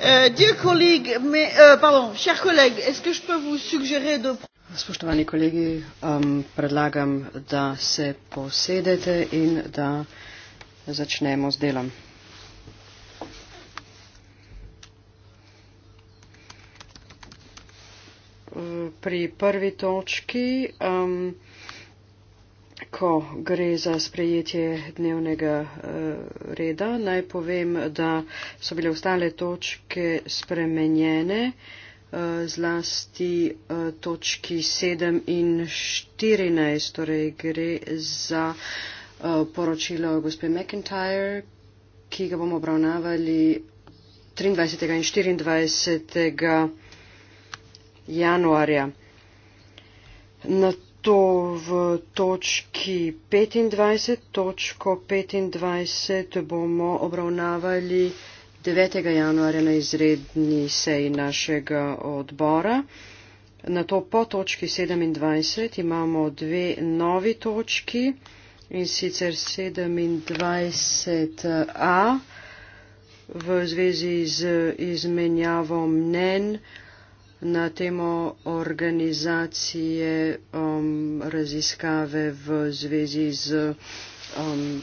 Euh, euh, Spoštovani kolegi, um, predlagam, da se posedete in da začnemo z delom. Um, pri prvi točki. Um, ko gre za sprejetje dnevnega eh, reda, naj povem, da so bile ostale točke spremenjene, eh, zlasti eh, točki 7 in 14, torej gre za poročilo gospe McIntyre, ki ga bomo obravnavali 23. in 24. januarja. Na to v točki 25. Točko 25 bomo obravnavali 9. januarja na izredni seji našega odbora. Na to po točki 27 imamo dve novi točki in sicer 27a v zvezi z izmenjavo mnen na temo organizacije um, raziskave v zvezi z um,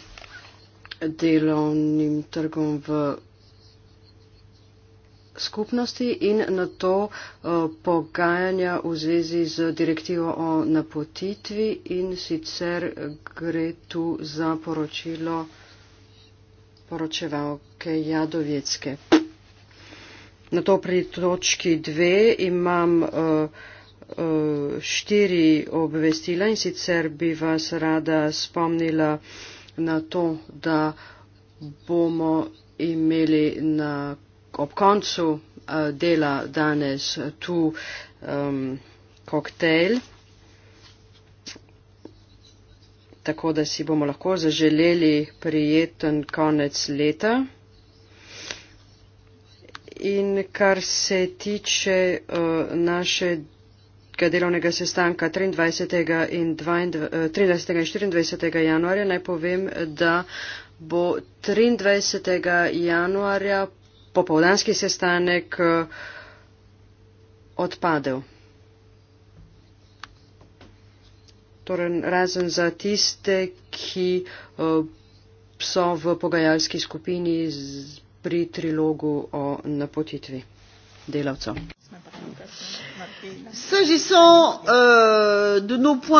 delovnim trgom v skupnosti in na to uh, pogajanja v zvezi z direktivo o napotitvi in sicer gre tu za poročilo poročevalke Jadovjecke. Na to pri točki dve imam uh, uh, štiri obvestila in sicer bi vas rada spomnila na to, da bomo imeli na, ob koncu uh, dela danes tu um, koktejl. Tako da si bomo lahko zaželeli prijeten konec leta in kar se tiče uh, našega delovnega sestanka 23. In, 22, uh, 23. in 24. januarja, naj povem, da bo 23. januarja popovdanski sestanek uh, odpadel. Torej, razen za tiste, ki uh, so v pogajalski skupini z, pri trilogu o napotitvi delavcev.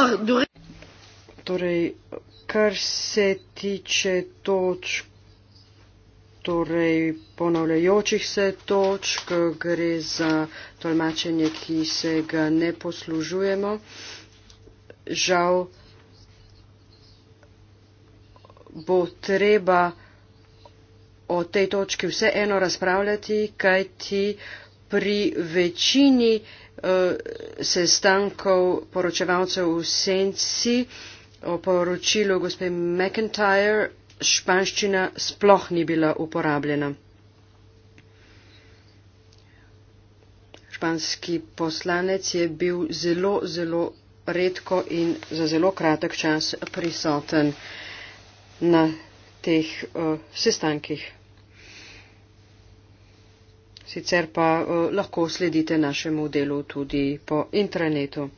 Euh, torej, kar se tiče točk, torej ponavljajočih se točk, gre za tolmačenje, ki se ga ne poslužujemo. Žal bo treba o tej točki vseeno razpravljati, kajti pri večini uh, sestankov poročevalcev v senci o poročilu gospe McIntyre španščina sploh ni bila uporabljena. Španski poslanec je bil zelo, zelo redko in za zelo kratek čas prisoten na teh uh, sestankih. Sicer pa uh, lahko sledite našemu delu tudi po intranetu.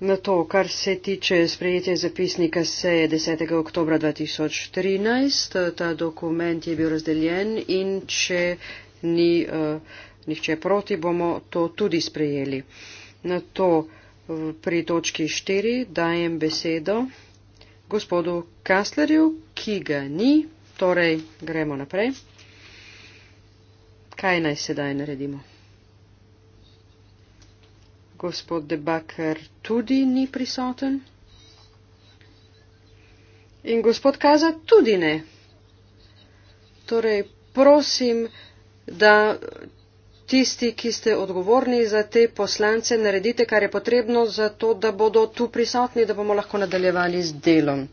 Na to, kar se tiče sprejetja zapisnika seje 10. oktober 2013, ta dokument je bil razdeljen in če ni uh, nihče proti, bomo to tudi sprejeli. Na to pri točki 4 dajem besedo gospodu Kastlerju, ki ga ni, torej gremo naprej. Kaj naj sedaj naredimo? Gospod Debaker tudi ni prisoten. In gospod Kaza tudi ne. Torej, prosim, da tisti, ki ste odgovorni za te poslance, naredite, kar je potrebno, zato da bodo tu prisotni, da bomo lahko nadaljevali z delom.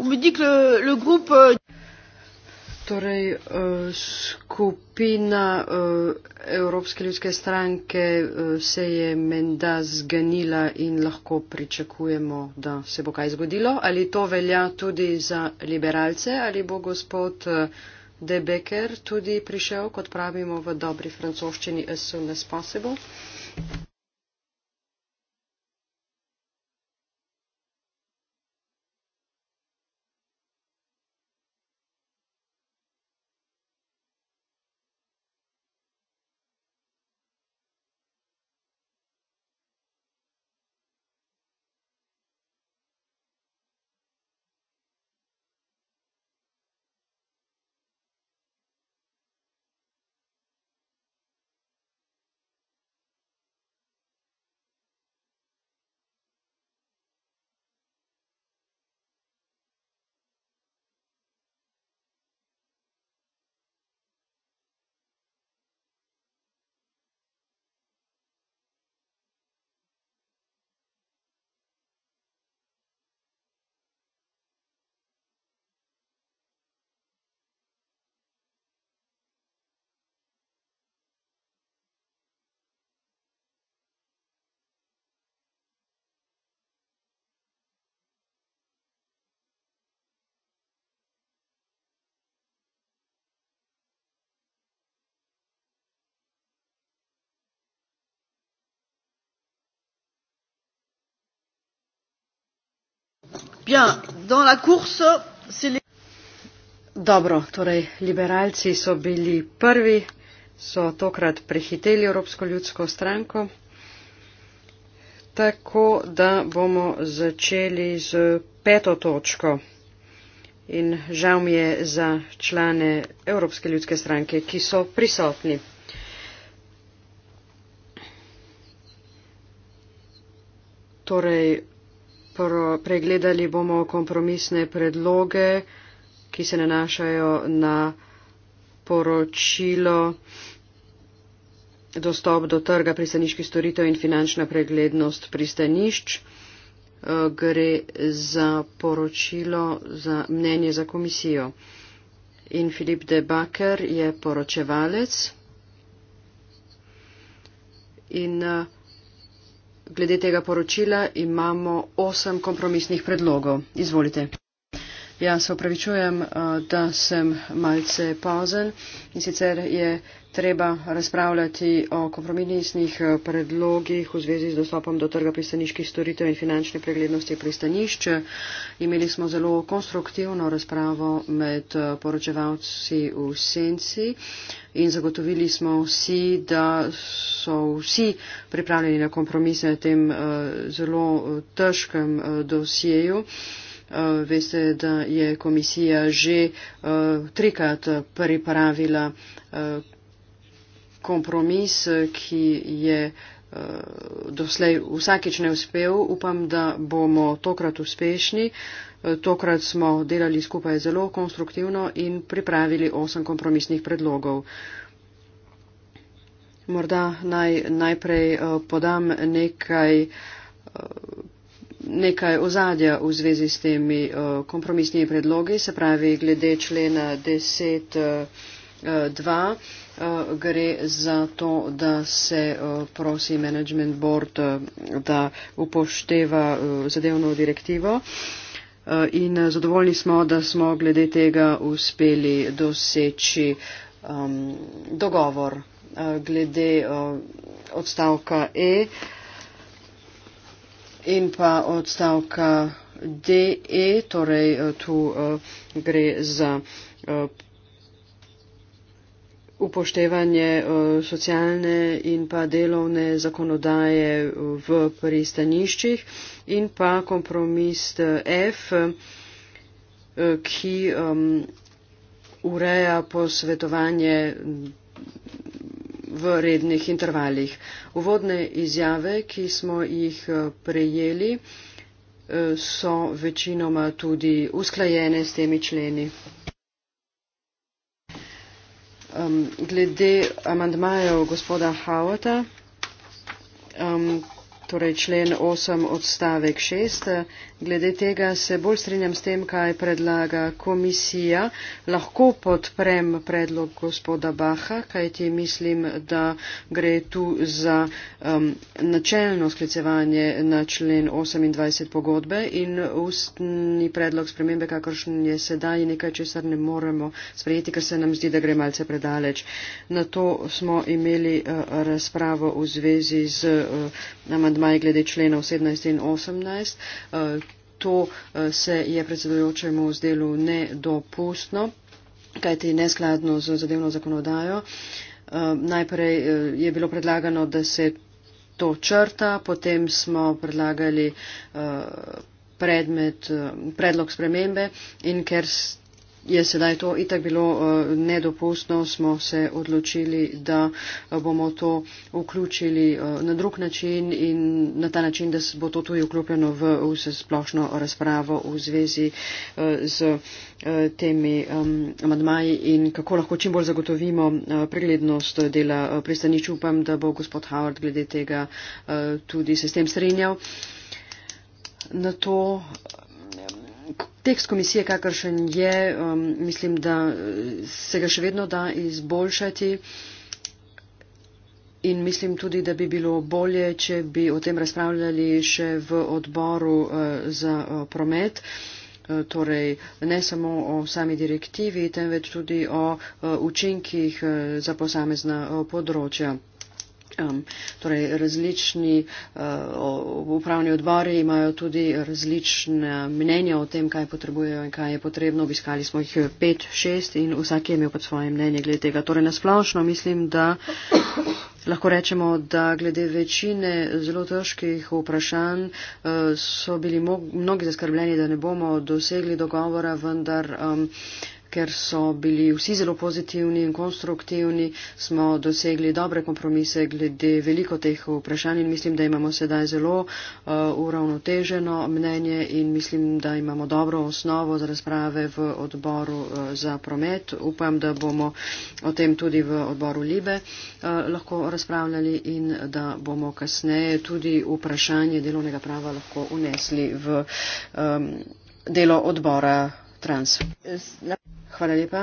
Euh, torej, eh, skupina eh, Evropske ljudske stranke eh, se je menda zganila in lahko pričakujemo, da se bo kaj zgodilo. Ali to velja tudi za liberalce ali bo gospod De Becker tudi prišel, kot pravimo v dobri francoščini, as soon as possible? Dobro, torej liberalci so bili prvi, so tokrat prehiteli Evropsko ljudsko stranko. Tako da bomo začeli z peto točko. In žal mi je za člane Evropske ljudske stranke, ki so prisotni. Torej, podporo. Pregledali bomo kompromisne predloge, ki se nanašajo na poročilo dostop do trga pristaniških storitev in finančna preglednost pristanišč. E, gre za poročilo, za mnenje za komisijo. In Filip de Baker je poročevalec. In uh, glede tega poročila imamo osem kompromisnih predlogov. Izvolite. Ja, se upravičujem, eh, da sem malce pozen in sicer je treba razpravljati o kompromisnih eh, predlogih v zvezi z dostopom do trga pristaniških storitev in finančne preglednosti pristanišč. Imeli smo zelo konstruktivno razpravo med eh, poročevalci v Senci in zagotovili smo vsi, da so vsi pripravljeni na kompromise na tem zelo težkem dosjeju. Eh, veste, da je komisija že eh, trikrat pripravila eh, kompromis, ki je doslej vsakič ne uspel. Upam, da bomo tokrat uspešni. Tokrat smo delali skupaj zelo konstruktivno in pripravili osem kompromisnih predlogov. Morda naj najprej podam nekaj nekaj ozadja v zvezi s temi uh, kompromisnimi predlogi, se pravi glede člena 10. Uh, eh, Dva, eh, gre za to, da se prosi management board, da upošteva zadevno direktivo in zadovoljni smo, da smo glede tega uspeli doseči um, dogovor glede um, odstavka E. Um, in pa odstavka DE, torej eh, tu eh, gre za eh, upoštevanje socialne in pa delovne zakonodaje v pristaniščih in pa kompromis F, ki ureja posvetovanje v rednih intervalih. Uvodne izjave, ki smo jih eh, prejeli, eh, so večinoma tudi usklajene s temi členi. Glede amandmajev gospoda Havota, torej člen 8 odstavek 6. Glede tega se bolj strinjam s tem, kaj predlaga komisija. Lahko podprem predlog gospoda Baha, kajti mislim, da gre tu za um, načelno sklicevanje na člen 28 pogodbe in ustni predlog spremembe, kakršen je sedaj, je nekaj, česar ne moremo sprejeti, ker se nam zdi, da gre malce predaleč. Na to smo imeli uh, razpravo v zvezi z uh, amandmajem amadmaji glede členov 17 in 18. Eh, to eh, se je predsedujočemu zdelo nedopustno, kajti neskladno z zadevno zakonodajo. Eh, najprej je bilo predlagano, da se to črta, potem smo predlagali predmet, predlog spremembe in ker ste Je sedaj to itak bilo eh, nedopustno, smo se odločili, da eh, bomo to vključili eh, na drug način in na ta način, da bo to tudi vključeno v vse splošno razpravo v zvezi z temi amadmaji in kako lahko čim bolj zagotovimo preglednost dela pristanič. Upam, da bo gospod Howard glede tega tudi se s tem strinjal. Na to tekst komisije, kakršen je, um, mislim, da eh, se ga še vedno da izboljšati. In mislim tudi, da bi bilo bolje, če bi o tem razpravljali še v odboru eh, za eh, promet, torej ne samo o sami direktivi, temveč tudi o učinkih za posamezna področja. Um, torej različni uh, upravni odbori imajo tudi različne mnenja o tem, kaj potrebujejo in kaj je potrebno. Obiskali smo jih pet, šest in vsak je imel pod pač svoje mnenje glede tega. Torej nasplošno mislim, da lahko rečemo, da glede večine zelo težkih vprašanj uh, so bili mnogi zaskrbljeni, da ne bomo dosegli dogovora, vendar. Um, ker so bili vsi zelo pozitivni in konstruktivni, smo dosegli dobre kompromise glede veliko teh vprašanj in mislim, da imamo sedaj zelo uh, uravnoteženo mnenje in mislim, da imamo dobro osnovo za razprave v odboru uh, za promet. Upam, da bomo o tem tudi v odboru Libe uh, lahko razpravljali in da bomo kasneje tudi vprašanje delovnega prava lahko unesli v um, delo odbora trans. Hvala lepa.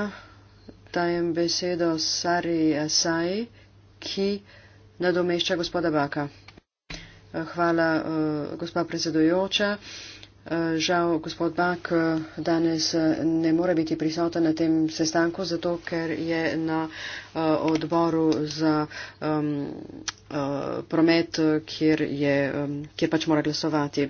Dajem besedo Sari Asai, ki nadomešča gospoda Baka. Hvala, eh, gospod predsedujoča. Eh, žal, gospod Bak eh, danes ne more biti prisoten na tem sestanku, zato ker je na odboru za ehm, promet, kjer, je, ehm, kjer pač mora glasovati.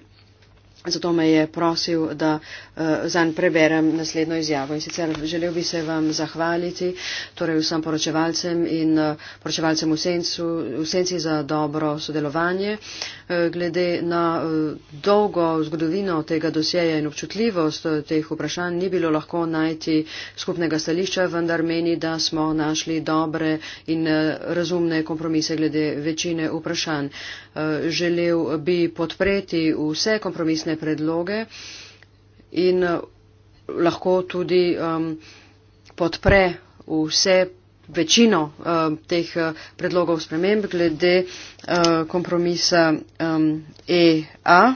Zato me je prosil, da uh, zanj preberem naslednjo izjavo. In sicer želel bi se vam zahvaliti, torej vsem poročevalcem in uh, poročevalcem v, sencu, v senci za dobro sodelovanje. Uh, glede na uh, dolgo zgodovino tega dosjeja in občutljivost uh, teh vprašanj ni bilo lahko najti skupnega stališča, vendar meni, da smo našli dobre in uh, razumne kompromise glede večine vprašanj. Uh, želel bi podpreti vse kompromisne resnične predloge in uh, lahko tudi um, podpre vse večino um, teh uh, predlogov sprememb glede um, kompromisa um, EA.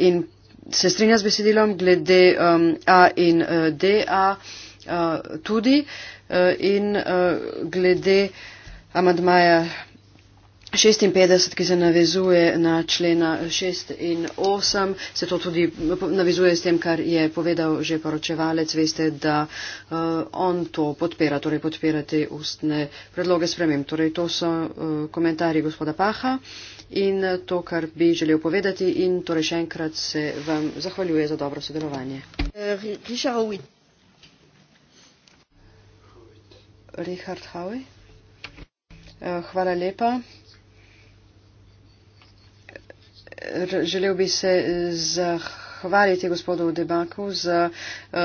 In se strinja z besedilom glede um, A in uh, DA uh, tudi uh, in uh, glede amadmaja 56, ki se navezuje na člena 6 in 8, se to tudi navezuje s tem, kar je povedal že poročevalec. Veste, da uh, on to podpira, torej podpira te ustne predloge spremem. Torej, to so uh, komentarji gospoda Paha in eh, to, kar bi želel povedati. In torej še enkrat se vam zahvaljuje za dobro sodelovanje. Richard Howey. Uh, hvala lepa želel bi se eh, zahvaliti gospodu Debaku za uh,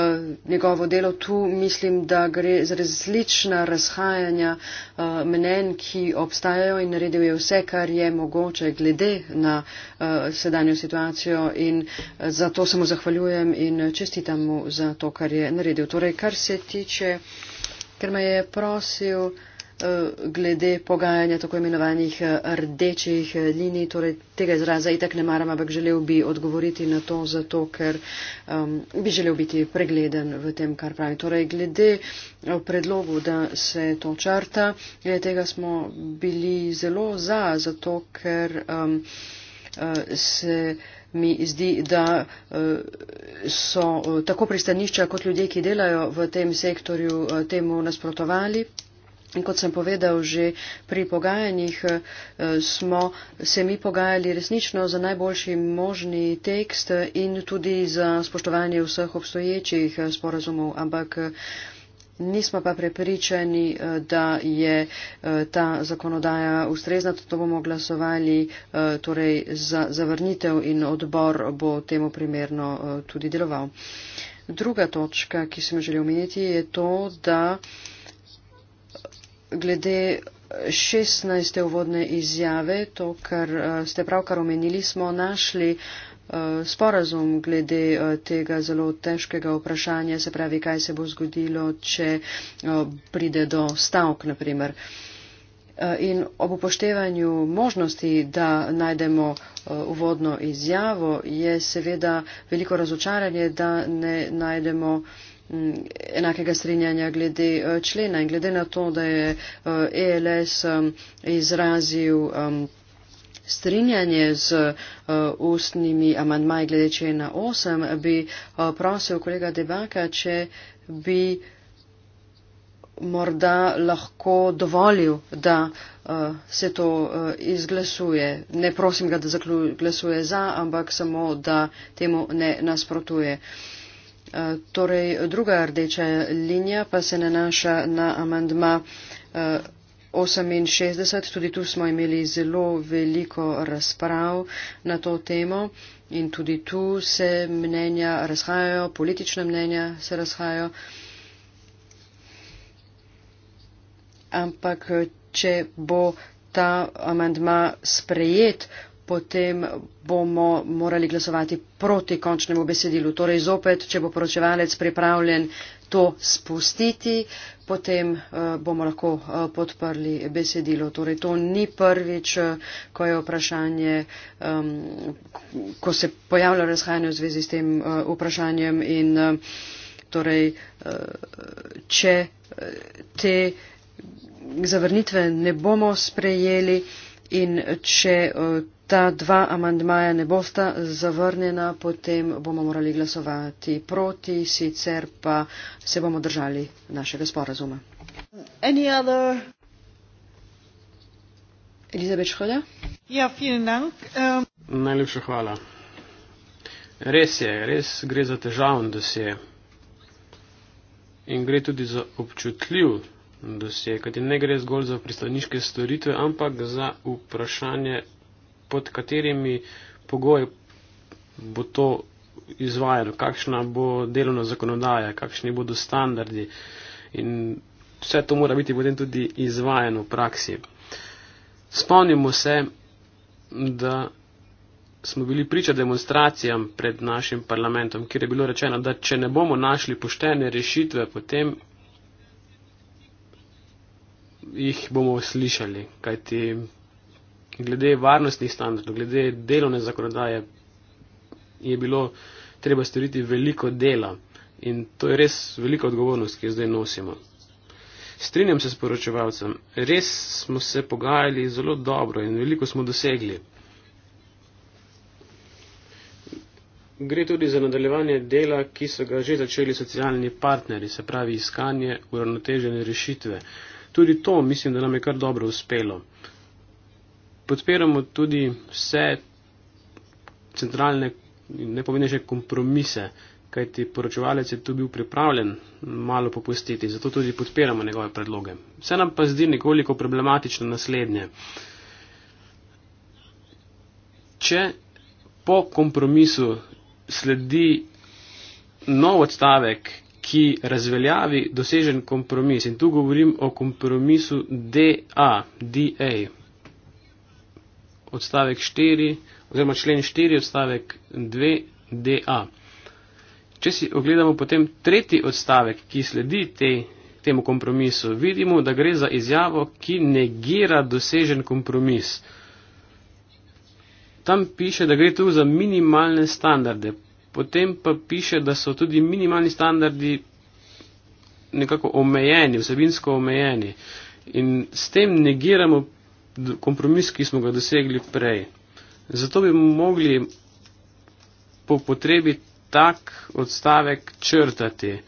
njegovo delo. Tu mislim, da gre za različna razhajanja uh, eh, menen, ki obstajajo in naredil je vse, kar je mogoče glede na uh, sedanjo situacijo in uh, zato se mu zahvaljujem in čestitam mu za to, kar je naredil. Torej, kar se tiče, ker me je prosil. Uh, Eh, glede pogajanja tako imenovanih eh, rdečih eh, linij, torej tega izraza itak ne maram, ampak želel bi odgovoriti na to, zato ker um, bi želel biti pregleden v tem, kar pravi. Torej, glede predlogu, da se to črta, glede tega smo bili zelo za, zato ker um, se mi zdi, da so tako pristanišča kot ljudje, ki delajo v tem sektorju, temu nasprotovali. In kot sem povedal že pri pogajanjih, eh, smo se mi pogajali resnično za najboljši možni tekst in tudi za spoštovanje vseh obstoječih eh, sporazumov, ampak eh, nismo pa prepričani, da je ta zakonodaja ustrezna, zato bomo glasovali torej, za zavrnitev in odbor bo temu primerno tudi deloval. Druga točka, ki sem želel omeniti, je to, da glede šestnajste uvodne izjave, to, kar eh, ste pravkar omenili, smo našli eh, sporazum glede eh, tega zelo težkega vprašanja, se pravi, kaj se bo zgodilo, če pride do stavk, naprimer. In ob upoštevanju možnosti, da najdemo uvodno izjavo, je seveda veliko razočaranje, da ne najdemo Mm, enakega strinjanja glede eh, člena in glede na to, da je ELS eh, e izrazil strinjanje z eh, ustnimi amandmaji glede člena 8, bi prosil kolega Debaka, če bi morda lahko dovolil, da se to izglasuje. Ne prosim ga, da glasuje za, ampak samo, da temu ne nasprotuje. E, torej, druga rdeča linija pa se nanaša na amandma 68. E, tudi tu smo imeli zelo veliko razprav na to temo in tudi tu se mnenja razhajajo, politična mnenja se razhajajo. Ampak, če bo ta amandma sprejet, potem bomo morali glasovati proti končnemu besedilu. Torej zopet, če bo poročevalec pripravljen to spustiti, potem eh, bomo lahko eh, podprli besedilo. Torej to ni prvič, eh, ko je vprašanje, ko se pojavlja razhajanje v zvezi s tem vprašanjem in torej, če te zavrnitve ne bomo sprejeli, in če eh, ta dva amandmaja ne bosta zavrnjena, potem bomo morali glasovati proti, sicer pa se bomo držali našega sporazuma. Elizabeth Schröder? Ja, vielen Dank. Um... Najlepša hvala. Res je, res gre za težavn dosje. In gre tudi za občutljiv dosje, kajti ne gre zgolj za pristaniške storitve, ampak za vprašanje, pod katerimi pogoji bo to izvajalo, kakšna bo delovna zakonodaja, kakšni bodo standardi in vse to mora biti potem tudi izvajeno v praksi. Spomnimo se, da smo bili priča demonstracijam pred našim parlamentom, kjer je bilo rečeno, da če ne bomo našli poštene rešitve, potem jih bomo slišali, kajti glede varnostnih standardov, glede delovne zakonodaje je bilo treba storiti veliko dela in to je res velika odgovornost, ki jo zdaj nosimo. Strinjam se s poročevalcem, res smo se pogajali zelo dobro in veliko smo dosegli. Gre tudi za nadaljevanje dela, ki so ga že začeli socialni partneri, se pravi iskanje uravnotežene rešitve. Uh, Tudi to mislim, da nam je kar dobro uspelo. Podpiramo tudi vse centralne, ne pomeni še kompromise, kajti poročevalec je tu bil pripravljen malo popustiti, zato tudi podpiramo njegove predloge. Vse nam pa zdi nekoliko problematično naslednje. Če po kompromisu sledi nov odstavek, ki razveljavi dosežen kompromis. In tu govorim o kompromisu DA, DA. Odstavek 4, oziroma člen 4, odstavek 2, DA. Če si ogledamo potem tretji odstavek, ki sledi te, temu kompromisu, vidimo, da gre za izjavo, ki negira dosežen kompromis. Tam piše, da gre tu za minimalne standarde potem pa piše, da so tudi minimalni standardi nekako omejeni, vsebinsko omejeni. In s tem negiramo kompromis, ki smo ga dosegli prej. Zato bi mogli po potrebi tak odstavek črtati. Uh,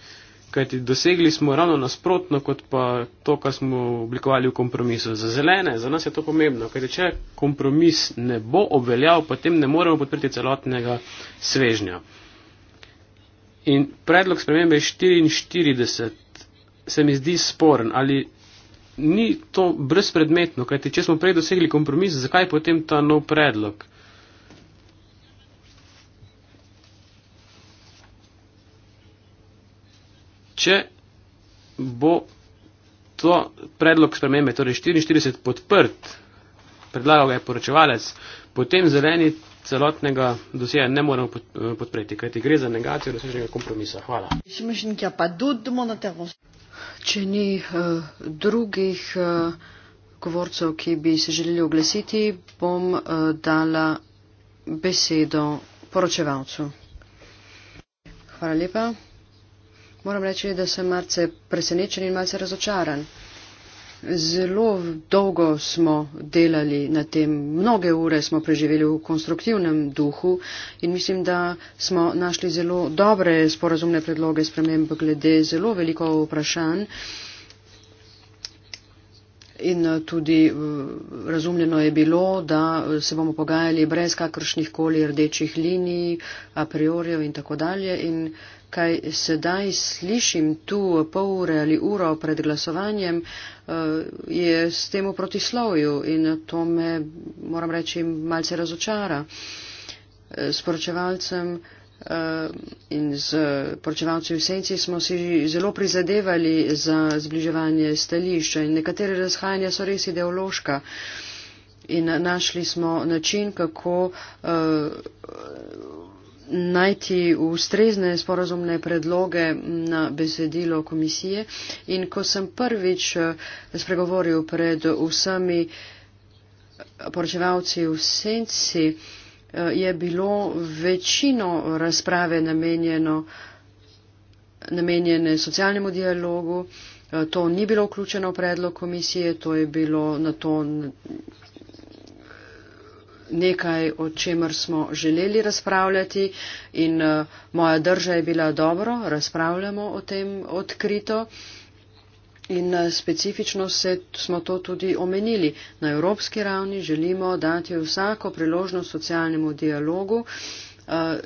kajti dosegli smo ravno nasprotno, kot pa to, kar smo oblikovali v kompromisu. Za zelene, za nas je to pomembno, kajti če kompromis ne bo obveljal, potem ne moremo podpreti celotnega svežnja. In predlog spremembe 44 se mi zdi sporen, ali ni to brezpredmetno, kajti če smo prej dosegli kompromis, zakaj potem ta nov predlog? če bo to predlog spremembe, torej 44 podprt, predlagal ga je poročevalec, potem zeleni celotnega dosjeja ne moramo eh, podpreti, kajti gre za negacijo dosežnega kompromisa. Hvala. Če ni uh, drugih uh, govorcev, ki bi se želeli oglesiti, bom uh, dala besedo poročevalcu. Hvala lepa. Moram reči, da sem malce presenečen in malce razočaran. Zelo dolgo smo delali na tem, mnoge ure smo preživeli v konstruktivnem duhu in mislim, da smo našli zelo dobre sporazumne predloge sprememb glede zelo veliko vprašanj. In eh, tudi eh, razumljeno je bilo, da eh, se bomo pogajali brez kakršnih koli rdečih linij, a priorijev in tako dalje kaj sedaj slišim tu pol ure ali uro pred glasovanjem, eh, je s tem v protislovju in to me, moram reči, malce razočara. Eh, s poročevalcem eh, in z poročevalci v senci smo si zelo prizadevali za zbliževanje stališča in nekatere razhajanja so res ideološka. In našli smo način, kako uh, najti ustrezne sporazumne predloge na besedilo komisije in ko sem prvič eh, spregovoril pred vsemi eh, poročevalci v senci, eh, je bilo večino razprave namenjeno, namenjene socialnemu dialogu. To ni bilo vključeno v predlog komisije, to je bilo na to nekaj, o čemer smo želeli razpravljati in eh, moja drža je bila dobro, razpravljamo o tem odkrito. In eh, specifično se, smo to tudi omenili. Na evropski ravni želimo dati vsako priložnost socialnemu dialogu, eh,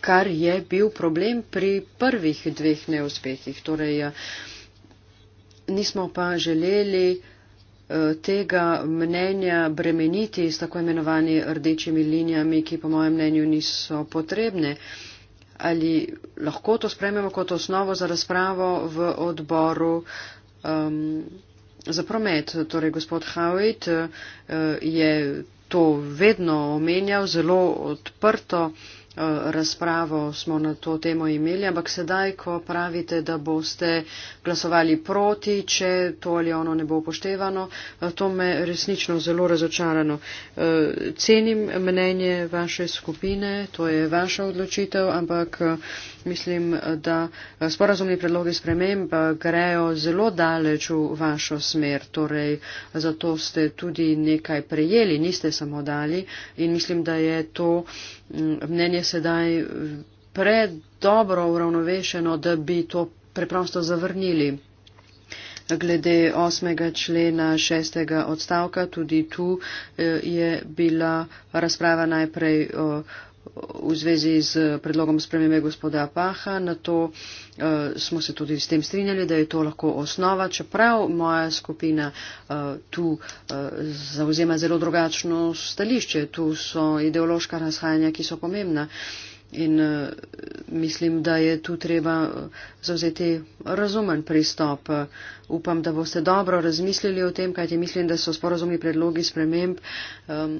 kar je bil problem pri prvih dveh neuspehih. Torej, nismo pa želeli tega mnenja bremeniti s tako imenovanimi rdečimi linijami, ki po mojem mnenju niso potrebne. Ali lahko to sprememo kot osnovo za razpravo v odboru um, za promet? Torej, gospod Howitt uh, je to vedno omenjal zelo odprto. Uh, Eh, razpravo smo na to temo imeli, ampak sedaj, ko pravite, da boste glasovali proti, če to ali ono ne bo upoštevano, eh, to me resnično zelo razočarano. Eh, cenim mnenje vaše skupine, to je vaša odločitev, ampak mislim, da sporazumni predlogi sprememb grejo zelo daleč v vašo smer, torej zato ste tudi nekaj prejeli, niste samo dali in mislim, da je to mnenje sedaj predobro uravnovešeno, da bi to preprosto zavrnili. Glede osmega člena šestega odstavka, tudi tu eh, je bila razprava najprej. O, v zvezi z predlogom spremembe gospoda Paha, na to uh, smo se tudi s tem strinjali, da je to lahko osnova, čeprav moja skupina uh, tu uh, eh, zauzema zelo drugačno stališče. Tu so ideološka razhajanja, ki so pomembna. Uh, In eh, mislim, da je tu treba eh, zavzeti razumen pristop. Eh, upam, da boste dobro razmislili o tem, kajti mislim, da so sporozumni predlogi sprememb um,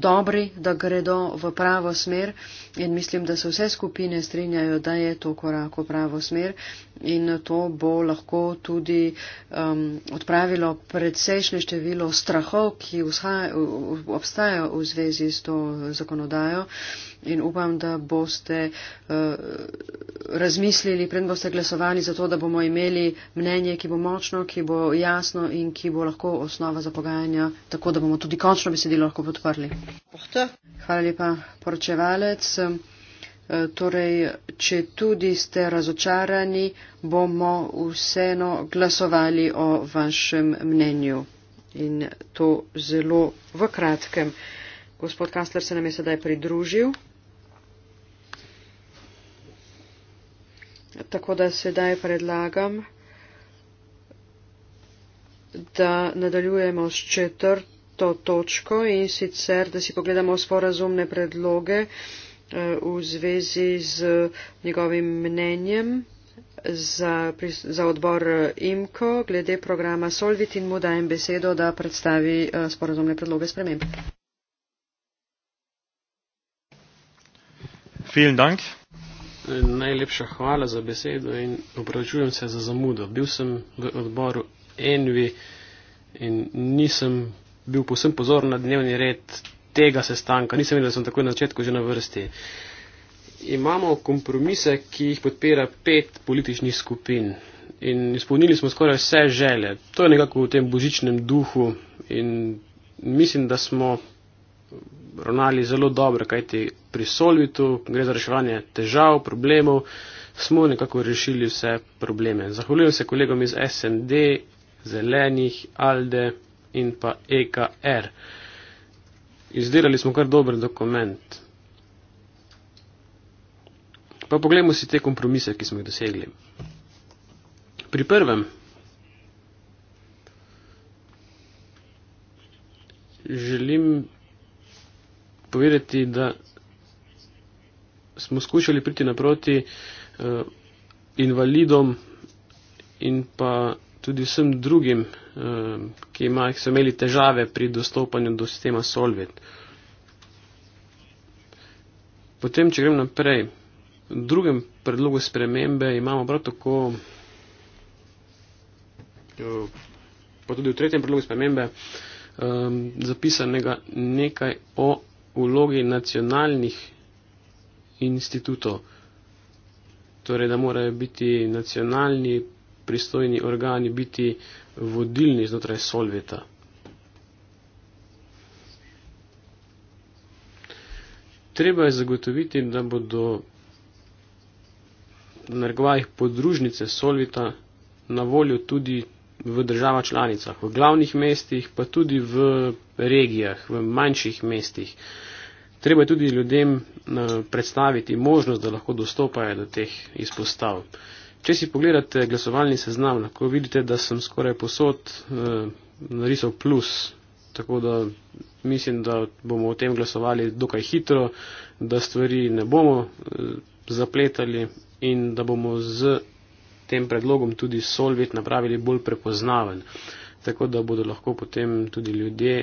dobri, da gredo v pravo smer in mislim, da se vse skupine strinjajo, da je to korak v pravo smer in to bo lahko tudi um, odpravilo predsejšnje število strahov, ki vzhaja, obstajajo v zvezi s to zakonodajo. In upam, da boste uh, razmislili, pred boste glasovali za to, da bomo imeli mnenje, ki bo močno, ki bo jasno in ki bo lahko osnova za pogajanja, tako da bomo tudi končno besedilo lahko podprli. Hvala lepa, poročevalec. Eh, torej, če tudi ste razočarani, bomo vseeno glasovali o vašem mnenju. In to zelo v kratkem. Gospod Kastler se nam je sedaj pridružil. Tako da sedaj predlagam, da nadaljujemo s četrto točko in sicer, da si pogledamo sporazumne predloge. Eh, v zvezi z njegovim mnenjem za, za odbor eh, IMKO glede programa Solvit in mu dajem besedo, da predstavi eh, sporozumne predloge sprememb. Dank. Najlepša hvala za besedo in opravičujem se za zamudo. Bil sem v odboru Envi in nisem bil posebno pozoren na dnevni red tega sestanka, nisem vedel, da sem tako na začetku že na vrsti. Imamo kompromise, ki jih podpira pet političnih skupin in izpolnili smo skoraj vse želje. To je nekako v tem božičnem duhu in mislim, da smo ravnali zelo dobro, kajti pri Solvitu gre za reševanje težav, problemov, smo nekako rešili vse probleme. Zahvaljujem se kolegom iz SND, Zelenih, Alde in pa EKR izdelali smo kar dober dokument. Pa pogledamo si te kompromise, ki smo jih dosegli. Pri prvem želim povedati, da smo skušali priti naproti uh, invalidom in pa tudi vsem drugim, eh, ki so imeli težave pri dostopanju do sistema Solvit. Potem, če grem naprej, v drugem predlogu spremembe imamo prav tako, pa tudi v tretjem predlogu spremembe, ehm, zapisanega nekaj o vlogi nacionalnih institutov. Torej, da morajo biti nacionalni pristojni organi biti vodilni znotraj solveta. Treba je zagotoviti, da bodo nargvajih podružnice solvita na voljo tudi v država članicah, v glavnih mestih, pa tudi v regijah, v manjših mestih. Treba je tudi ljudem eh, predstaviti možnost, da lahko dostopajo do teh izpostav. Če si pogledate glasovalni seznam, lahko vidite, da sem skoraj posod eh, narisal plus, tako da mislim, da bomo o tem glasovali dokaj hitro, da stvari ne bomo eh, zapletali in da bomo z tem predlogom tudi solvit napravili bolj prepoznaven, tako da bodo lahko potem tudi ljudje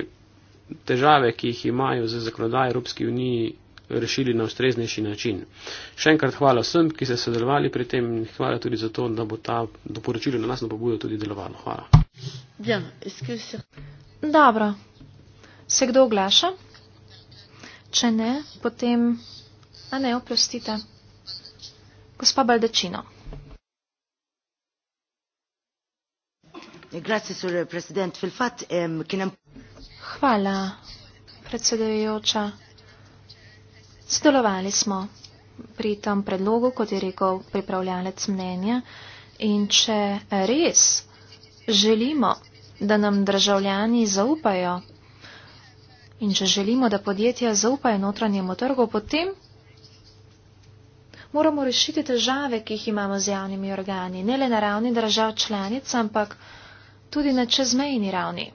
težave, ki jih imajo za zakonodaj Evropske unije, rešili na ustreznejši način. Še enkrat hvala vsem, ki ste sodelovali pri tem in hvala tudi za to, da bo ta doporočilo na nasno pobudo tudi delovalo. Hvala. Ja, Dobro. Se kdo oglaša? Če ne, potem. A ne, oprostite. Gospa Baldečino. Ehm, hvala, predsedujoča. Stolovali smo pri tem predlogu, kot je rekel pripravljalec mnenja. In če res želimo, da nam državljani zaupajo in če želimo, da podjetja zaupajo notranjemu trgu, potem moramo rešiti težave, ki jih imamo z javnimi organi, ne le na ravni držav članic, ampak tudi na čezmejni ravni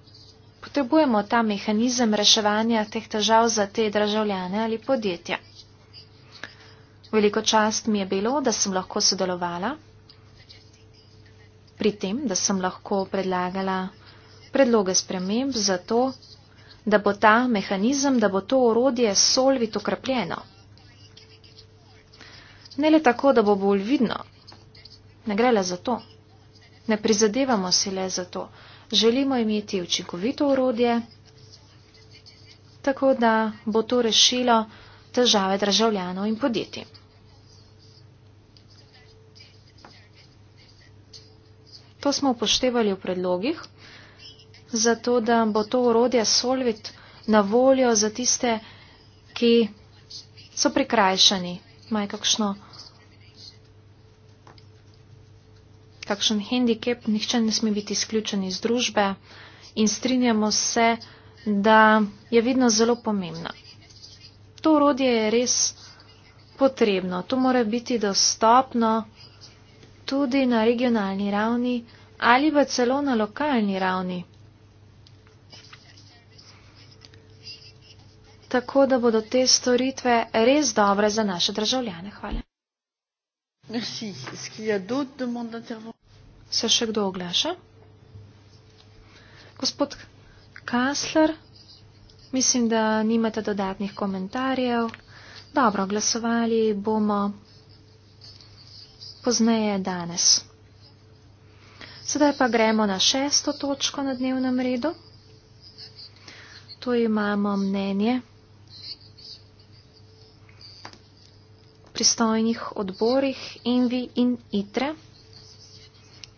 potrebujemo ta mehanizem reševanja teh težav za te državljane ali podjetja. Veliko čast mi je bilo, da sem lahko sodelovala pri tem, da sem lahko predlagala predloge sprememb za to, da bo ta mehanizem, da bo to orodje solvit ukrepljeno. Ne le tako, da bo bolj vidno. Ne gre le za to. Ne prizadevamo si le za to želimo imeti učinkovito urodje, tako da bo to rešilo težave državljanov in podjetij. To smo upoštevali v predlogih, zato da bo to urodje Solvit na voljo za tiste, ki so prikrajšani, imajo kakšno kakšen handicap, nihče ne sme biti izključen iz družbe in strinjamo se, da je vidno zelo pomembna. To urodje je res potrebno, to mora biti dostopno tudi na regionalni ravni ali pa celo na lokalni ravni. Tako da bodo te storitve res dobre za naše državljane. Hvala. Merci. Est-ce qu'il y a d'autres demandes d'intervention se še kdo oglaša? Gospod Kasler, mislim, da nimate dodatnih komentarjev. Dobro, glasovali bomo pozneje danes. Sedaj pa gremo na šesto točko na dnevnem redu. Tu imamo mnenje pristojnih odborih Envi in Itre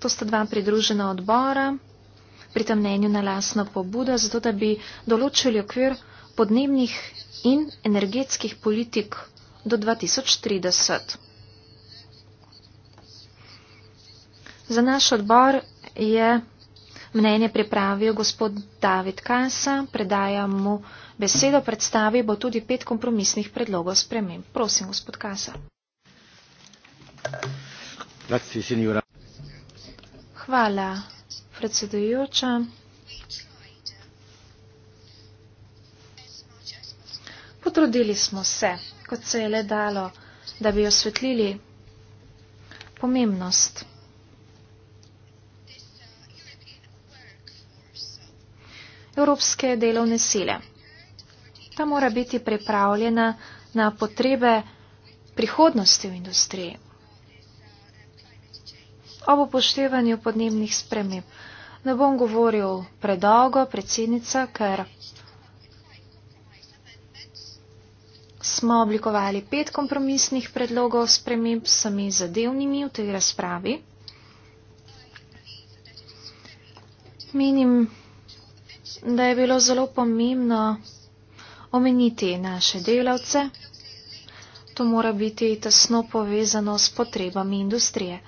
to sta dva pridružena odbora pri tem mnenju na lasno pobudo, zato da bi določili okvir podnebnih in energetskih politik do 2030. Za naš odbor je mnenje pripravil gospod David Kasa, predajam mu besedo, predstavi bo tudi pet kompromisnih predlogov sprememb. Prosim, gospod Kasa. Grazie, Hvala, predsedujoča. Potrudili smo se, kot se je le dalo, da bi osvetlili pomembnost evropske delovne sile. Ta mora biti pripravljena na potrebe prihodnosti v industriji ob upoštevanju podnebnih sprememb. Ne bom govoril predolgo, predsednica, ker smo oblikovali pet kompromisnih predlogov sprememb s sami zadevnimi v tej razpravi. Menim, da je bilo zelo pomembno omeniti naše delavce. To mora biti tesno povezano s potrebami industrije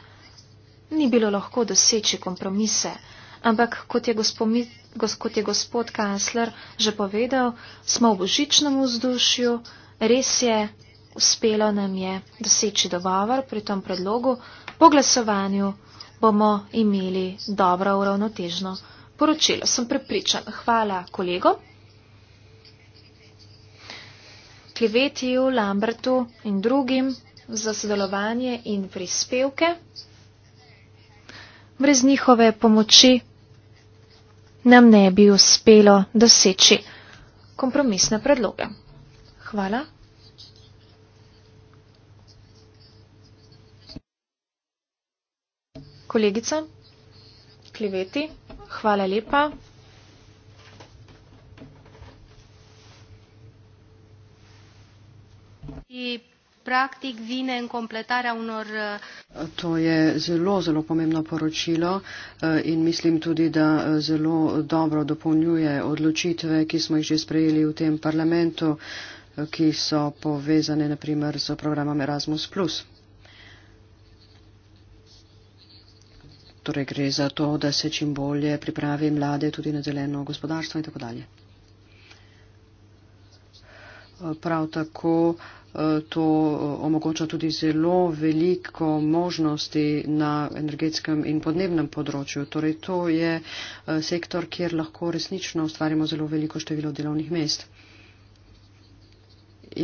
ni bilo lahko doseči kompromise, ampak kot je, gospomi, gos, kot je gospod kancler že povedal, smo v božičnem vzdušju, res je, uspelo nam je doseči dogovor pri tom predlogu, po glasovanju bomo imeli dobro uravnotežno poročilo. Sem prepričan. Hvala kolego. Klivetiju, Lambertu in drugim za sodelovanje in prispevke brez njihove pomoči nam ne bi uspelo doseči kompromisne predloge. Hvala. Kolegica, kliveti, hvala lepa. I praktik vine in kompletarja unor. Uh, to je zelo, zelo pomembno poročilo uh, in mislim tudi, da uh, zelo dobro dopolnjuje odločitve, ki smo jih že sprejeli v tem parlamentu, ki so povezane naprimer z programom Erasmus. Torej gre za to, da se čim bolje pripravi mlade tudi na zeleno gospodarstvo in tako dalje. Prav tako uh, to omogoča tudi zelo veliko možnosti na energetskem in podnebnem področju. Torej, to je eh, sektor, kjer lahko resnično ustvarimo zelo veliko število delovnih mest.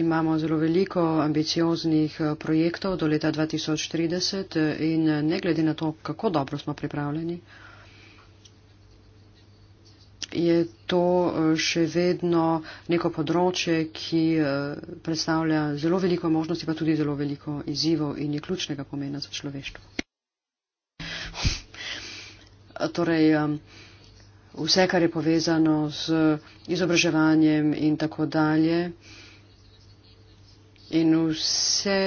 Imamo zelo veliko ambicioznih eh, projektov do leta 2030 eh, in ne glede na to, kako dobro smo pripravljeni je to eh, še vedno neko področje, ki eh, predstavlja zelo veliko možnosti, pa tudi zelo veliko izzivov in je ključnega pomena za človeštvo. Torej, vse, kar je povezano z izobraževanjem in tako dalje, in vse,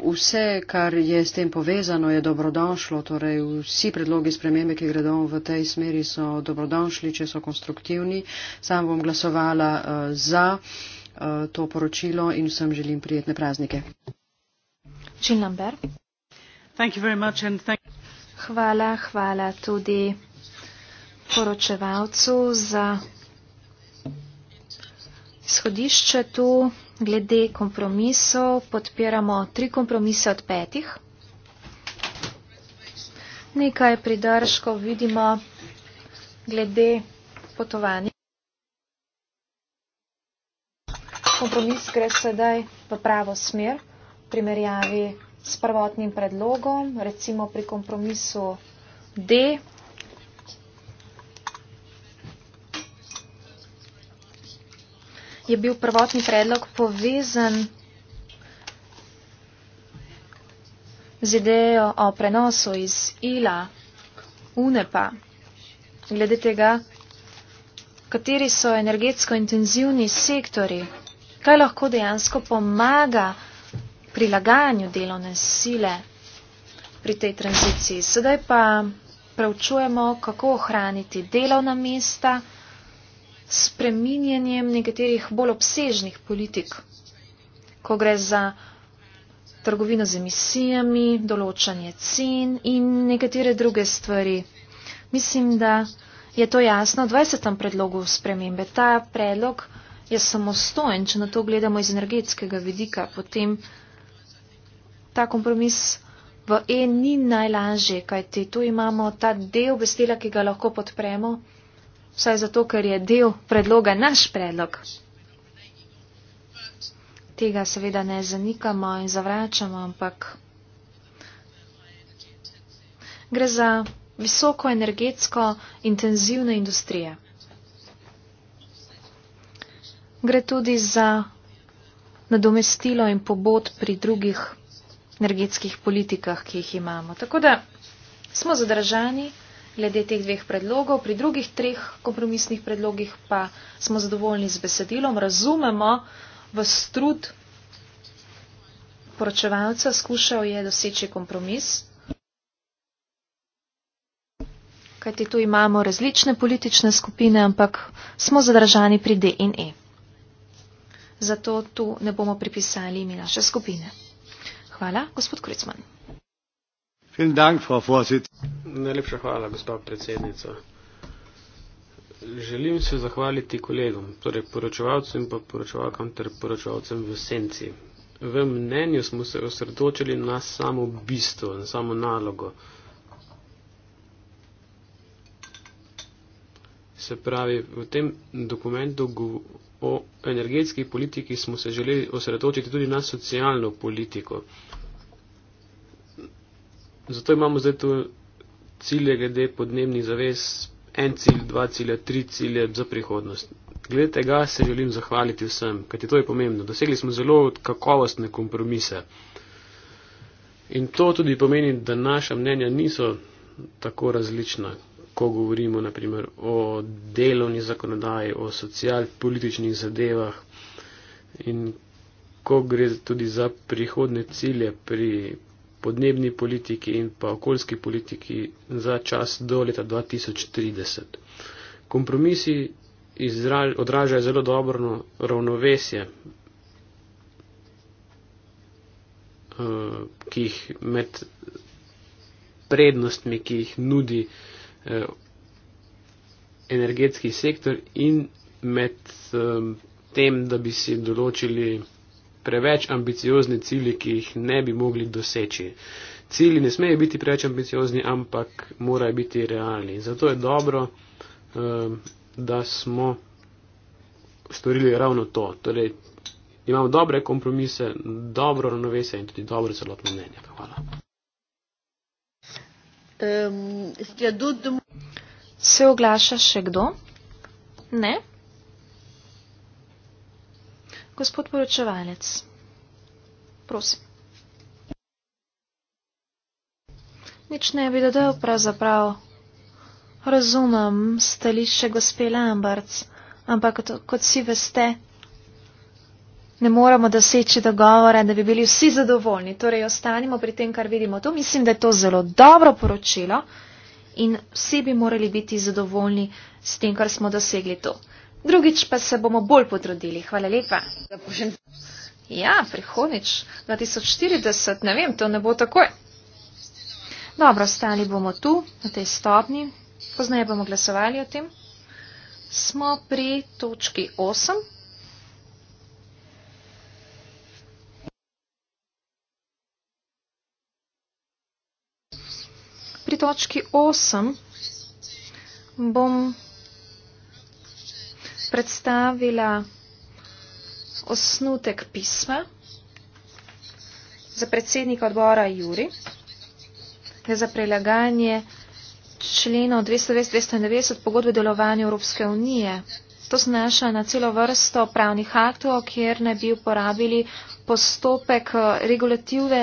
vse, kar je s tem povezano, je dobrodošlo, torej vsi predlogi spremembe, ki gredo v tej smeri, so dobrodošli, če so konstruktivni. Sam bom glasovala uh, za uh, to poročilo in vsem želim prijetne praznike. Hvala, hvala tudi poročevalcu za. Shodišče tu glede kompromisov podpiramo tri kompromise od petih. Nekaj pridržkov vidimo glede potovanja. Kompromis gre sedaj v pravo smer v primerjavi s prvotnim predlogom, recimo pri kompromisu D. je bil prvotni predlog povezan z idejo o prenosu iz ila UNEPA, glede tega, kateri so energetsko intenzivni sektori, kaj lahko dejansko pomaga prilagajanju delovne sile pri tej tranziciji. Sedaj pa preučujemo, kako ohraniti delovna mesta, spreminjanjem nekaterih bolj obsežnih politik, ko gre za trgovino z emisijami, določanje cen in nekatere druge stvari. Mislim, da je to jasno v 20. predlogu spremembe. Ta predlog je samostojen, če na to gledamo iz energetskega vidika, potem ta kompromis v E ni najlažje, kajti tu imamo ta del vestila, ki ga lahko podpremo vsaj zato, ker je del predloga naš predlog. Tega seveda ne zanikamo in zavračamo, ampak gre za visoko energetsko intenzivno industrijo. Gre tudi za nadomestilo in pobod pri drugih energetskih politikah, ki jih imamo. Tako da smo zadržani glede teh dveh predlogov. Pri drugih treh kompromisnih predlogih pa smo zadovoljni z besedilom, razumemo v strud poročevalca, skušal je doseči kompromis. Kajti tu imamo različne politične skupine, ampak smo zadržani pri D in E. Zato tu ne bomo pripisali imi naše skupine. Hvala, gospod Kricman. Vielen Dank, Frau Vorsitzende. Najlepša hvala, gospod predsednica. Želim se zahvaliti kolegom, torej poročevalcem in poročevalkam ter poročevalcem v senci. V mnenju smo se osredotočili na samo bistvo, na samo nalogo. Se pravi, v tem dokumentu o energetski politiki smo se želeli osredotočiti tudi na socialno politiko. Zato imamo zdaj tu cilje glede podnebnih zavez, en cilj, dva cilja, tri cilje za prihodnost. Glede tega se želim zahvaliti vsem, ker je to je pomembno. Dosegli smo zelo kakovostne kompromise. In to tudi pomeni, da naša mnenja niso tako različna, ko govorimo naprimer o delovni zakonodaji, o socialpolitičnih zadevah in ko gre tudi za prihodne cilje pri podnebni politiki in pa okoljski politiki za čas do leta 2030. Kompromisi odražajo zelo dobro ravnovesje, eh, ki jih med prednostmi, ki jih nudi eh, energetski sektor in med eh, tem, da bi si določili preveč ambiciozni cilji, ki jih ne bi mogli doseči. Cilji ne smejo biti preveč ambiciozni, ampak morajo biti realni. Zato je dobro, ehm, da smo storili ravno to. Torej, imamo dobre kompromise, dobro ravnovesje in tudi dobro celotno mnenje. Hvala. Um, se oglaša še kdo? Ne. Gospod poročevalec, prosim. Nič ne bi dodal pravzaprav. Razumem stališče gospe Lambertz, ampak to, kot vsi veste, ne moramo doseči dogovora, da bi bili vsi zadovoljni. Torej, ostanimo pri tem, kar vidimo tu. Mislim, da je to zelo dobro poročilo in vsi bi morali biti zadovoljni s tem, kar smo dosegli tu drugič pa se bomo bolj potrudili. Hvala lepa. Ja, prihodnič 2040, ne vem, to ne bo takoj. Dobro, stali bomo tu, na tej stopni. Poznaje bomo glasovali o tem. Smo pri točki 8. Pri točki 8 bom predstavila osnutek pisma za predsednika odbora Juri, gre za prelaganje členov 290 pogodbe delovanja Evropske unije. To znaša na celo vrsto pravnih aktov, kjer ne bi uporabili postopek eh, regulative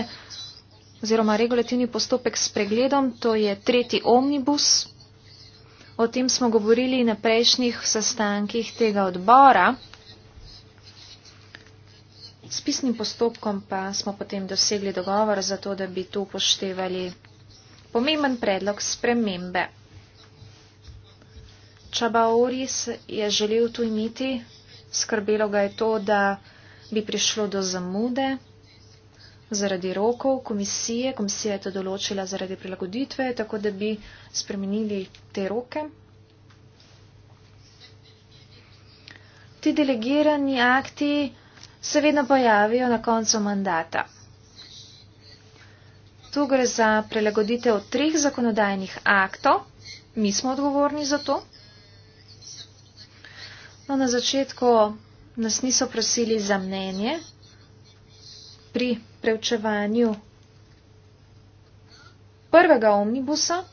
oziroma regulativni postopek s pregledom, to je tretji omnibus O tem smo govorili na prejšnjih sestankih tega odbora. S pisnim postopkom pa smo potem dosegli dogovor za to, da bi to upoštevali pomemben predlog spremembe. Čabaoris je želel to imeti, skrbelo ga je to, da bi prišlo do zamude zaradi rokov komisije. Komisija je to določila zaradi prilagoditve, tako da bi spremenili te roke. Ti delegirani akti se vedno pojavijo na koncu mandata. Tu gre za prilagoditev treh zakonodajnih aktov. Mi smo odgovorni za to. No, na začetku nas niso prosili za mnenje pri preučevanju prvega omnibusa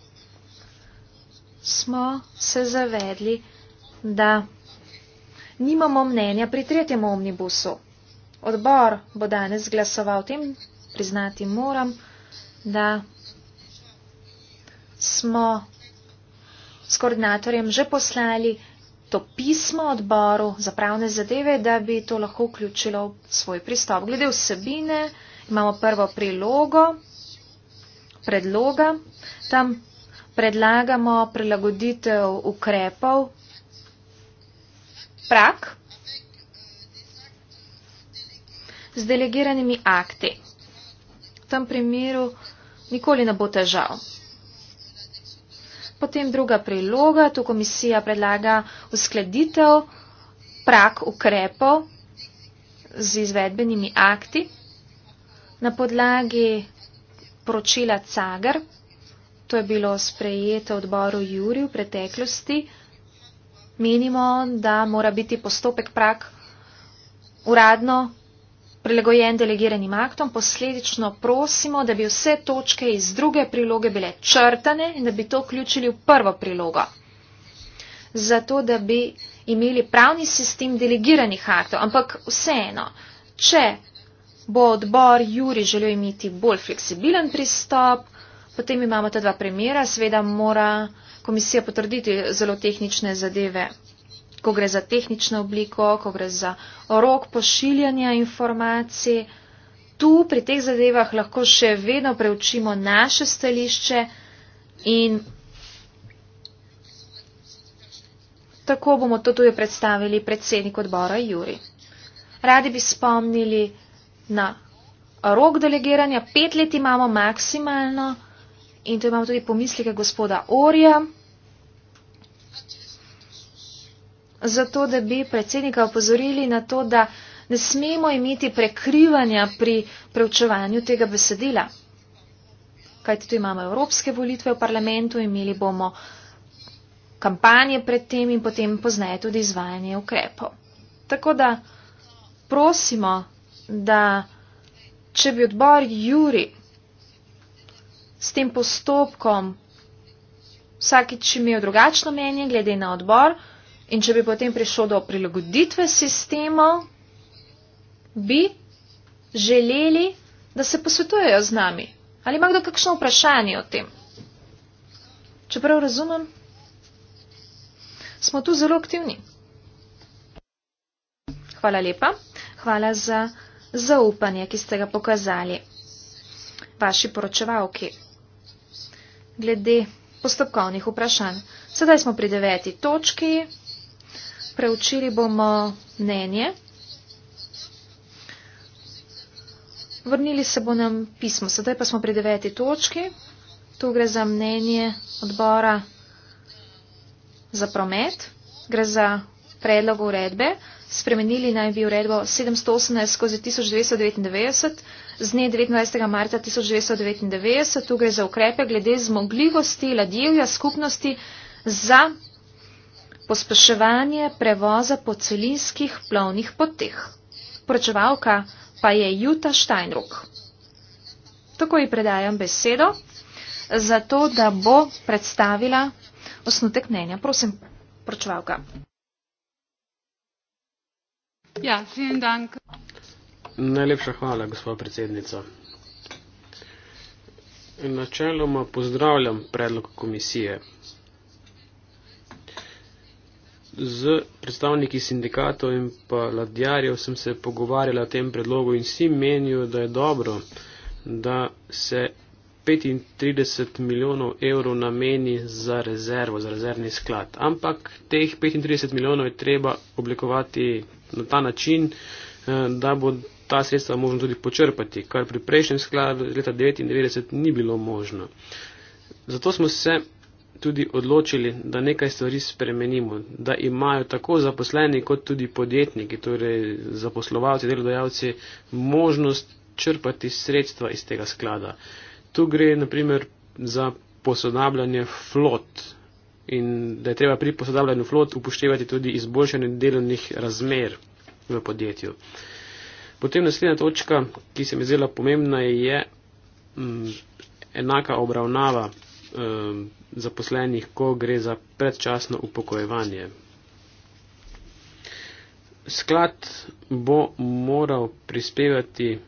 smo se zavedli, da nimamo mnenja pri tretjem omnibusu. Odbor bo danes glasoval tem, priznati moram, da smo s koordinatorjem že poslali to pismo odboru za pravne zadeve, da bi to lahko vključilo v svoj pristop. Glede vsebine, imamo prvo prilogo, predloga. Tam predlagamo prilagoditev ukrepov prak z delegiranimi akti. V tem primeru nikoli ne bo težav. Potem druga priloga, tu komisija predlaga uskladitev prak ukrepov z izvedbenimi akti. Na podlagi poročila Cagar, to je bilo sprejeto odboru Juri v preteklosti, menimo, da mora biti postopek prak uradno prilagojen delegiranim aktom, posledično prosimo, da bi vse točke iz druge priloge bile črtane in da bi to vključili v prvo prilogo. Zato, da bi imeli pravni sistem delegiranih aktov, ampak vseeno, če bo odbor Juri želel imeti bolj fleksibilen pristop. Potem imamo ta dva primera, seveda mora komisija potrditi zelo tehnične zadeve, ko gre za tehnično obliko, ko gre za rok pošiljanja informacij. Tu pri teh zadevah lahko še vedno preučimo naše stališče in tako bomo to tudi predstavili predsednik odbora Juri. Radi bi spomnili, na rok delegiranja, pet let imamo maksimalno in to imamo tudi pomislike gospoda Orja, zato da bi predsednika opozorili na to, da ne smemo imeti prekrivanja pri preučevanju tega besedila. Kajti tu imamo evropske volitve v parlamentu, imeli bomo kampanje pred tem in potem poznaje tudi izvajanje ukrepov. Tako da prosimo da če bi odbor Juri s tem postopkom vsakič imel drugačno mnenje glede na odbor in če bi potem prišel do prilagoditve sistemov, bi želeli, da se posvetujejo z nami. Ali ima kdo kakšno vprašanje o tem? Čeprav razumem, smo tu zelo aktivni. Hvala lepa. Hvala za zaupanje, ki ste ga pokazali vaši poročevalki. Glede postopkovnih vprašanj. Sedaj smo pri deveti točki. Preučili bomo mnenje. Vrnili se bo nam pismo. Sedaj pa smo pri deveti točki. Tu gre za mnenje odbora za promet. Gre za predlog uredbe. Spremenili naj bi uredbo 718 skozi 1999 z dne 19. marca 1999. Tu gre za ukrepe glede zmogljivosti ladjevja skupnosti za pospeševanje prevoza po celinskih plovnih poteh. Poročevalka pa je Juta Steinruck. Tako ji predajam besedo, zato da bo predstavila osnutek mnenja. Prosim, poročevalka. Ja, vsem dank. Najlepša hvala, gospod predsednica. Načeloma pozdravljam predlog komisije. Z predstavniki sindikatov in pa ladjarjev sem se pogovarjala o tem predlogu in vsi menijo, da je dobro, da se 35 milijonov evrov nameni za rezervo, za rezervni sklad. Ampak teh 35 milijonov je treba oblikovati na ta način, eh, da bo ta sredstva možno tudi počrpati, kar pri prejšnjem skladu iz leta 1999 ni bilo možno. Zato smo se tudi odločili, da nekaj stvari spremenimo, da imajo tako zaposleni kot tudi podjetniki, torej zaposlovalci, delodajalci, možnost črpati sredstva iz tega sklada. Tu gre naprimer za posodabljanje flot, in da je treba pri posodabljanju flot upoštevati tudi izboljšanje delovnih razmer v podjetju. Potem naslednja točka, ki se mi zdela pomembna, je m, mm, enaka obravnava m, ehm, zaposlenih, ko gre za predčasno upokojevanje. Sklad bo moral prispevati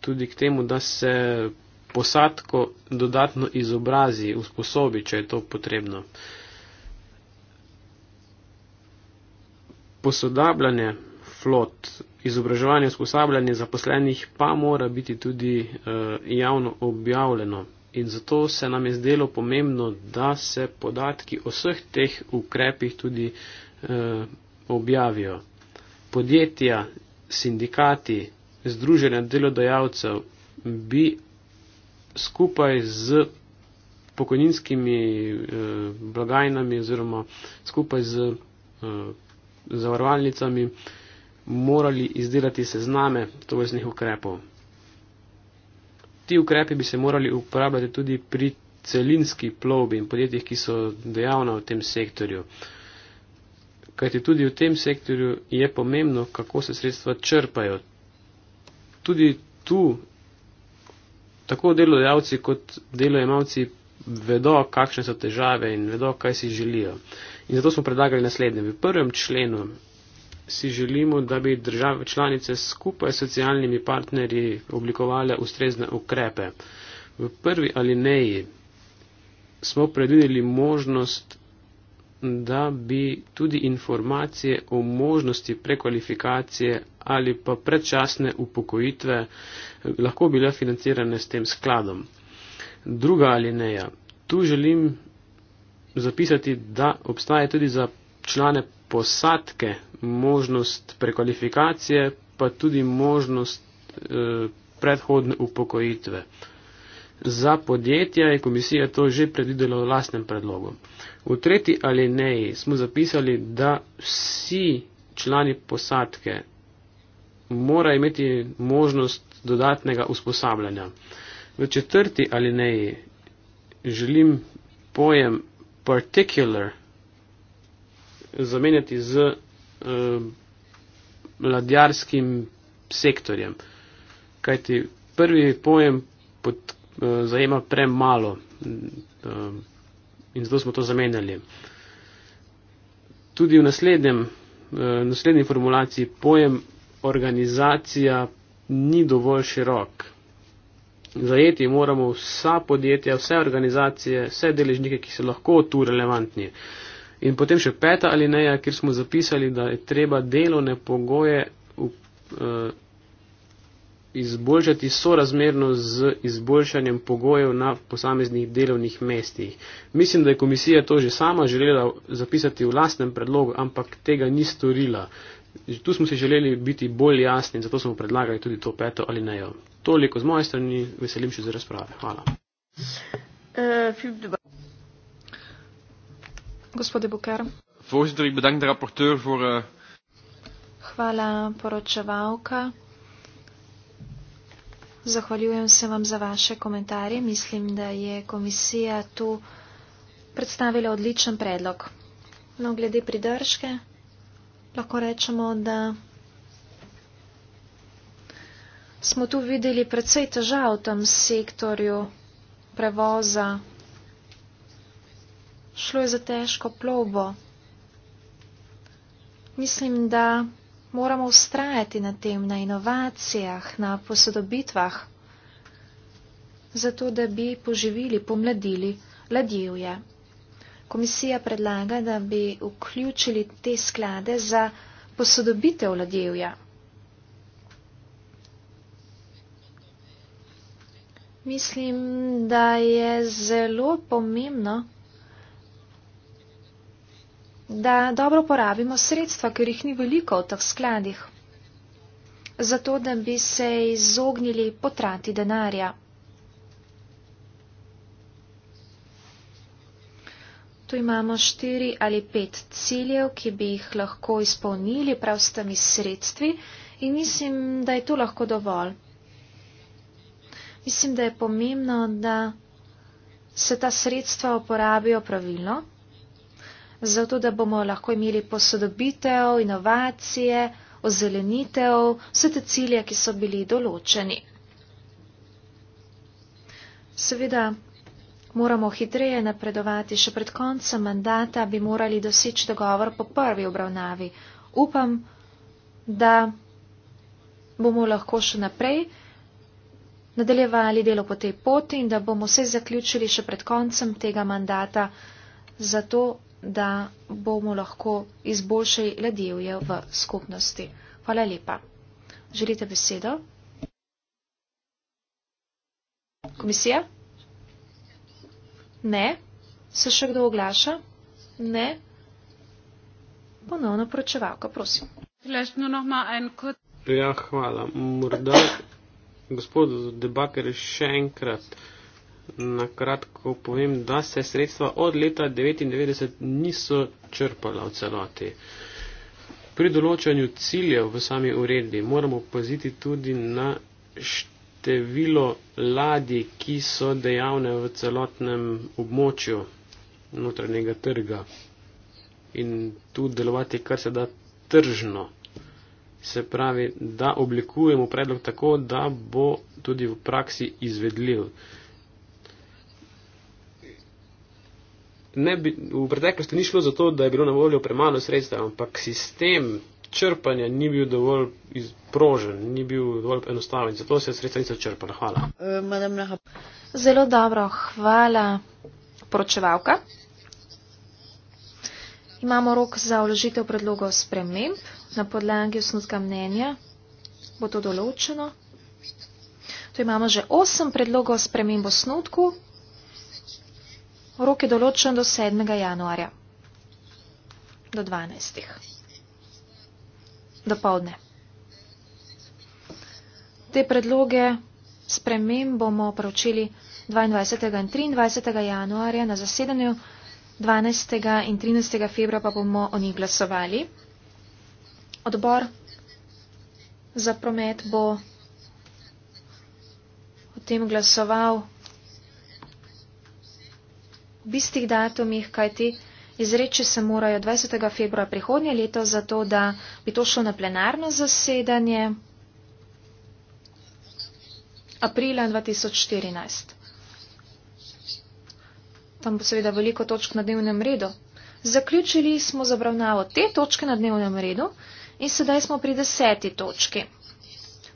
tudi k temu, da se posadko dodatno izobrazi, usposobi, če je to potrebno. Posodabljanje flot, izobraževanje, usposabljanje zaposlenih pa mora biti tudi uh, javno objavljeno. In zato se nam je zdelo pomembno, da se podatki o vseh teh ukrepih tudi uh, objavijo. Podjetja, sindikati, združenja delodajalcev bi skupaj z pokojninskimi eh, blagajnami oziroma skupaj z eh, zavarovalnicami morali izdelati sezname tovrstnih ukrepov. Ti ukrepi bi se morali uporabljati tudi pri celinski plovbi in podjetjih, ki so dejavna v tem sektorju. Kajti tudi v tem sektorju je pomembno, kako se sredstva črpajo. Tudi tu tako delodajalci kot delojemalci vedo, kakšne so težave in vedo, kaj si želijo. In zato smo predlagali naslednje. V prvem členu si želimo, da bi države članice skupaj s socialnimi partnerji oblikovali ustrezne ukrepe. V prvi alineji smo predvideli možnost da bi tudi informacije o možnosti prekvalifikacije ali pa predčasne upokojitve eh, lahko bile financirane s tem skladom. Druga alineja. Tu želim zapisati, da obstaja tudi za člane posadke možnost prekvalifikacije, pa tudi možnost eh, predhodne upokojitve. Eh, za podjetja je komisija to že predvidela v lastnem predlogu. V tretji alineji smo zapisali, da vsi člani posadke mora imeti možnost dodatnega usposabljanja. V četrti alineji želim pojem particular zamenjati z eh, ladjarskim sektorjem. Kajti prvi pojem pod Eh, zajema premalo. Eh, in zato smo to zamenjali. Tudi v naslednjem, eh, naslednji formulaciji pojem organizacija ni dovolj širok. Zajeti moramo vsa podjetja, vse organizacije, vse deležnike, ki so lahko tu relevantni. In potem še peta alineja, kjer smo zapisali, da je treba delovne pogoje izboljšati sorazmerno z izboljšanjem pogojev na posameznih delovnih mestih. Mislim, da je komisija to že sama želela zapisati v lastnem predlogu, ampak tega ni storila. Tu smo si želeli biti bolj jasni in zato smo predlagali tudi to peto ali ne. Toliko z moje strani, veselim še za razprave. Hvala. Uh, Gospode Buker. Voorzitter, ik bedank de rapporteur voor. Uh... Hvala, poročevalka. Zahvaljujem se vam za vaše komentarje. Mislim, da je komisija tu predstavila odličen predlog. No, glede pridržke, lahko rečemo, da smo tu videli predvsej težav v tem sektorju prevoza. Šlo je za težko plovbo. Mislim, da moramo ustrajati na tem, na inovacijah, na posodobitvah, zato da bi poživili, pomladili ladjevje. Komisija predlaga, da bi vključili te sklade za posodobitev ladjevja. Mislim, da je zelo pomembno, da dobro porabimo sredstva, ker jih ni veliko v teh skladih, zato da bi se izognili potrati denarja. Tu imamo štiri ali pet ciljev, ki bi jih lahko izpolnili prav s temi sredstvi in mislim, da je tu lahko dovolj. Mislim, da je pomembno, da se ta sredstva uporabijo pravilno zato da bomo lahko imeli posodobitev, inovacije, ozelenitev, vse te cilje, ki so bili določeni. Seveda moramo hitreje napredovati, še pred koncem mandata bi morali doseči dogovor po prvi obravnavi. Upam, da bomo lahko še naprej nadaljevali delo po tej poti in da bomo vse zaključili še pred koncem tega mandata. Zato da bomo lahko izboljšali ledevje v skupnosti. Hvala lepa. Želite besedo? Komisija? Ne. Se še kdo oglaša? Ne. Ponovno poročevalka, prosim. Ja, hvala. Morda gospod Debaker še enkrat na kratko povem, da se sredstva od leta 99 niso črpala v celoti. Pri določanju ciljev v sami uredbi moramo paziti tudi na število ladij, ki so dejavne v celotnem območju notranjega trga in tu delovati kar se da tržno. Se pravi, da oblikujemo predlog tako, da bo tudi v praksi izvedljiv. bi, v preteklosti ni šlo za to, da je bilo na voljo premalo sredstev, ampak sistem črpanja ni bil dovolj izprožen, ni bil dovolj enostaven. Zato se je sredstva niso črpala. Hvala. Zelo dobro, hvala, poročevalka. Imamo rok za uložitev predlogov sprememb na podlagi osnutka mnenja. Bo to določeno? Tu imamo že osem predlogov sprememb osnutku. Rok je določen do 7. januarja. Do 12. Do povdne. Te predloge spremem bomo pravčili 22. in 23. januarja na zasedanju 12. in 13. februar pa bomo o njih glasovali. Odbor za promet bo o tem glasoval v istih datumih, kajti izreči se morajo 20. februar prihodnje leto, zato da bi to šlo na plenarno zasedanje aprila 2014. Tam bo seveda veliko točk na dnevnem redu. Zaključili smo z obravnavo te točke na dnevnem redu in sedaj smo pri deseti točki.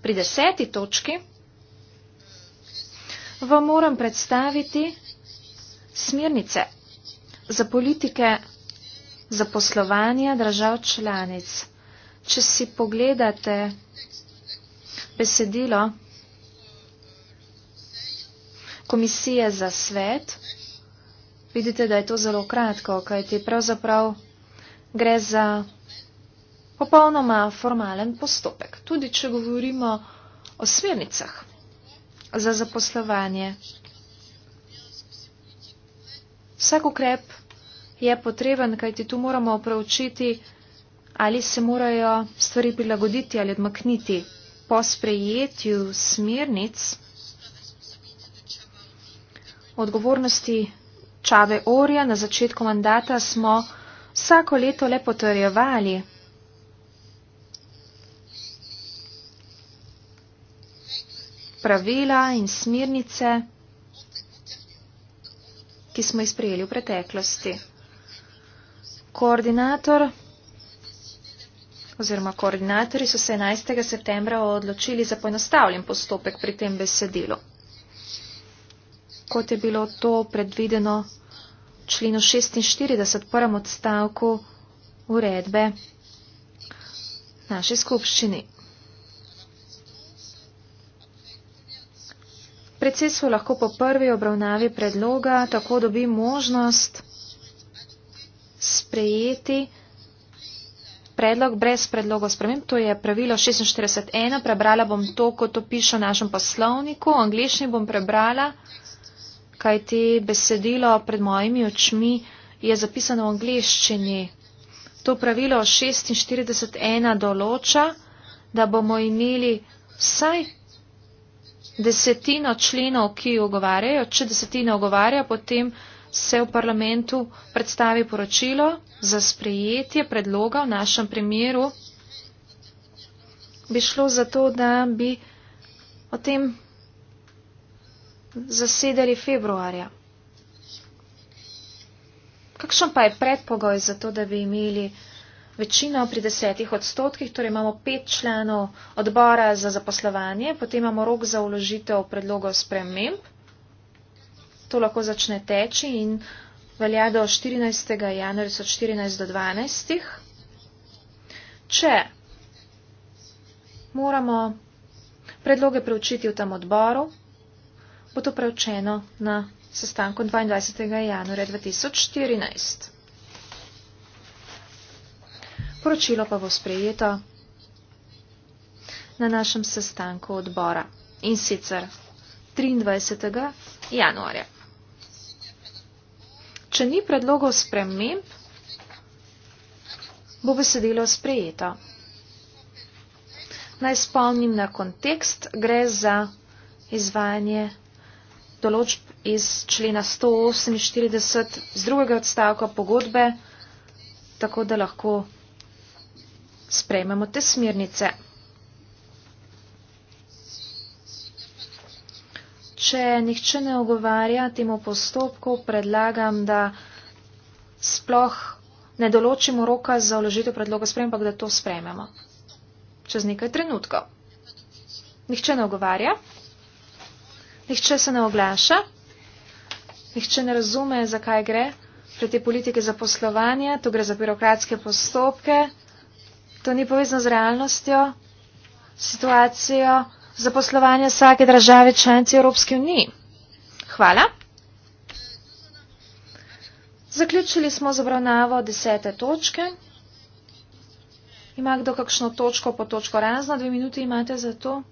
Pri deseti točki vam moram predstaviti smernice za politike zaposlovanja držav članic. Če si pogledate besedilo Komisije za svet, vidite, da je to zelo kratko, kajti pravzaprav gre za popolnoma formalen postopek. Tudi, če govorimo o smernicah za zaposlovanje Vsak ukrep je potreben, kajti tu moramo preučiti, ali se morajo stvari prilagoditi ali odmakniti. Po sprejetju smernic odgovornosti Čave Orja na začetku mandata smo vsako leto le potrjevali. Pravila in smernice ki smo jih sprejeli v preteklosti. Koordinator oziroma koordinatori so se 11. septembra odločili za poenostavljen postopek pri tem besedilu. Kot je bilo to predvideno v členu 46. prvem odstavku uredbe naše skupščini. Predsedstvo lahko po prvi obravnavi predloga tako dobi možnost sprejeti predlog brez predloga sprememb. To je pravilo 46.1. Prebrala bom to, kot to piše v našem poslovniku. V angliščini bom prebrala, kajti besedilo pred mojimi očmi je zapisano v angliščini. To pravilo 46.1 določa, da bomo imeli vsaj desetino členov, ki ogovarjajo, če desetina ogovarja, potem se v parlamentu predstavi poročilo za sprejetje predloga. V našem primeru bi šlo za to, da bi o tem zasedali februarja. Kakšen pa je predpogoj za to, da bi imeli večino pri desetih odstotkih, torej imamo pet članov odbora za zaposlovanje, potem imamo rok za uložitev predlogov sprememb. To lahko začne teči in velja do 14. januarja, so 14 do 12. Če moramo predloge preučiti v tem odboru, bo to preučeno na sestanku 22. januarja 2014 poročilo pa bo sprejeto na našem sestanku odbora in sicer 23. januarja. Če ni predlogov sprememb, bo besedilo sprejeto. Naj spomnim na kontekst, gre za izvajanje določb iz člena 148 z drugega odstavka pogodbe, tako da lahko sprejmemo te smernice. Če nihče ne ogovarja temu postopku, predlagam, da sploh ne določimo roka za vložitev predloga sprejem, ampak da to sprejmemo. Čez nekaj trenutkov. Nihče ne ogovarja, nihče se ne oglaša, nihče ne razume, zakaj gre pri te politike zaposlovanja, to gre za birokratske postopke. To ni povezano z realnostjo, situacijo zaposlovanja vsake države članice Evropske unije. Hvala. Zaključili smo z obravnavo desete točke. Ima kdo kakšno točko po točko razno? Dve minuti imate za to.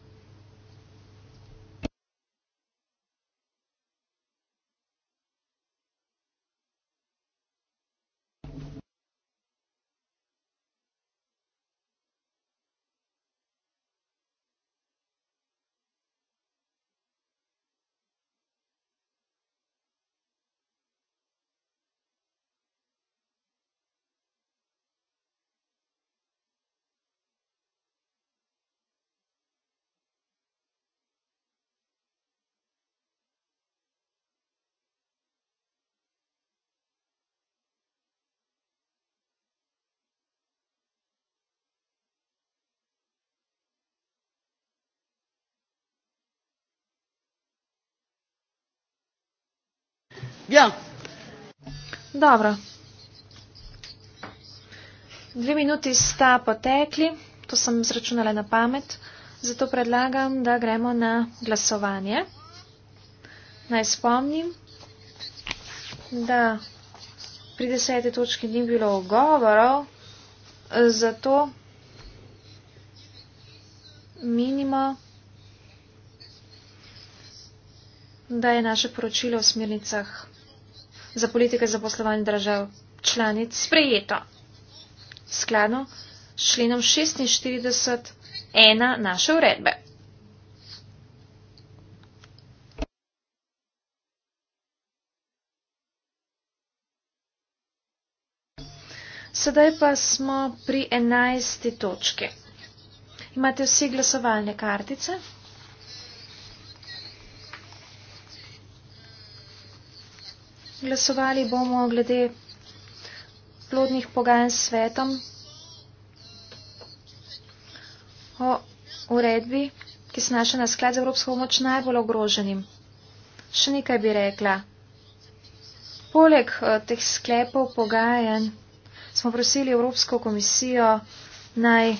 Ja. Dobro. Dve minuti sta potekli, to sem zračunala na pamet, zato predlagam, da gremo na glasovanje. Naj spomnim, da pri desete točki ni bilo govorov, zato minimo, da je naše poročilo o smirnicah za politike zaposlovanja držav članic sprejeto. Skladno s členom 46.1 naše uredbe. Sedaj pa smo pri 11. točki. Imate vsi glasovalne kartice? Glasovali bomo glede plodnih pogajanj s svetom o uredbi, ki se naša na sklad za Evropsko pomoč najbolj ogroženim. Še nekaj bi rekla. Poleg eh, teh sklepov pogajen smo prosili Evropsko komisijo naj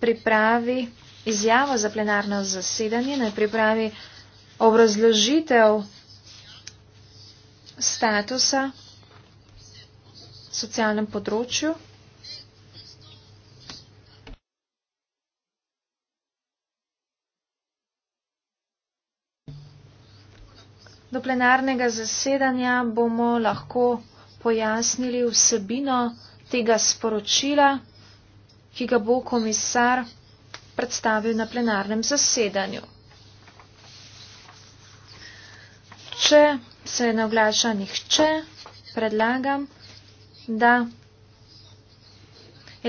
pripravi izjavo za plenarno zasedanje, naj pripravi obrazložitev statusa v socialnem področju. Do plenarnega zasedanja bomo lahko pojasnili vsebino tega sporočila, ki ga bo komisar predstavil na plenarnem zasedanju. Če se ne oglaša nihče, predlagam, da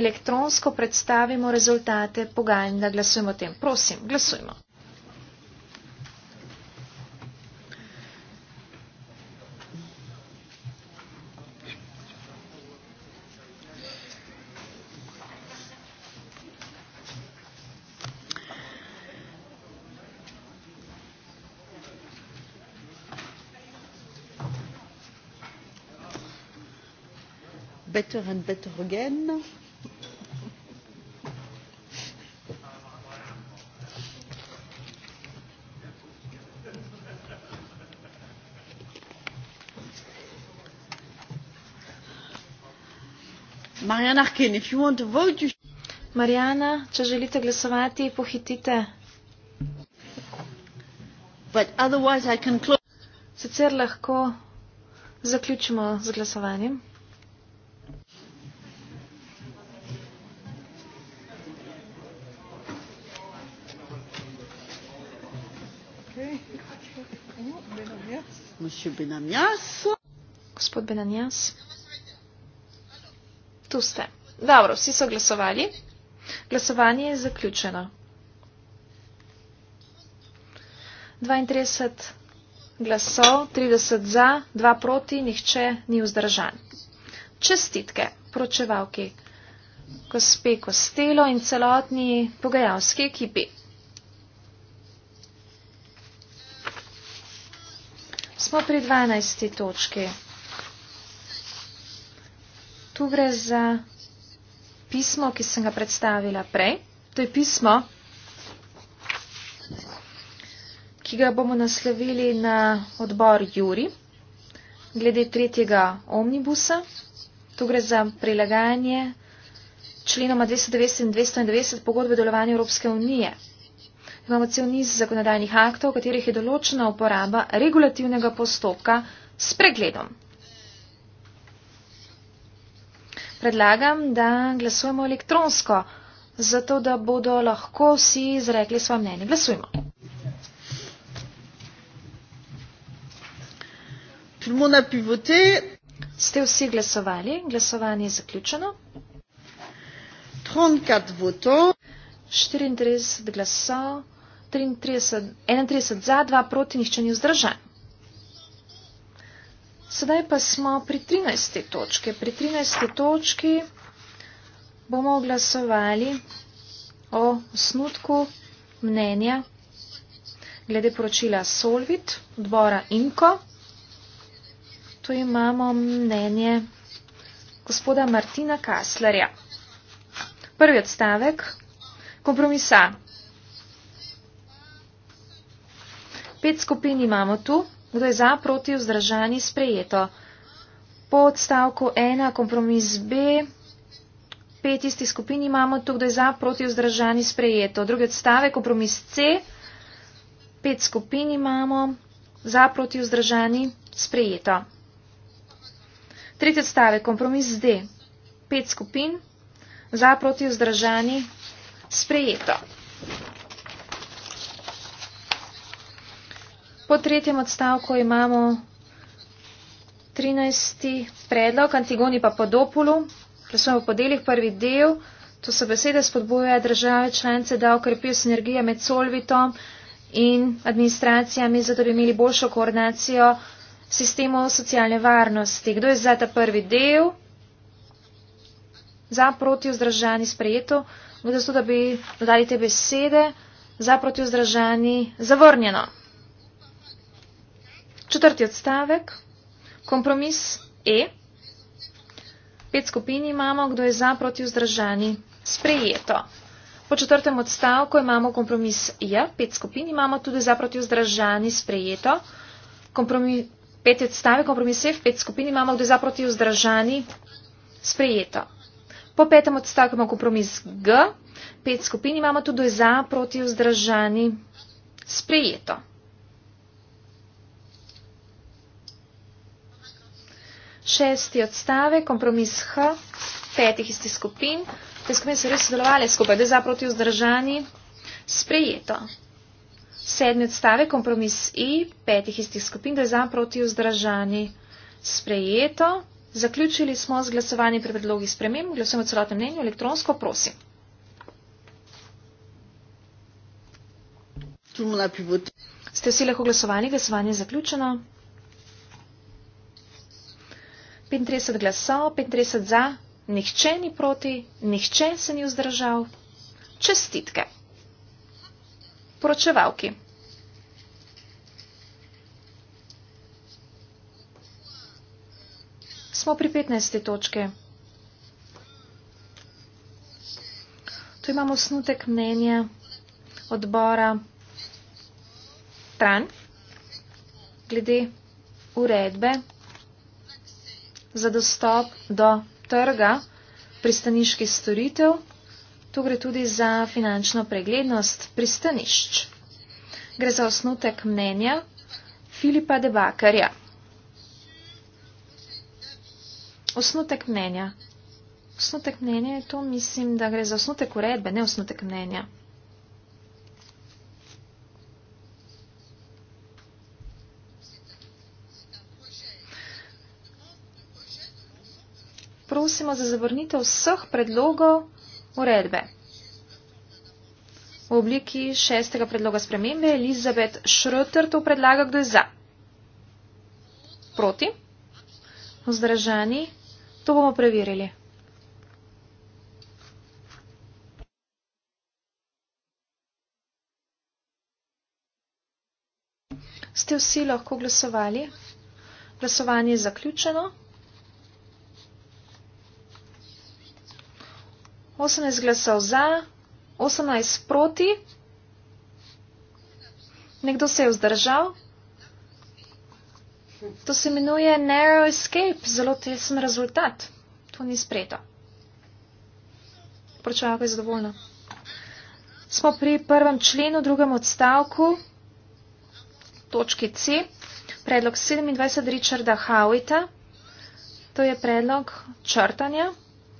elektronsko predstavimo rezultate pogajanj, da glasujemo o tem. Prosim, glasujmo. better and better again. Marijana Arkin, if you want to vote, you Marijana, če želite glasovati, pohitite. Sicer lahko zaključimo z glasovanjem. Monsieur Benanias. Gospod Benanias. Tu ste. Dobro, vsi so glasovali. Glasovanje je zaključeno. 32 glasov, 30 za, 2 proti, nihče ni vzdržan. Čestitke pročevalki gospe Kostelo in celotni pogajalski ekipi. smo pri 12. točki. Tu gre za pismo, ki sem ga predstavila prej. To je pismo, ki ga bomo naslovili na odbor Juri glede tretjega omnibusa. Tu gre za prilagajanje členoma 290 in 290 pogodbe delovanja Evropske unije imamo cel niz zakonodajnih aktov, v katerih je določena uporaba regulativnega postopka s pregledom. Predlagam, da glasujemo elektronsko, zato da bodo lahko vsi izrekli svoje mnenje. Glasujmo. Ste vsi glasovali? Glasovanje je zaključeno. 34 glasov. 33, 31 za, 2 proti, nišče ni vzdržan. Sedaj pa smo pri 13. točki. Pri 13. točki bomo oglasovali o snutku mnenja glede poročila Solvit, odbora Inko. Tu imamo mnenje gospoda Martina Kaslerja. Prvi odstavek kompromisa. Pet skupin imamo tu, kdo je za, proti, vzdržani, sprejeto. Po odstavku 1, kompromis B, pet istih skupin imamo tu, kdo je za, proti, vzdržani, sprejeto. Drugi odstavek, kompromis C, pet skupin imamo, za, proti, vzdržani, sprejeto. Tretji odstavek, kompromis D, pet skupin, za, proti, vzdržani, sprejeto. Po tretjem odstavku imamo 13. predlog, Antigoni pa po dopolu, glasujemo po delih, prvi del, to so besede spodbujajo države članice, da okrepijo sinergije med Solvitom in administracijami, zato bi imeli boljšo koordinacijo sistemov socialne varnosti. Kdo je za ta prvi del? Za proti vzdržani sprejeto, v zato, da bi dodali te besede, za proti vzdržani zavrnjeno. Četrti odstavek, kompromis E. Pet skupini imamo, kdo je za proti vzdržani sprejeto. Po četrtem odstavku imamo kompromis J, pet skupin imamo tudi za proti vzdržani sprejeto. Peti odstavek, kompromis F, pet skupin imamo, kdo je za proti vzdržani sprejeto. Po petem odstavku imamo kompromis G, pet skupin imamo tudi za proti vzdržani sprejeto. šesti odstave, kompromis H, petih istih skupin. Te skupine so res sodelovali skupaj, da je zaproti vzdržani sprejeto. Sedmi odstave, kompromis I, petih istih skupin, da je zaproti vzdržani sprejeto. Zaključili smo z glasovanjem pri predlogi spremem, glasujemo celotno mnenje elektronsko, prosim. Ste vsi lahko glasovali, glasovanje je zaključeno. 35 glasov, 35 za, nihče ni proti, nihče se ni vzdržal. Čestitke. Poročevalki. Smo pri 15. točke. Tu imamo snutek mnenja odbora Tran glede uredbe za dostop do trga pristaniških storitev. Tu gre tudi za finančno preglednost pristanišč. Gre za osnutek mnenja Filipa Debakarja. Osnutek mnenja. Osnutek mnenja je to, mislim, da gre za osnutek uredbe, ne osnutek mnenja. prosimo za zavrnitev vseh predlogov uredbe. V obliki šestega predloga spremembe Elizabet Šrotr to predlaga, kdo je za. Proti. Vzdržani. To bomo preverili. Ste vsi lahko glasovali? Glasovanje je zaključeno. 18 glasov za, 18 proti. Nekdo se je vzdržal. To se imenuje narrow escape, zelo tesen rezultat. To ni spreto. Pročavka je zadovoljna. Smo pri prvem členu, drugem odstavku, točki C, predlog 27 Richarda Howita. To je predlog črtanja.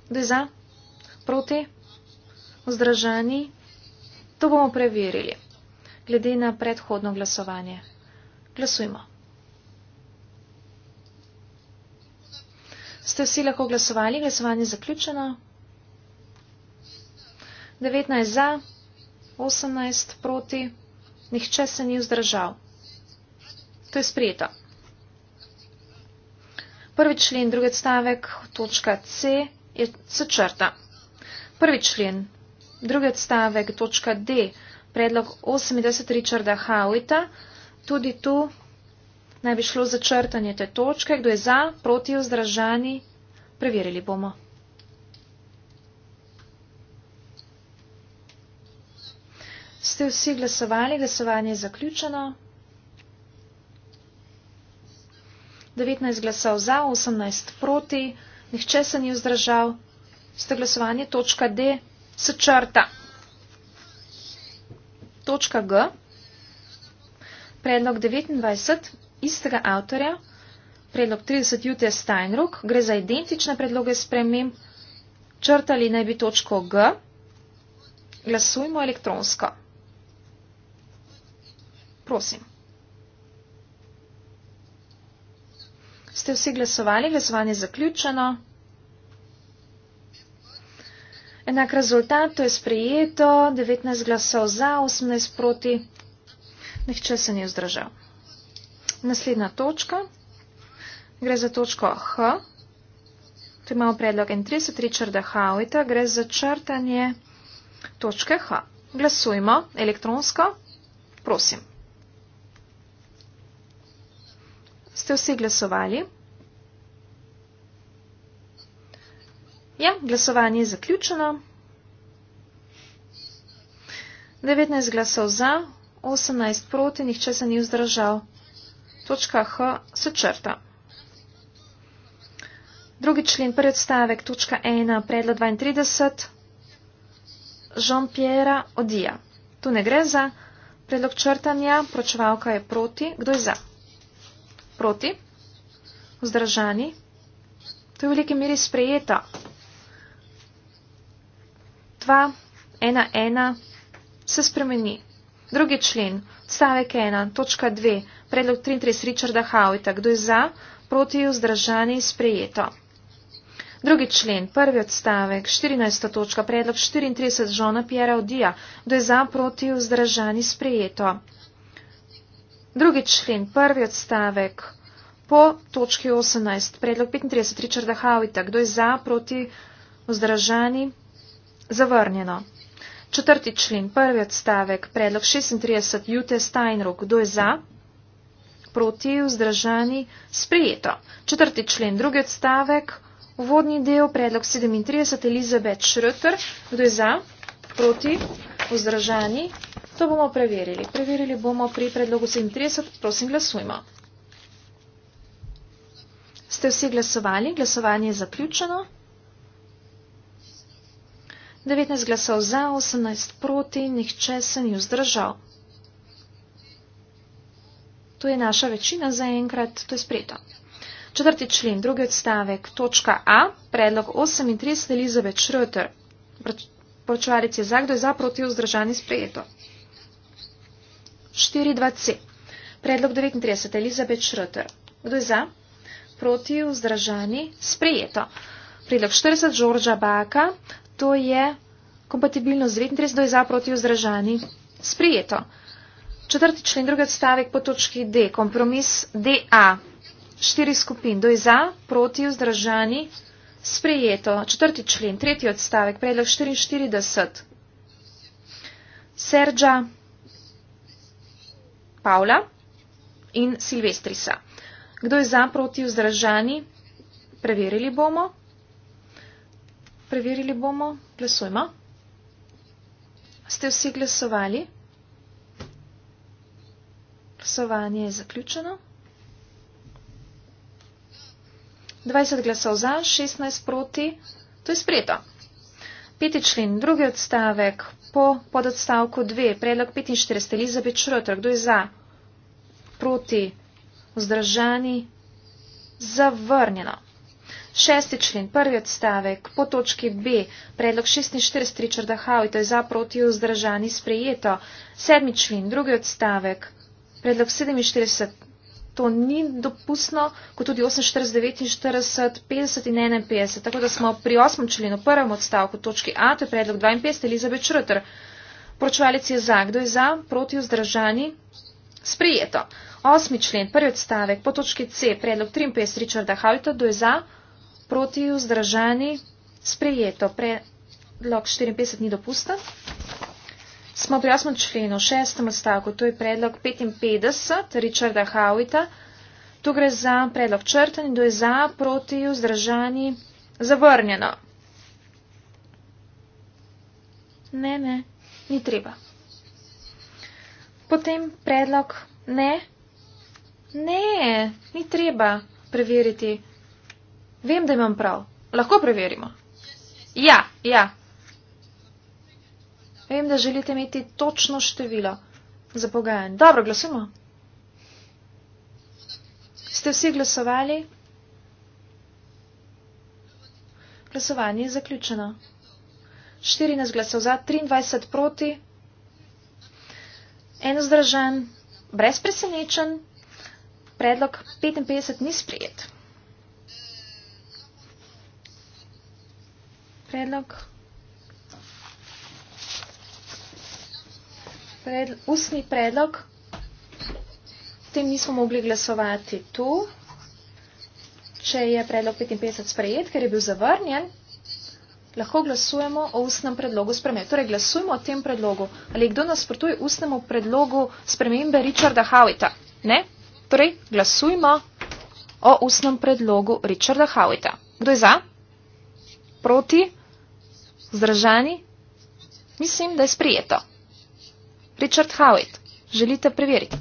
Kdo je za? proti vzdržani. To bomo preverili, glede na predhodno glasovanje. Glasujmo. Ste vsi lahko glasovali? Glasovanje je zaključeno. 19 za, 18 proti, nihče se ni vzdržal. To je sprijeto. Prvi člen, drugi stavek, točka C je črta. Prvi člen, drugi odstavek, točka D, predlog 80 Richarda Howita, tudi tu naj bi šlo za črtanje te točke, kdo je za, proti, vzdržani, preverili bomo. Ste vsi glasovali, glasovanje je zaključeno. 19 glasov za, 18 proti, nihče se ni vzdržal, sta glasovanje točka D s črta. Točka G, predlog 29, istega avtorja, predlog 30 Jute Steinruck, gre za identične predloge spremem, črtali naj bi točko G, glasujmo elektronsko. Prosim. Ste vsi glasovali, glasovanje je zaključeno. Enak rezultat, to je sprejeto, 19 glasov za, 18 proti, nihče se ni vzdržal. Naslednja točka, gre za točko H, tu imamo predlog N30, Richarda Howita, gre za črtanje točke H. Glasujmo elektronsko, prosim. Ste vsi glasovali? Hvala. Ja, glasovanje je zaključeno. 19 glasov za, 18 proti, nihče se ni vzdržal. Točka H se črta. Drugi člen, prvi odstavek, točka 1, predlog 32, Jean-Pierre odija. Tu ne gre za predlog črtanja, pročevalka je proti. Kdo je za? Proti. Vzdržani. To je v veliki meri sprejeta. 2, 1, 1 se spremeni. Drugi člen, stavek 1, točka 2, predlog 33 Richarda Howita, kdo je za, proti vzdržani sprejeto. Drugi člen, prvi odstavek, 14. točka, predlog 34 Žona Pjera Odija, kdo je za, proti vzdržani sprejeto. Drugi člen, prvi odstavek. Po točki 18, predlog 35 Richarda Howita, kdo je za, proti, vzdržani, Zavrnjeno. Četrti člen, prvi odstavek, predlog 36, Jute Steinrock, kdo je za? Proti, vzdržani, sprijeto. Četrti člen, drugi odstavek, uvodni del, predlog 37, Elizabeth Schröter, kdo je za? Proti, vzdržani, to bomo preverili. Preverili bomo pri predlogu 37, prosim glasujmo. Ste vsi glasovali, glasovanje je zaključeno. 19 glasov za, 18 proti, nihče se ni vzdržal. To je naša večina za enkrat, to je spreto. Četrti člen, drugi odstavek, točka A, predlog 38 Elizabeth Schröter. Počvarec je za, kdo je za, proti, vzdržani sprejeto. 4.2c. Predlog 39 Elizabeth Schröter. Kdo je za? Proti, vzdržani, sprejeto. Predlog 40 Đorđa Baka, to je kompatibilno z 39 za proti vzdržani. Sprijeto. Četrti člen, drugi odstavek po točki D, kompromis DA. Štiri skupin, doj za, proti, vzdržani, sprejeto. Četrti člen, tretji odstavek, predlog 44. Serđa, Pavla in Silvestrisa. Kdo je za, proti, vzdržani, preverili bomo. Preverili bomo. Glasujmo. Ste vsi glasovali? Glasovanje je zaključeno. 20 glasov za, 16 proti. To je sprejeto. Peti člen, drugi odstavek po pododstavku 2, predlog 45, Elizabeth Schroeder, kdo je za, proti, vzdržani, zavrnjeno. 6. člen, prvi odstavek, po točki B, predlog 46 Richarda Howita, proti vzdržani sprejeto. 7. člen, drugi odstavek, predlog 47, to ni dopustno, kot tudi 48, 49, 50 in 51. Tako da smo pri 8. členu, prvem odstavku, točki A, to je predlog 52, Elizabeth Schröter. Poročevalec je za, kdo je za, proti vzdržani sprejeto. 8. člen, prvi odstavek, po točki C, predlog 53 Richarda Howita, kdo je za, proti vzdržani sprejeto. Predlog 54 ni dopusten. Smo pri 8. členu, 6. odstavku, to je predlog 55 Richarda Howita. Tu gre za predlog črten in to je za proti vzdržani zavrnjeno. Ne, ne, ni treba. Potem predlog ne. Ne, ni treba preveriti. Vem, da imam prav. Lahko preverimo. Ja, ja. Vem, da želite imeti točno število za pogajanje. Dobro, glasujmo. Ste vsi glasovali? Glasovanje je zaključeno. 14 glasov za, 23 proti, enozdržen, brez presenečen, predlog 55 ni sprejet. predlog. Predl usni predlog. S tem nismo mogli glasovati tu. Če je predlog 55 sprejet, ker je bil zavrnjen, lahko glasujemo o ustnem predlogu spremembe. Torej, glasujemo o tem predlogu. Ali kdo nasprotuje ustnemu predlogu spremembe Richarda Howita? Ne? Torej, glasujmo o ustnem predlogu Richarda Howita. Kdo je za? Proti? Zdržani? Mislim, da je sprijeto. Richard Howitt, želite preveriti?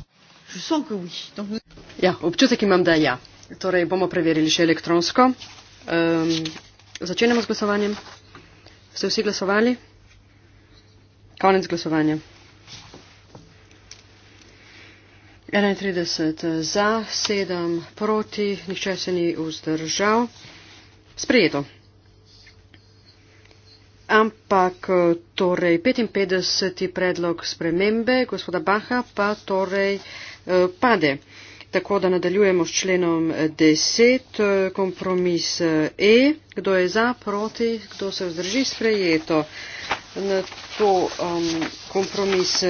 Ja, občutek imam, da ja. Torej bomo preverili še elektronsko. Um, začenjamo z glasovanjem. Ste vsi glasovali? Konec glasovanja. 31 eh, za, 7 proti, nihče se ni vzdržal. Sprejeto ampak eh, torej 55. predlog spremembe gospoda Baha pa torej eh, pade. Tako da nadaljujemo s členom 10, eh, kompromis E, kdo je za, proti, kdo se vzdrži sprejeto. Na to um, kompromis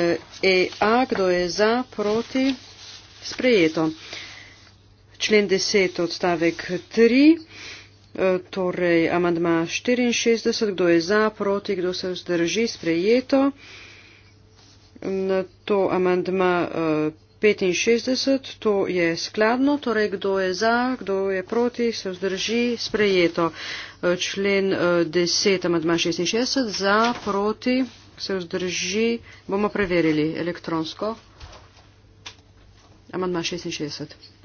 EA, e kdo je za, proti, sprejeto. Člen 10 odstavek 3. E, torej amandma 64, kdo je za, proti, kdo se vzdrži, sprejeto. Na to amandma 65, e, to je skladno, torej kdo je za, kdo je proti, se vzdrži, sprejeto. E, člen 10, amandma 66, za, proti, se vzdrži, bomo preverili elektronsko. Amandma 66.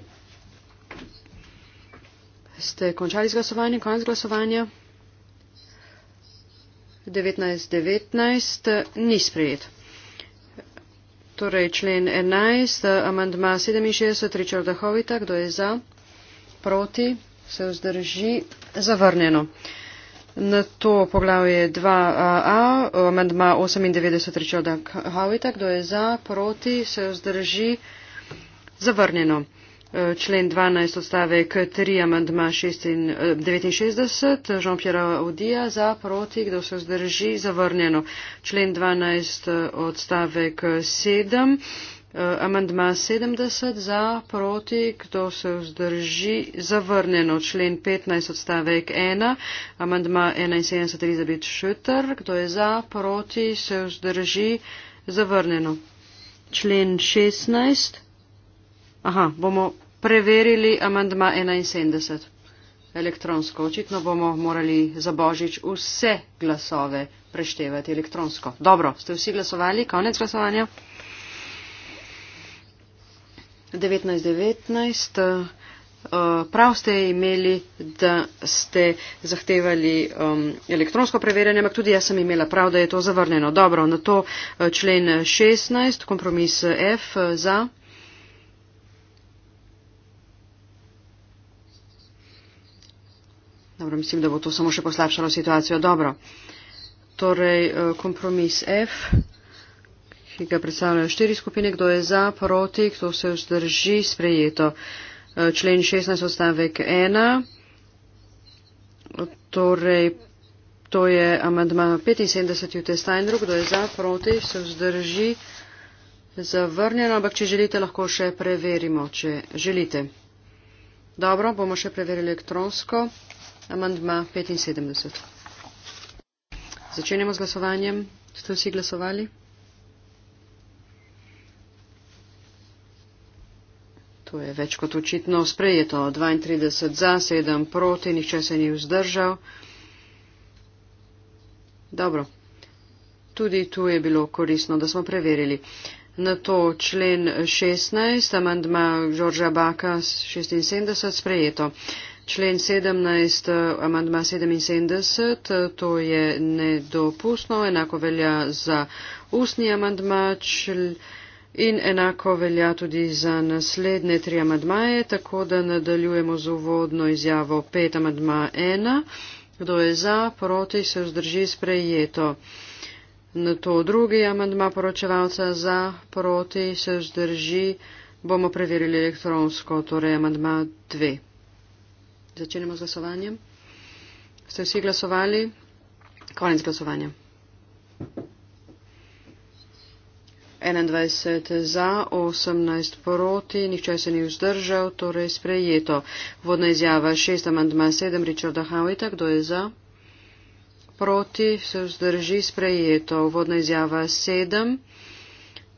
Ste končali z glasovanjem? Konec glasovanja? 19.19. Ni sprejet. Torej, člen 11, amandma 67, Richarda Hovita, kdo je za, proti, se vzdrži, zavrnjeno. Na to poglavje 2a, amandma 98, Richarda Hovita, kdo je za, proti, se vzdrži, zavrnjeno člen 12 odstavek 3 amandma 69, eh, Jean-Pierre Audija za proti, kdo se zdrži, zavrnjeno. Člen 12 odstavek 7, amandma 70 za proti, kdo se vzdrži, zavrnjeno. Člen 15 eh, odstavek 1, eh, amandma 71 Elizabeth Schutter, kdo je za proti, se vzdrži, zavrnjeno. Člen 16. Aha, bomo preverili amandma 71. Elektronsko očitno bomo morali za Božič vse glasove preštevati elektronsko. Dobro, ste vsi glasovali? Konec glasovanja. 1919. Eh, prav ste imeli, da ste zahtevali um, elektronsko preverjanje, ampak tudi jaz sem imela prav, da je to zavrnjeno. Dobro, na to eh, člen 16, kompromis F eh, za. Dobro, mislim, da bo to samo še poslabšalo situacijo. Dobro. Torej, eh, kompromis F, ki ga predstavljajo štiri skupine, kdo je za, proti, kdo se vzdrži, sprejeto. Eh, člen 16 odstavek 1. Torej, to je amandma 75 UT Steinruck, kdo je za, proti, se vzdrži, zavrnjeno, ampak če želite, lahko še preverimo, če želite. Dobro, bomo še preverili elektronsko amandma 75. Začenjamo z glasovanjem. Ste vsi glasovali? To je več kot očitno sprejeto. 32 za, 7 proti, nihče se ni vzdržal. Dobro. Tudi tu je bilo korisno, da smo preverili. Na to člen 16, amandma Žorža Baka 76, sprejeto člen 17, eh, amandma 77, eh, to je nedopustno, enako velja za ustni amandma čl... in enako velja tudi za naslednje tri amandmaje, tako da nadaljujemo z uvodno izjavo 5 amandma 1. Kdo je za, proti, se vzdrži sprejeto. Na to drugi amandma poročevalca za, proti, se vzdrži, bomo preverili elektronsko, torej amandma 2. Začenjamo z glasovanjem. Ste vsi glasovali? Konec glasovanja. 21 za, 18 proti, nihče se ni vzdržal, torej sprejeto. Vodna izjava 6, amandma 7, Richarda Howita, kdo je za? Proti, se vzdrži, sprejeto. Vodna izjava 7,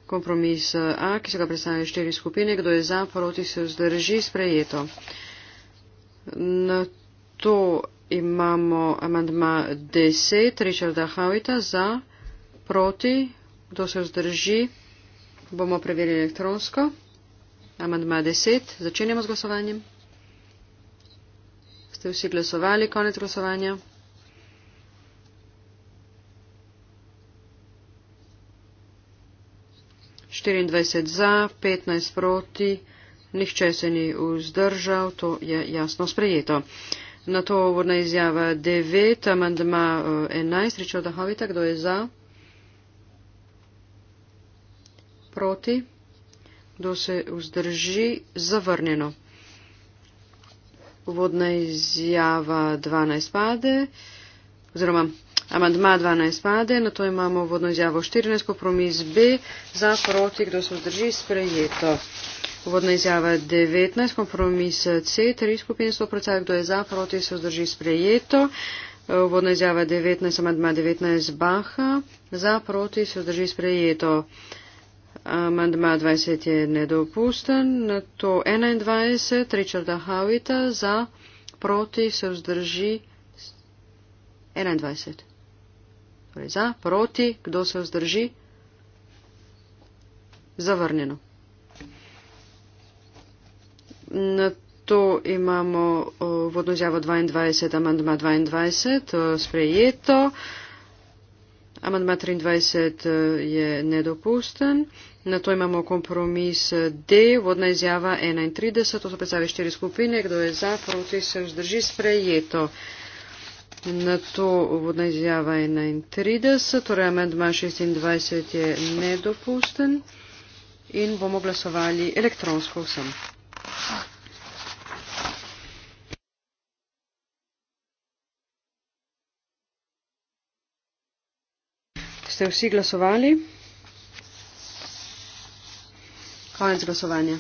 kompromis A, ki se ga predstavlja štiri skupine, kdo je za? Proti, se vzdrži, sprejeto. Na to imamo amandma 10, Richarda Havita, za, proti, kdo se vzdrži, bomo preverili elektronsko. Amandma 10, začenjamo z glasovanjem. Ste vsi glasovali, konec glasovanja. 24 za, 15 proti nihče se ni vzdržal, to je jasno sprejeto. Na to vodna izjava 9, amandma 11, eh, rečo Dahovita, kdo je za? Proti? Kdo se vzdrži? Zavrnjeno. Vodna izjava 12 pade, oziroma amandma 12 pade, na to imamo vodno izjavo 14, kompromis B, za proti, kdo se vzdrži, sprejeto. Uvodna izjava 19, kompromis eh, C, tri skupine 100%, kdo je za, proti se vzdrži sprejeto. Eh, uvodna izjava 19, amadma 19, Baha, za, proti se vzdrži sprejeto. Amandma 20 je nedopusten, na to 21, Richarda Havita, za, proti se vzdrži 21. Torej, za, proti, kdo se vzdrži? Zavrnjeno. Na to imamo v odnozjavo 22, amandma 22, sprejeto. Amandma 23 je nedopusten. Na to imamo kompromis D, vodna izjava 31, to so predstave štiri skupine, kdo je za, proti se vzdrži sprejeto. Na to vodna izjava 31, torej amandma 26 je nedopusten in bomo glasovali elektronsko vsem. Ste vsi glasovali? Konec glasovanja.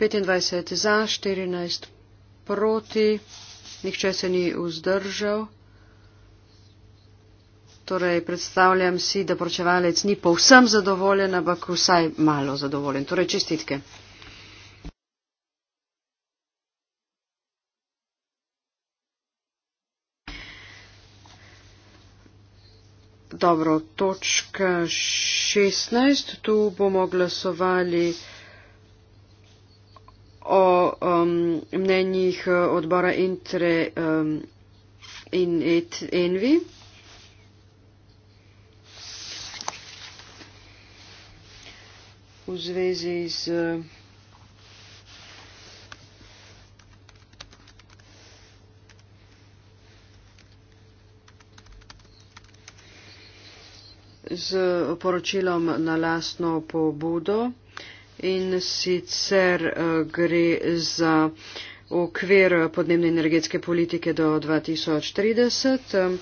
25 za, 14 proti, nihče se ni vzdržal torej predstavljam si, da poročevalec ni povsem zadovoljen, ampak vsaj malo zadovoljen. Torej čestitke. Dobro, točka 16. Tu bomo glasovali o um, mnenjih odbora Intre um, in Envi. Et, v zvezi z z poročilom na lastno pobudo in sicer eh, gre za okvir podnebne energetske politike do 2030. Eh,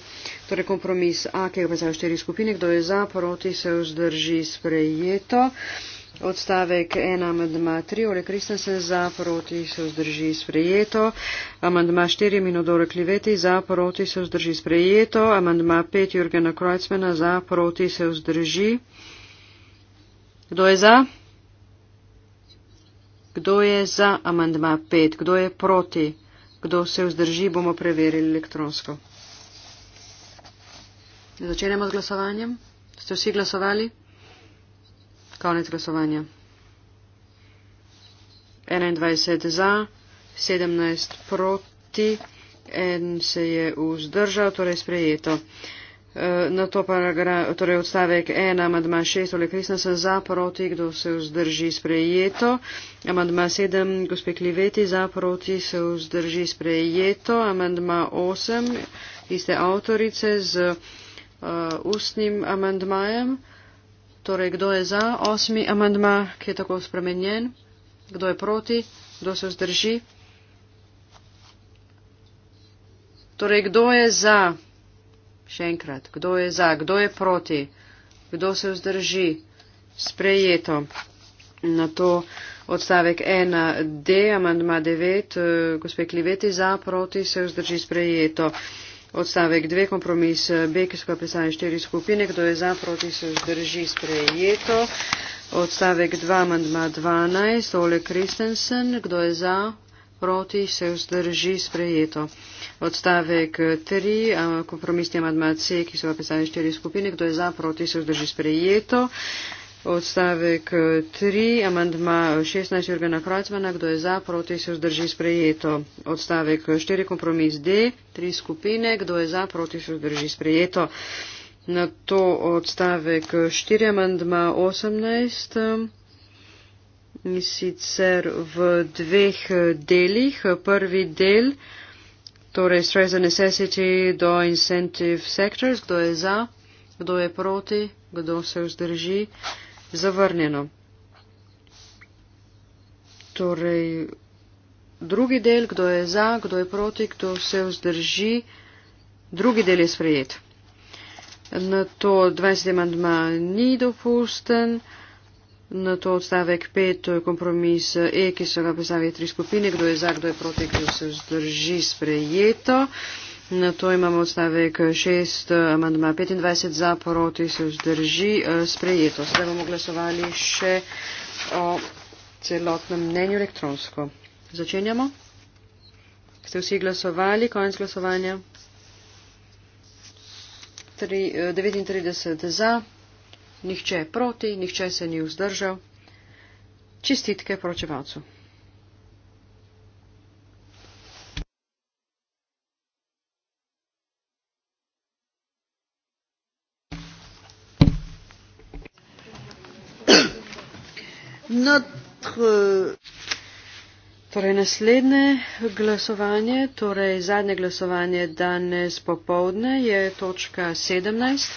torej kompromis A, ki ga predstavlja štiri skupine, kdo je za, proti se vzdrži sprejeto. Um, Odstavek 1, amandma 3, Ole Kristensen za, proti se vzdrži sprejeto. Amandma 4, Minodore Kliveti za, proti se vzdrži sprejeto. Amandma 5, Jurgena Krojcmena za, proti se vzdrži. Kdo je za? Kdo je za amandma 5? Kdo je proti? Kdo se vzdrži, bomo preverili elektronsko. Začenjamo z glasovanjem. Ste vsi glasovali? Konec glasovanja. 21 za, 17 proti, en se je vzdržal, torej sprejeto. E, na to paragraf, torej odstavek 1, amadma 6, torej Kristjan sem za, proti, kdo se vzdrži sprejeto. Amadma 7, gospe Kliveti, za, proti, se vzdrži sprejeto. Amadma 8, iste avtorice z uh, ustnim amadmajem. Torej, kdo je za osmi amandma, ki je tako spremenjen? Kdo je proti? Kdo se vzdrži? Torej, kdo je za? Še enkrat, kdo je za? Kdo je proti? Kdo se vzdrži? Sprejeto na to odstavek 1D, amandma 9, eh, gospe Kliveti za, proti se vzdrži sprejeto. Odstavek 2, kompromis eh, B, ki so ga pisali štiri skupine, kdo je za, proti se vzdrži sprejeto. Odstavek 2, mandma 12, Ole Kristensen, kdo je za, proti se vzdrži sprejeto. Odstavek 3, eh, kompromisni mandma C, ki so ga pisali štiri skupine, kdo je za, proti se vzdrži sprejeto. Odstavek 3, eh, amandma 16 eh, Jurgena Krojcmana, kdo je za, proti se vzdrži sprejeto. Odstavek 4, eh, kompromis D, tri skupine, kdo je za, proti se vzdrži sprejeto. Na to odstavek 4, amandma 18, in sicer v dveh delih. Prvi del, torej stress and necessity do incentive sectors, kdo je za, kdo je proti, kdo se vzdrži sprejeto zavrnjeno. Torej, drugi del, kdo je za, kdo je proti, kdo se vzdrži, drugi del je sprejet. Na to 20. mandma ni dopusten, na to odstavek 5, to je kompromis E, ki so ga predstavili tri skupine, kdo je za, kdo je proti, kdo se vzdrži, sprejeto. Na to imamo odstavek 6, amandma 25 za, proti se vzdrži, e, sprejeto. Sedaj bomo glasovali še o celotnem mnenju elektronsko. Začenjamo. Ste vsi glasovali, konec glasovanja? 3, 39 e, za, nihče proti, nihče se ni vzdržal. Čestitke poročevalcu. Uh, torej naslednje glasovanje, torej zadnje glasovanje danes popovdne je točka 17.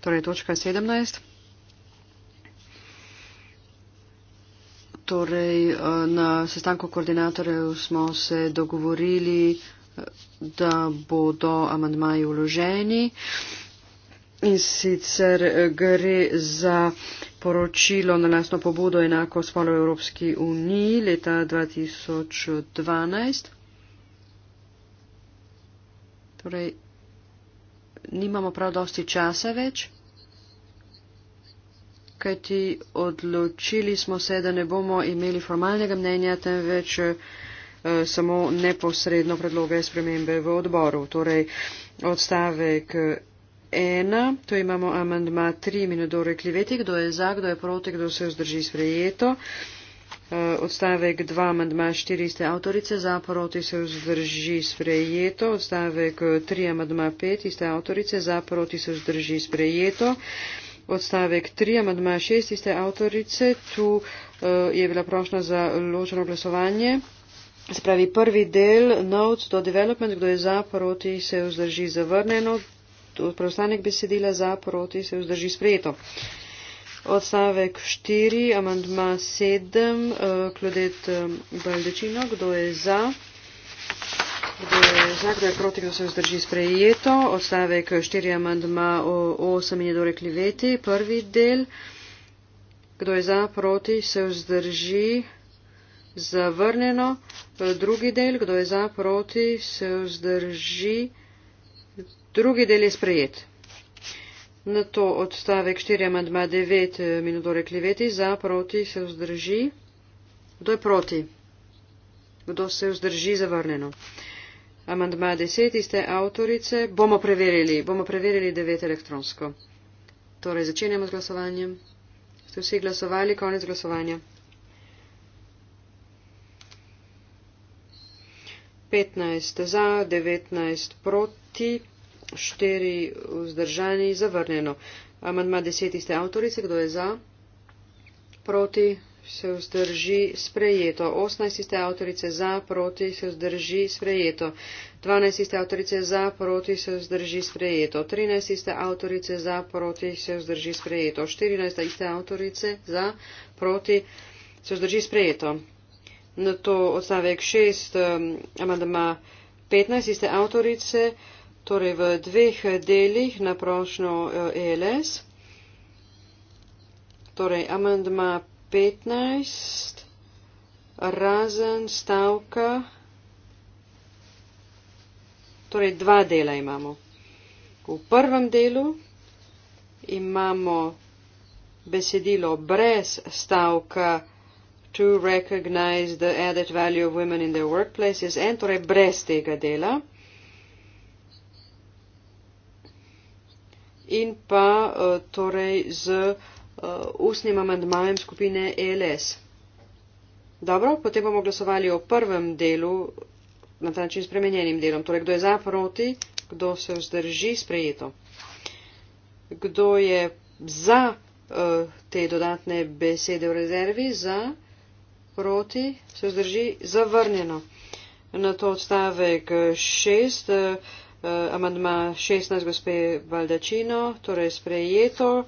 Torej točka 17. Torej, eh, na sestanku koordinatorjev smo se dogovorili, eh, da bodo amandmaji uloženi. In sicer eh, gre za poročilo na lasno pobudo enako spolo v Evropski uniji leta 2012. Torej, nimamo prav dosti časa več kajti odločili smo se, da ne bomo imeli formalnega mnenja, temveč eh, samo neposredno predloge spremembe v odboru. Torej, odstavek 1, to imamo amandma 3, minuto rekliveti, kdo je za, kdo je proti, kdo se vzdrži sprejeto. Eh, odstavek 2, amandma 4, iste avtorice, za, proti, se vzdrži sprejeto. Odstavek 3, eh, amandma 5, iste avtorice, za, proti, se vzdrži sprejeto odstavek 3, amadma 6 iste avtorice. Tu uh, je bila prošla za ločeno glasovanje. Spravi prvi del, notes do development, kdo je za, proti, se vzdrži zavrneno. Preostanek besedila za, proti, se vzdrži sprejeto. Odstavek 4, amandma 7, uh, eh, Klodet um, eh, Baldečino, kdo je za. Zakaj je proti, da se vzdrži sprejeto? Odstavek 4 amandma o 8 in je dorekli veti. Prvi del. Kdo je za, proti, se vzdrži. Zavrnjeno. Drugi del. Kdo je za, proti, se vzdrži. Drugi del je sprejet. Na to odstavek 4 amandma 9 in je dorekli veti. Za, proti, se vzdrži. Kdo je proti? Kdo se vzdrži zavrnjeno? amandma deset iste avtorice bomo preverili, bomo preverili devet elektronsko. Torej začenjamo z glasovanjem. Ste vsi glasovali, konec glasovanja. 15 za, 19 proti, 4 vzdržani, zavrnjeno. Amandma 10 iste avtorice, kdo je za? Proti, se vzdrži sprejeto. 18 ste avtorice za, proti se vzdrži sprejeto. 12 ste avtorice za, proti se vzdrži sprejeto. 13 ste avtorice za, proti se vzdrži sprejeto. 14 ste avtorice za, proti se vzdrži sprejeto. Na to odstavek 6, amandma 15 ste avtorice, torej v dveh delih na prošnjo ELS. Eh, e torej, amandma 15. 15, razen stavka, torej dva dela imamo. V prvem delu imamo besedilo brez stavka to recognize the added value of women in their workplaces, en torej brez tega dela. In pa eh, torej z uh, ustnim amandmajem skupine ELS. Dobro, potem bomo glasovali o prvem delu, na ta način spremenjenim delom. Torej, kdo je za, proti, kdo se vzdrži, sprejeto. Kdo je za uh, te dodatne besede v rezervi, za, proti, se vzdrži, zavrnjeno. Na to odstavek 6, uh, uh, amandma 16 gospe Valdačino, torej sprejeto.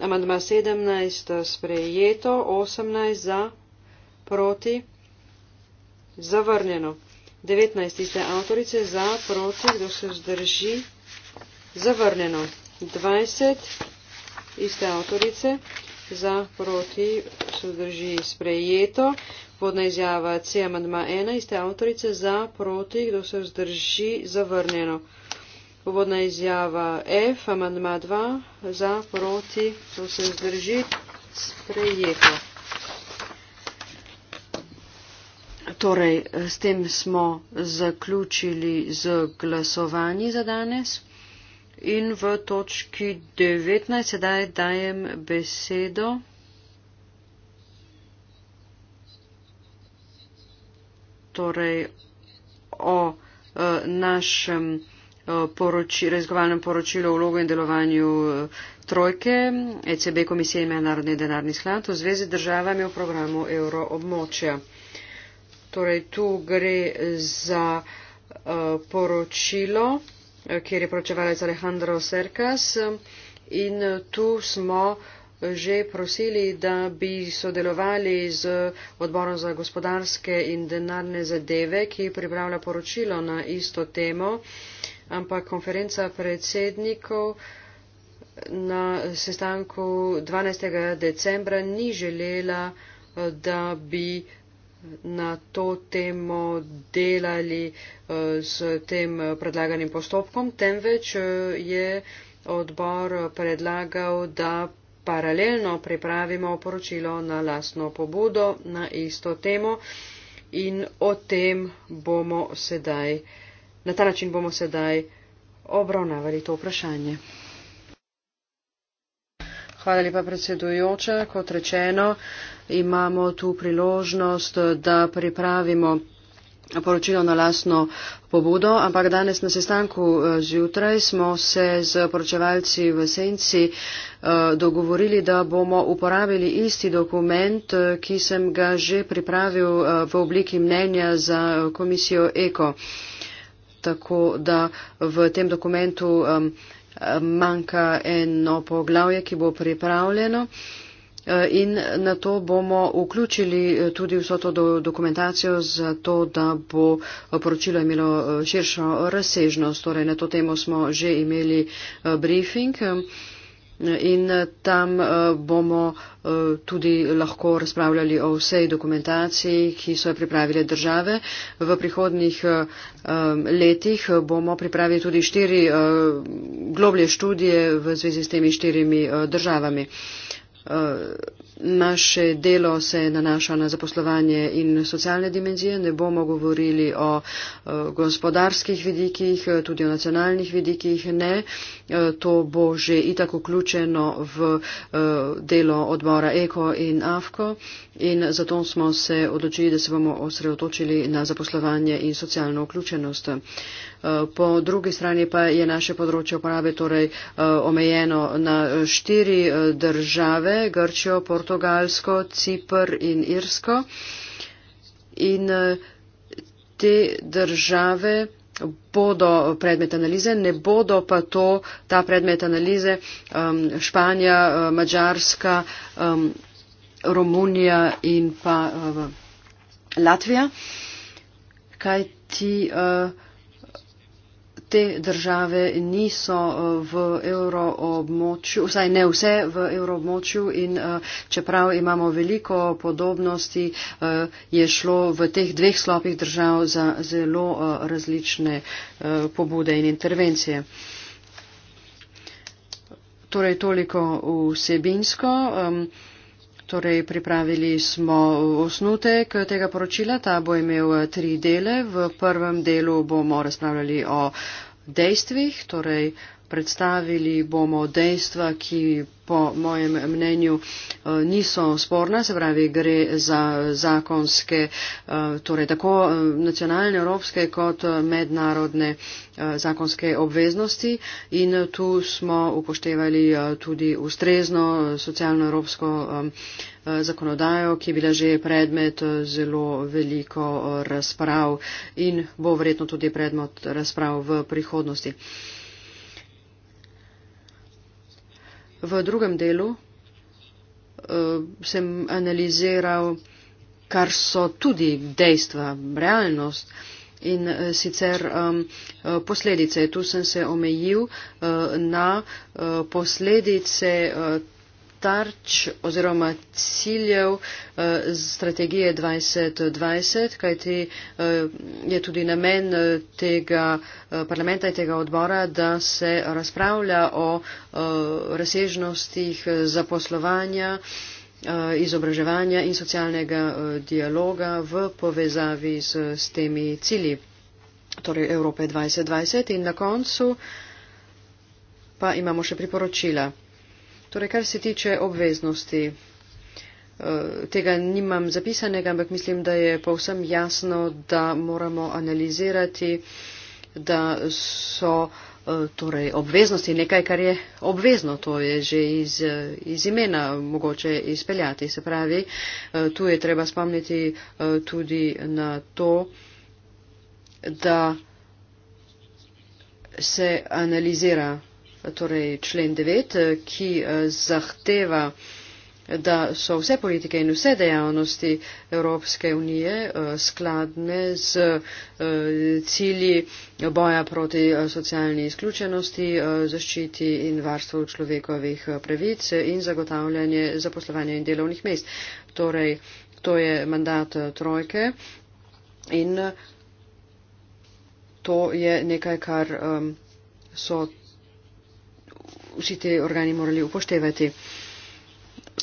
Amandma 17 sprejeto, 18 za, proti, zavrnjeno. 19 tiste avtorice za, proti, kdo se vzdrži, zavrnjeno. 20 iste avtorice za, proti, se vzdrži sprejeto. Vodna izjava C, amandma 1, iste avtorice za, proti, kdo se vzdrži, zavrnjeno. 21. Uvodna izjava F, amandma 2, za, proti, to se vzdrži, sprejeto. Torej, s tem smo zaključili z glasovanji za danes in v točki 19 sedaj dajem besedo. Torej, o, o eh, našem. Eh, poroči, raziskovalnem poročilu o vlogu in delovanju eh, trojke ECB komisije in mednarodni denarni sklad v zvezi z državami v programu euroobmočja. Torej, tu gre za uh, poročilo, kjer je poročevalec Alejandro Serkas in tu smo že prosili, da bi sodelovali z odborom za gospodarske in denarne zadeve, ki pripravlja poročilo na isto temo. Uh, ampak konferenca predsednikov na sestanku 12. decembra ni želela, da bi na to temo delali eh, s tem predlaganim postopkom, temveč eh, je odbor predlagal, da paralelno pripravimo poročilo na lastno pobudo na isto temo in o tem bomo sedaj uh, Na ta način bomo sedaj obravnavali to vprašanje. Hvala lepa predsedujoča. Kot rečeno, imamo tu priložnost, da pripravimo poročilo na lastno pobudo, ampak danes na sestanku eh, zjutraj smo se z poročevalci v Senci eh, dogovorili, da bomo uporabili isti dokument, eh, ki sem ga že pripravil v obliki mnenja za komisijo ECO tako da v tem dokumentu um, um, manjka eno poglavje, ki bo pripravljeno. Uh, in na to bomo vključili uh, tudi vso to do dokumentacijo, zato da bo uh, poročilo imelo širšo razsežnost. Torej, na to temo smo že imeli briefing. Uh, in eh, tam eh, bomo eh, tudi lahko razpravljali o vsej dokumentaciji, ki so jo pripravile države. V prihodnih letih bomo pripravili tudi štiri globlje študije v zvezi s temi štirimi državami. Naše delo se nanaša na zaposlovanje in socialne dimenzije. Ne bomo govorili o e, gospodarskih vidikih, tudi o nacionalnih vidikih. Ne, e, to bo že itak vključeno v e, delo odbora ECO in AFCO in zato smo se odločili, da se bomo osredotočili na zaposlovanje in socialno vključenost. Po drugi strani pa je naše področje uporabe torej omejeno na štiri države, Grčijo, Portugalijo, Portugalsko, Cipr in Irsko. In eh, te države bodo predmet analize, ne bodo pa to, ta predmet analize um, Španija, eh, Mačarska, um, Romunija in pa um, Latvija. Kaj ti uh, te države niso eh, v evroobmočju, vsaj ne vse v evroobmočju in eh, čeprav imamo veliko podobnosti, eh, je šlo v teh dveh slopih držav za zelo različne pobude in intervencije. Torej toliko vsebinsko. Um, Torej, pripravili smo osnutek tega poročila. Ta bo imel tri dele. V prvem delu bomo razpravljali o dejstvih, torej predstavili bomo dejstva, ki po mojem mnenju eh, niso sporna, se pravi, gre za zakonske, eh, torej tako eh, nacionalne, evropske kot mednarodne zakonske obveznosti in tu smo upoštevali tudi ustrezno socialno-evropsko zakonodajo, ki je bila že predmet zelo veliko razprav in bo verjetno tudi predmet razprav v prihodnosti. V drugem delu uh, sem analiziral, kar so tudi dejstva, realnost in uh, sicer um, uh, posledice. Tu sem se omejil uh, na uh, posledice. Uh, tarč oziroma ciljev eh, strategije 2020, kajti eh, je tudi namen eh, tega parlamenta in tega odbora, da se razpravlja o razsežnostih zaposlovanja izobraževanja in socialnega dialoga v povezavi z, s temi cili, torej Evrope 2020. In na koncu pa imamo še priporočila. Torej, kar se tiče obveznosti, eh, tega nimam zapisanega, ampak mislim, da je povsem jasno, da moramo analizirati, da so eh, torej, obveznosti nekaj, kar je obvezno, to je že iz, eh, iz imena mogoče izpeljati. Se pravi, tu je treba spomniti tudi na to, da se analizira torej člen 9, eh, ki eh, zahteva, da so vse politike in vse dejavnosti Evropske unije eh, skladne z cilji boja proti socialni izključenosti, zaščiti in varstvu človekovih pravic in zagotavljanje zaposlovanja in delovnih mest. Torej, to je mandat trojke in to je nekaj, kar so vsi te organi morali upoštevati.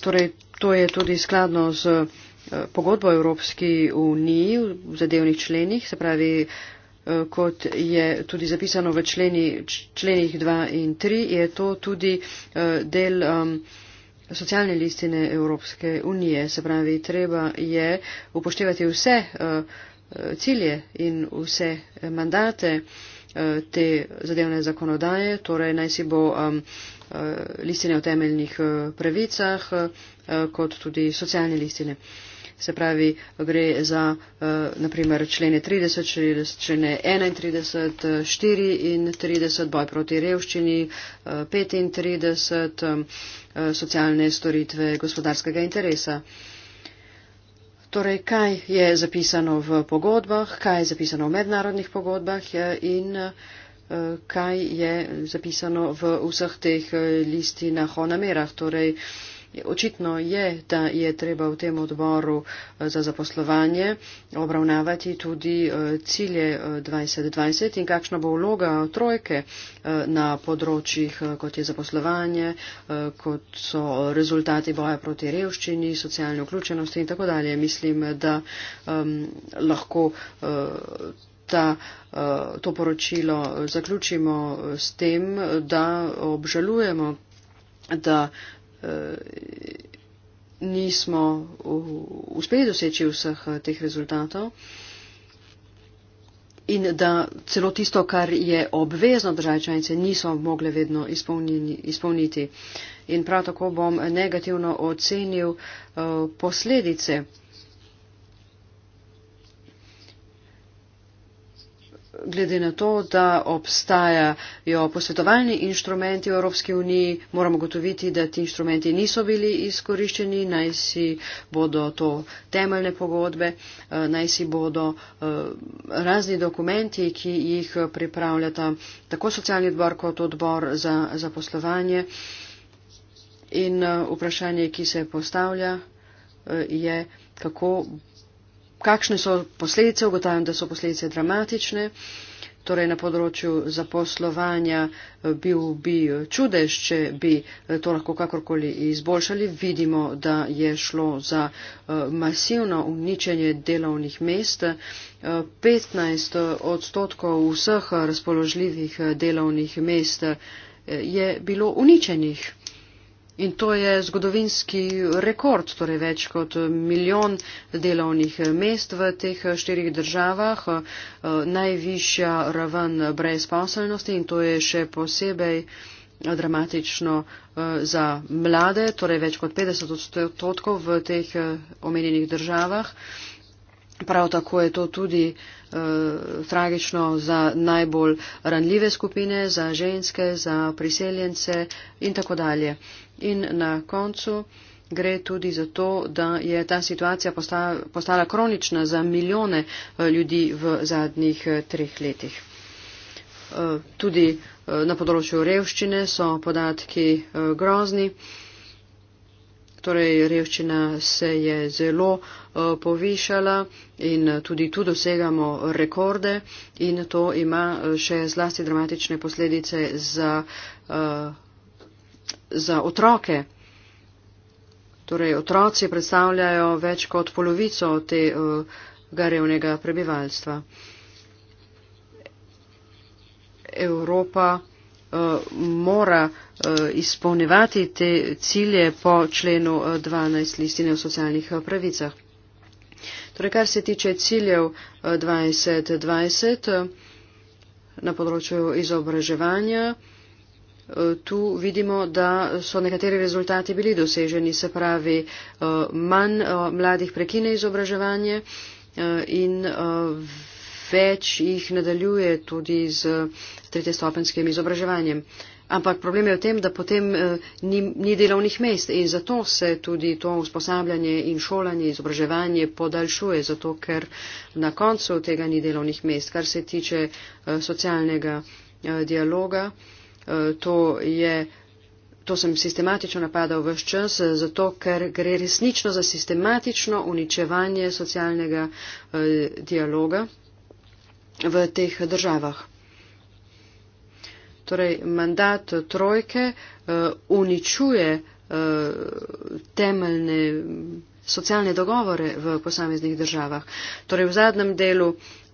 Torej, to je tudi skladno z eh, pogodbo Evropski uniji v zadevnih členih, se pravi, eh, kot je tudi zapisano v členi, členih 2 in 3, je to tudi eh, del um, socialne listine Evropske unije. Se pravi, treba je upoštevati vse uh, cilje in vse mandate. Uh, Eh, te zadevne zakonodaje, torej naj si bo um, listine o temeljnih eh, pravicah, kot tudi socialne listine. Se pravi, gre za naprimer člene 30, člene 31, 34, boj proti revščini, 35, socialne storitve gospodarskega interesa torej kaj je zapisano v pogodbah, kaj je zapisano v mednarodnih pogodbah eh, in eh, kaj je zapisano v vseh teh eh, listinah o namerah. Torej, očitno je, da je treba v tem odboru eh, za zaposlovanje obravnavati tudi eh, cilje 2020 eh, in kakšna bo vloga trojke na področjih, kot je zaposlovanje, kot so rezultati boja proti revščini, socialne vključenosti in tako dalje. Mislim, da um, lahko. Uh, da to poročilo zaključimo s tem, da obžalujemo, da Eh, nismo uspeli doseči vseh eh, teh rezultatov in da celo tisto, kar je obvezno države članice, niso mogle vedno izpolniti. In prav tako bom negativno ocenil eh, posledice glede na to, da obstajajo posvetovalni inštrumenti v Evropski uniji, moramo gotoviti, da ti inštrumenti niso bili izkoriščeni, naj si bodo to temeljne pogodbe, eh, naj si bodo eh, razni dokumenti, ki jih pripravljata tako socialni odbor kot odbor za zaposlovanje. In eh, vprašanje, ki se postavlja, je, kako kakšne so posledice, ugotavljam, da so posledice dramatične. Torej na področju zaposlovanja eh, bil bi čudež, če bi eh, to lahko kakorkoli izboljšali. Vidimo, da je šlo za eh, masivno uničenje delovnih mest. 15 odstotkov vseh razpoložljivih delovnih mest je bilo uničenih. In to je zgodovinski rekord, torej več kot milijon delovnih mest v teh štirih državah, eh, najvišja raven brezposelnosti in to je še posebej eh, dramatično eh, za mlade, torej več kot 50 odstotkov v teh omenjenih državah. Prav tako je to tudi eh, tragično za najbolj ranljive skupine, za ženske, za priseljence in tako dalje. In na koncu gre tudi za to, da je ta situacija postala, postala kronična za milijone eh, ljudi v zadnjih eh, treh letih. Eh, tudi na področju revščine so podatki grozni. Torej, revščina se je zelo uh, povišala in tudi tu dosegamo rekorde in to ima še zlasti dramatične posledice za uh, za otroke. Torej, otroci predstavljajo več kot polovico tega revnega prebivalstva. Evropa eh, mora eh, izpolnevati te cilje po členu 12 eh, listine o socialnih pravicah. Torej, kar se tiče ciljev 2020 na področju izobraževanja, tu vidimo, da so nekateri rezultati bili doseženi, se pravi, eh, manj eh, mladih prekine izobraževanje eh, in več jih nadaljuje tudi z tretjestopenskim izobraževanjem. Ampak problem je v tem, da potem ni, ni delovnih mest in zato se tudi to usposabljanje in šolanje, izobraževanje podaljšuje, zato ker na koncu tega ni delovnih mest, kar se tiče socialnega dialoga. Eh, to, je, to sem sistematično napadal v vse čas, eh, zato ker gre resnično za sistematično uničevanje socialnega eh, dialoga v teh državah. Torej, mandat trojke uničuje temeljne socialne dogovore v posameznih državah. Torej v zadnjem delu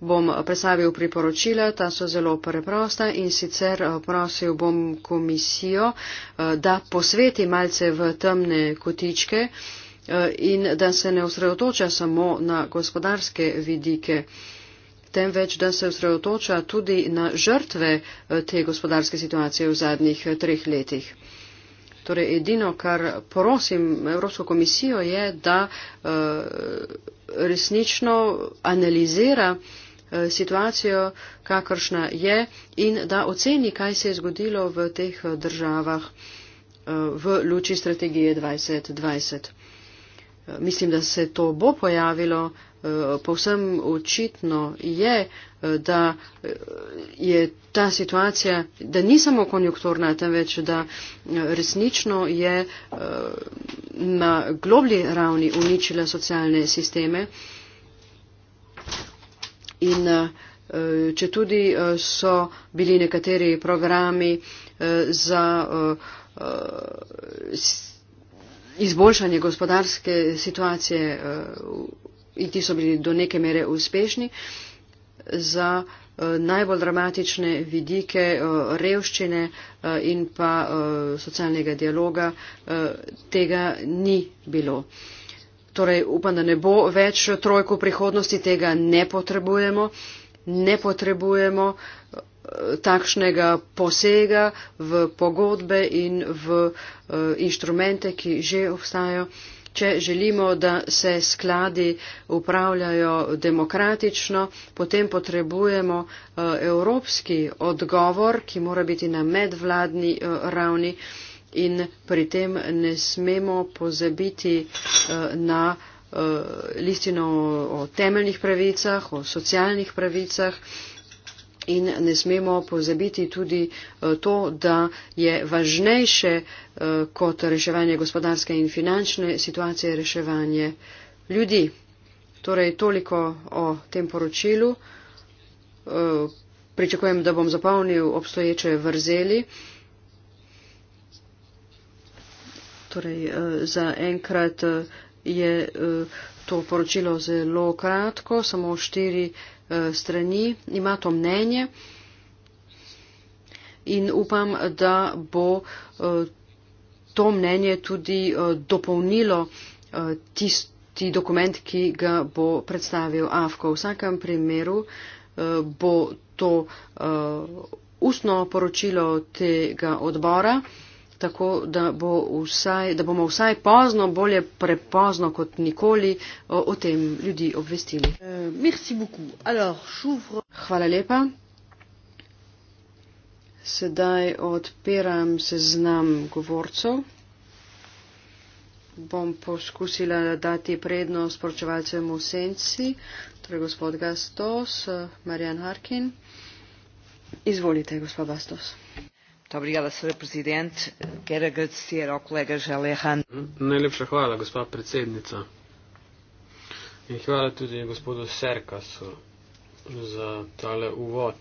bom predstavil priporočila, ta so zelo preprosta in sicer eh, prosil bom komisijo, eh, da posveti malce v temne kotičke eh, in da se ne osredotoča samo na gospodarske vidike temveč da se osredotoča tudi na žrtve te gospodarske situacije v zadnjih treh letih. Torej, edino, kar prosim Evropsko komisijo, je, da uh, resnično analizira uh, situacijo, kakršna je in da oceni, kaj se je zgodilo v teh eh, državah uh, v luči strategije 2020. Uh, mislim, da se to bo pojavilo. Uh, povsem očitno je, da eh, je ta situacija, da ni samo konjunkturna, temveč da eh, resnično je eh, na globli ravni uničila socialne sisteme. In če tudi so bili nekateri programi za izboljšanje gospodarske situacije in ti so bili do neke mere uspešni, za eh, najbolj dramatične vidike eh, revščine eh, in pa socialnega dialoga tega ni bilo. Torej, upam, da ne bo več trojko prihodnosti, tega ne potrebujemo, ne potrebujemo takšnega posega v pogodbe in v inštrumente, ki že obstajajo. Če želimo, da se skladi upravljajo demokratično, potem potrebujemo eh, evropski odgovor, ki mora biti na medvladni eh, ravni in pri tem ne smemo pozabiti eh, na listino o temeljnih pravicah, o socialnih pravicah In ne smemo pozabiti tudi eh, to, da je važnejše eh, kot reševanje gospodarske in finančne situacije reševanje ljudi. Torej, toliko o tem poročilu. Eh, pričakujem, da bom zapolnil obstoječe vrzeli. Torej, za enkrat je to poročilo zelo kratko, samo štiri Eh, strani ima to mnenje in upam, da bo eh, to mnenje tudi eh, dopolnilo tisti dokument, ki ga bo predstavil AFKO. V vsakem primeru bo to ustno poročilo tega odbora tako da, bo vsaj, da bomo vsaj pozno, bolje prepozno kot nikoli, o, o tem ljudi obvestili. Eh, Hvala lepa. Sedaj odpiram seznam govorcev. Bom poskusila dati prednost poročevalcem v senci, torej gospod Gastos, Marjan Harkin. Izvolite, gospod Bastos gospa predsednica in hvala tudi gospodu Serkasu za tale uvod.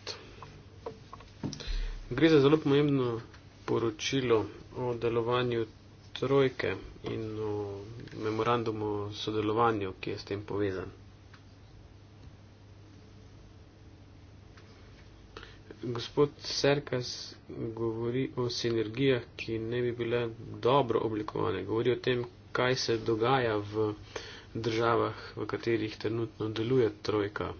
Gre za zelo pomembno poročilo o delovanju trojke in o memorandumu o sodelovanju, ki je s tem povezan. gospod Serkas govori o sinergijah, ki ne bi bile dobro oblikovane. Govori o tem, kaj se dogaja v državah, v katerih trenutno deluje trojka.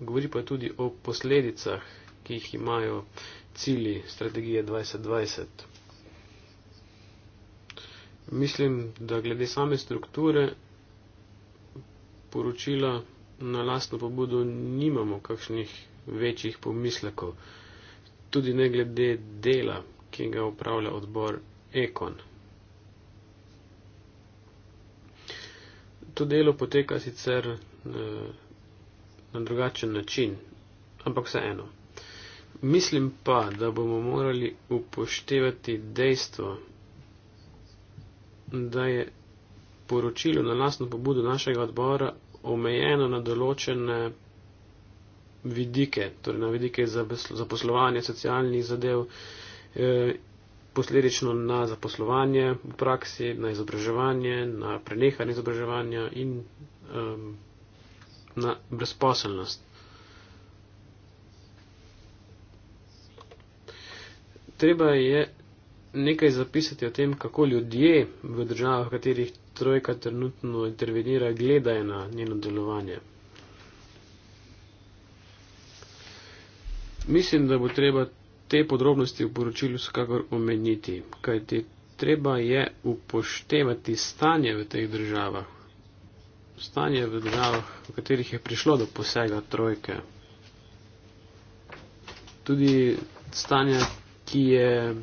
Govori pa tudi o posledicah, ki jih imajo cilji strategije 2020. Mislim, da glede same strukture poročila na lastno pobudo nimamo kakšnih večjih pomislekov, tudi ne glede dela, ki ga upravlja odbor Ekon. To delo poteka sicer eh, na drugačen način, ampak vseeno. Mislim pa, da bomo morali upoštevati dejstvo, da je poročilo na lastno pobudo našega odbora omejeno na določene vidike, torej na vidike zaposlovanja, socialnih zadev, eh, posledično na zaposlovanje v praksi, na izobraževanje, na prenehanje izobraževanja in na brezposelnost. Treba je nekaj zapisati o tem, kako ljudje v državah, v katerih trojka trenutno intervenira, gledajo na njeno delovanje. Mislim, da bo treba te podrobnosti v poročilu vsekakor omeniti, kajti treba je upoštevati stanje v teh državah. Stanje v državah, v katerih je prišlo do posega trojke. Tudi stanje, ki je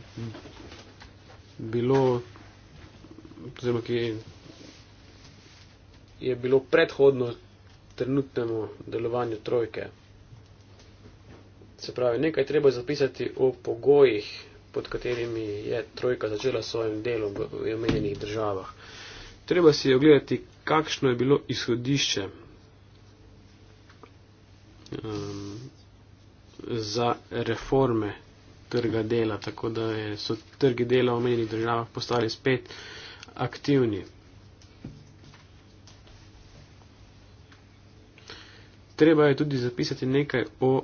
bilo, oziroma ki je bilo predhodno trenutnemu delovanju trojke. Se pravi, nekaj treba zapisati o pogojih, pod katerimi je trojka začela svojim delom v omenjenih državah. Treba si ogledati, kakšno je bilo izhodišče um, za reforme trga dela, tako da je, so trgi dela v omenjenih državah postali spet aktivni. Treba je tudi zapisati nekaj o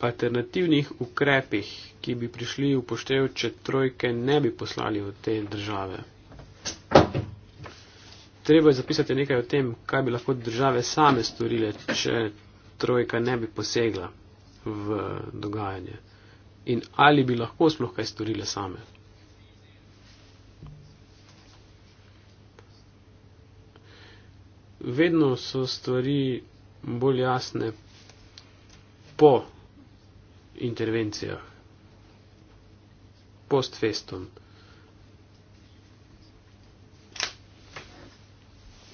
alternativnih ukrepih, ki bi prišli v poštev, če trojke ne bi poslali v te države. Treba je zapisati nekaj o tem, kaj bi lahko države same storile, če trojka ne bi posegla v dogajanje. In ali bi lahko sploh kaj storile same. Vedno so stvari bolj jasne po intervencijo. Post festom.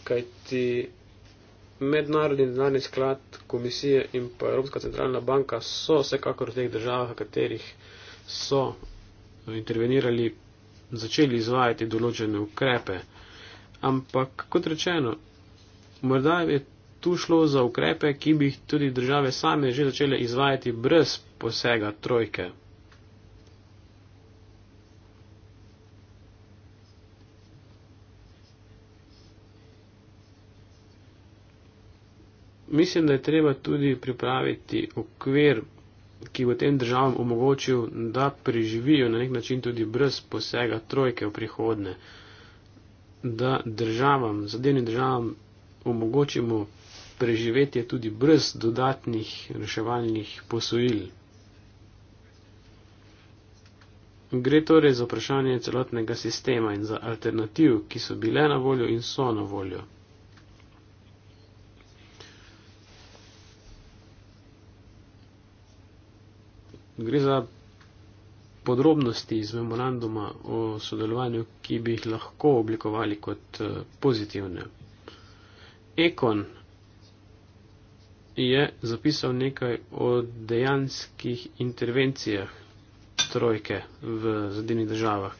Kaj ti mednarodni denarni sklad, komisije in pa Evropska centralna banka so vsekakor v teh državah, v katerih so intervenirali, začeli izvajati določene ukrepe. Ampak, kot rečeno, morda je tu šlo za ukrepe, ki bi jih tudi države same že začele izvajati brez posega trojke. Mislim, da je treba tudi pripraviti okvir, ki bo tem državam omogočil, da preživijo na nek način tudi brez posega trojke v prihodne. Da državam, zadevnim državam, omogočimo preživetje tudi brez dodatnih reševalnih posojil. Gre torej za vprašanje celotnega sistema in za alternativ, ki so bile na voljo in so na voljo. Gre za podrobnosti iz memoranduma o sodelovanju, ki bi jih lahko oblikovali kot eh, pozitivne. Ekon je zapisal nekaj o dejanskih intervencijah trojke v zadnjih državah.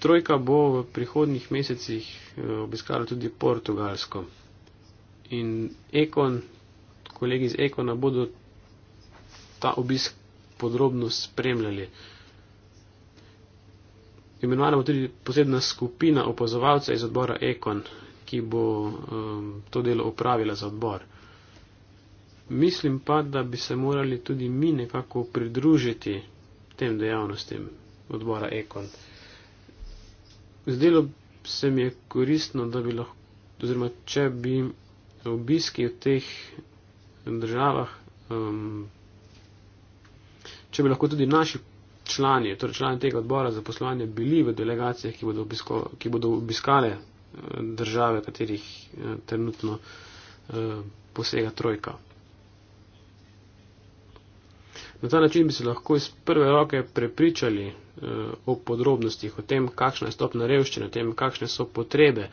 Trojka bo v prihodnjih mesecih eh, obiskala tudi Portugalsko. In Ekon, kolegi iz Ekona bodo ta obisk podrobno spremljali. Imenovana bo tudi posebna skupina opazovalcev iz odbora Ekon, ki bo um, to delo opravila za odbor. Mislim pa, da bi se morali tudi mi nekako pridružiti tem dejavnostim odbora Ekon. Zdelo se mi je koristno, da bi lahko, oziroma če bi obiski v teh državah, um, če bi lahko tudi naši člani, torej člani tega odbora za poslovanje, bili v delegacijah, ki bodo, obisko, ki bodo obiskale države, katerih eh, trenutno eh, posega trojka. Na ta način bi se lahko iz prve roke prepričali eh, o podrobnostih, o tem, kakšna je stopna revščina, o tem, kakšne so potrebe,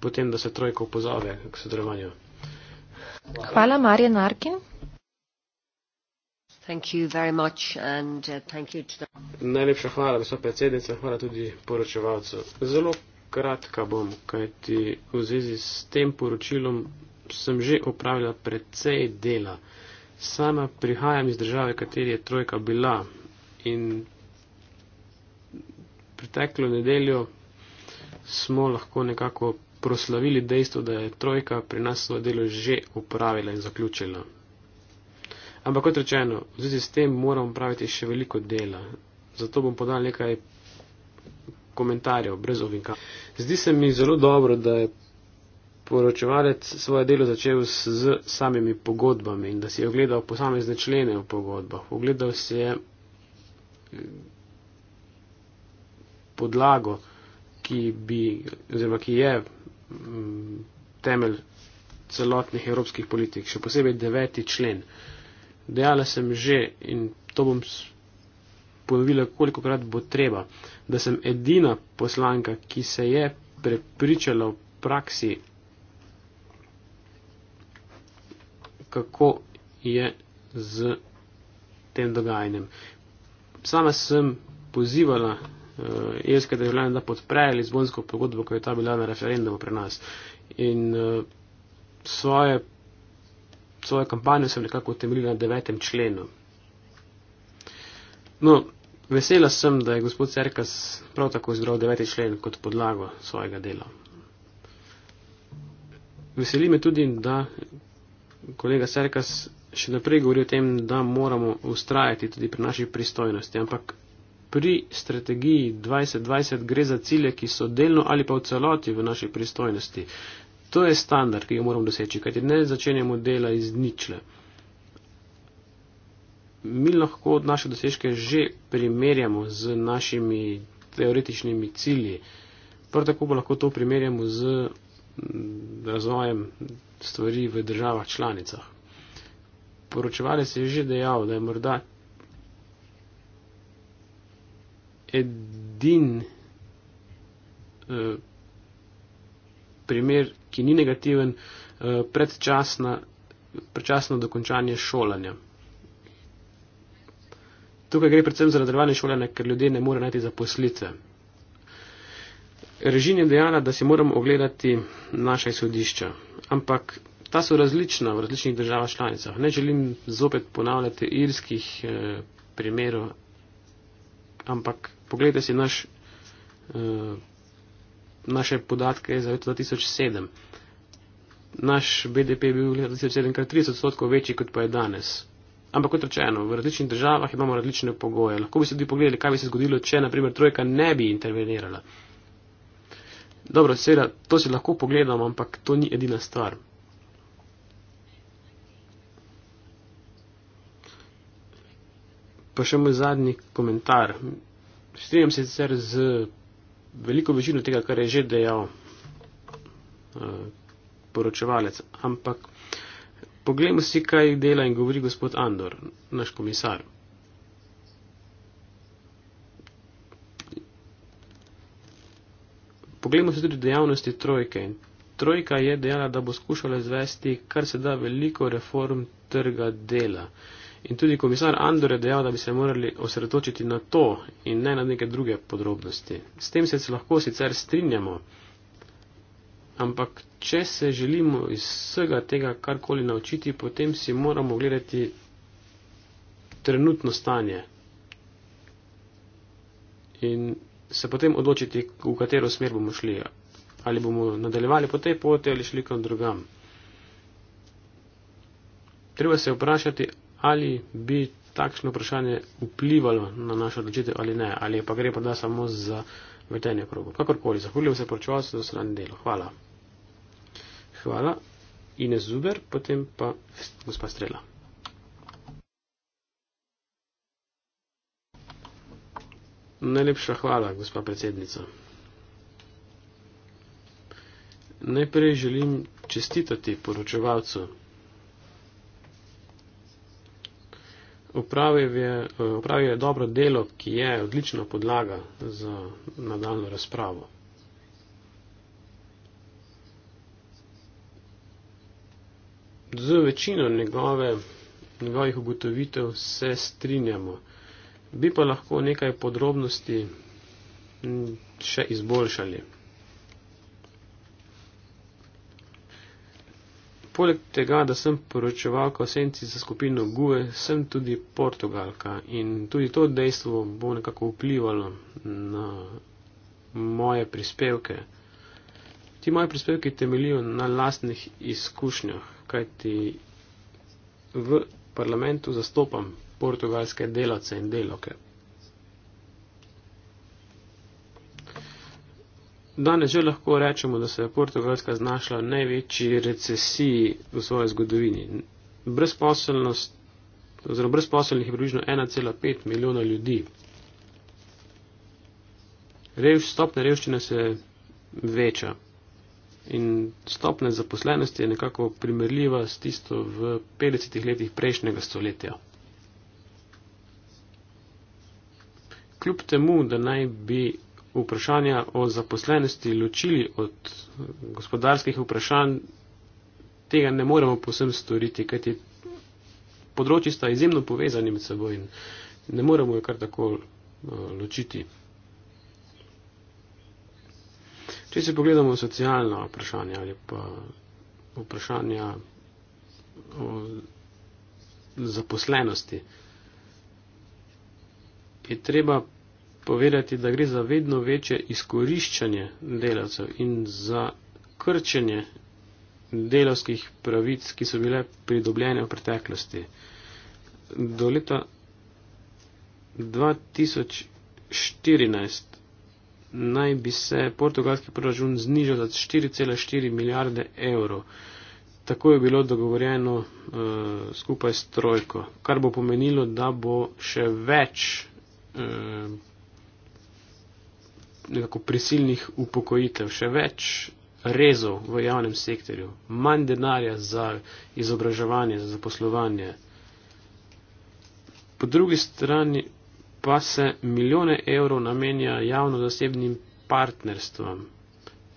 potem, da se trojko pozove k sodelovanju. Hvala, Marija Narkin. Uh, Najlepša hvala, gospod predsednica, hvala tudi poročevalcu. Zelo kratka bom, kajti v zvezi s tem poročilom sem že opravila precej dela. Sama prihajam iz države, kateri je trojka bila in preteklo nedeljo smo lahko nekako proslavili dejstvo, da je trojka pri nas svoje delo že opravila in zaključila. Ampak kot rečeno, v zvezi s tem moram praviti še veliko dela. Zato bom podal nekaj komentarjev brez ovinka. Zdi se mi zelo dobro, da je poročevalec svoje delo začel s, z samimi pogodbami in da si je ogledal posamezne člene v pogodbah. Ogledal si je eh, podlago, ki, bi, oziroma, ki je mm, temelj celotnih evropskih politik, še posebej deveti člen. Dejala sem že in to bom ponovila, kolikokrat bo treba, da sem edina poslanka, ki se je prepričala v praksi, kako je z tem dogajanjem. Sama sem pozivala uh, irske državljane, da podprejo Lizbonsko pogodbo, ko je ta bila na referendumu pri nas. In uh, svoje, svoje kampanje sem nekako utemeljila na devetem členu. No, vesela sem, da je gospod Cerkas prav tako izbral deveti člen kot podlago svojega dela. Veseli me tudi, da kolega Cerkas še naprej govori o tem, da moramo ustrajati tudi pri naši pristojnosti, ampak pri strategiji 2020 gre za cilje, ki so delno ali pa v celoti v naši pristojnosti. To je standard, ki ga moramo doseči, kajti ne začenjamo dela iz ničle mi lahko naše dosežke že primerjamo z našimi teoretičnimi cilji. Prav tako pa lahko to primerjamo z mm, razvojem stvari v državah članicah. Poročevalec je že dejal, da je morda edin eh, primer, ki ni negativen, eh, predčasno dokončanje šolanja. Tukaj gre predvsem za nadaljevanje šolanja, ker ljudje ne morejo najti zaposlitve. Režim je dejala, da si moramo ogledati naše sodišča, ampak ta so različna v različnih državah članicah. Ne želim zopet ponavljati irskih e, primerov, ampak pogledajte si naš, e, naše podatke za leto 2007. Naš BDP je bil v letu 2007 kar 30 odstotkov večji, kot pa je danes. Ampak kot rečeno, v različnih državah imamo različne pogoje. Lahko bi se tudi pogledali, kaj bi se zgodilo, če naprimer trojka ne bi intervenirala. Dobro, seveda, to si lahko pogledamo, ampak to ni edina stvar. Pa še moj zadnji komentar. Strenjam se sicer z veliko večino tega, kar je že dejal uh, poročevalec, ampak Poglejmo si, kaj dela in govori gospod Andor, naš komisar. Poglejmo si tudi dejavnosti trojke. Trojka je dejala, da bo skušala izvesti kar se da veliko reform trga dela. In tudi komisar Andor je dejal, da bi se morali osredotočiti na to in ne na neke druge podrobnosti. S tem se lahko sicer strinjamo. Ampak, če se želimo iz vsega tega karkoli naučiti, potem si moramo gledati trenutno stanje in se potem odločiti, v katero smer bomo šli. Ali bomo nadaljevali po tej poti ali šli kam drugam. Treba se vprašati, ali bi takšno vprašanje vplivalo na našo odločitev ali ne, ali pa gre pa da samo za vrtenje krogov. Kakorkoli, zahvaljujem se poročevalcu za sedanje delo. Hvala. Hvala. Ines Zuber, potem pa gospa Strela. Najlepša hvala, gospa predsednica. Najprej želim čestitati poročevalcu. Upravil je, upravil eh, je dobro delo, ki je odlična podlaga za nadaljno razpravo. Z večino njegove, njegovih ugotovitev se strinjamo. Bi pa lahko nekaj podrobnosti še izboljšali. Poleg tega, da sem poročevalka v senci za skupino Gue, sem tudi portugalka in tudi to dejstvo bo nekako vplivalo na moje prispevke. Ti moje prispevke temelijo na lastnih izkušnjah, kajti v parlamentu zastopam portugalske delavce in delavke. Danes že lahko rečemo, da se je Portugalska znašla v največji recesiji v svoji zgodovini. Brezposelnost, oziroma brezposelnih je približno 1,5 milijona ljudi. Rev, stopne revščine se veča in stopne zaposlenosti je nekako primerljiva s tisto v 50 letih prejšnjega stoletja. Kljub temu, da naj bi vprašanja o zaposlenosti ločili od gospodarskih vprašanj, tega ne moremo posem storiti, kajti področji sta izjemno povezani med seboj in ne moremo jo kar tako eh, ločiti. Če se pogledamo socialna vprašanja ali pa vprašanja o zaposlenosti, je treba povedati, da gre za vedno večje izkoriščanje delavcev in za krčenje delavskih pravic, ki so bile pridobljene v preteklosti. Do leta 2014 naj bi se portugalski proračun znižal za 4,4 milijarde evrov. Tako je bilo dogovorjeno uh, skupaj s trojko, kar bo pomenilo, da bo še več uh, nekako prisilnih upokojitev, še več rezov v javnem sektorju, manj denarja za izobraževanje, za zaposlovanje. Po drugi strani pa se milijone evrov namenja javno-zasebnim partnerstvom.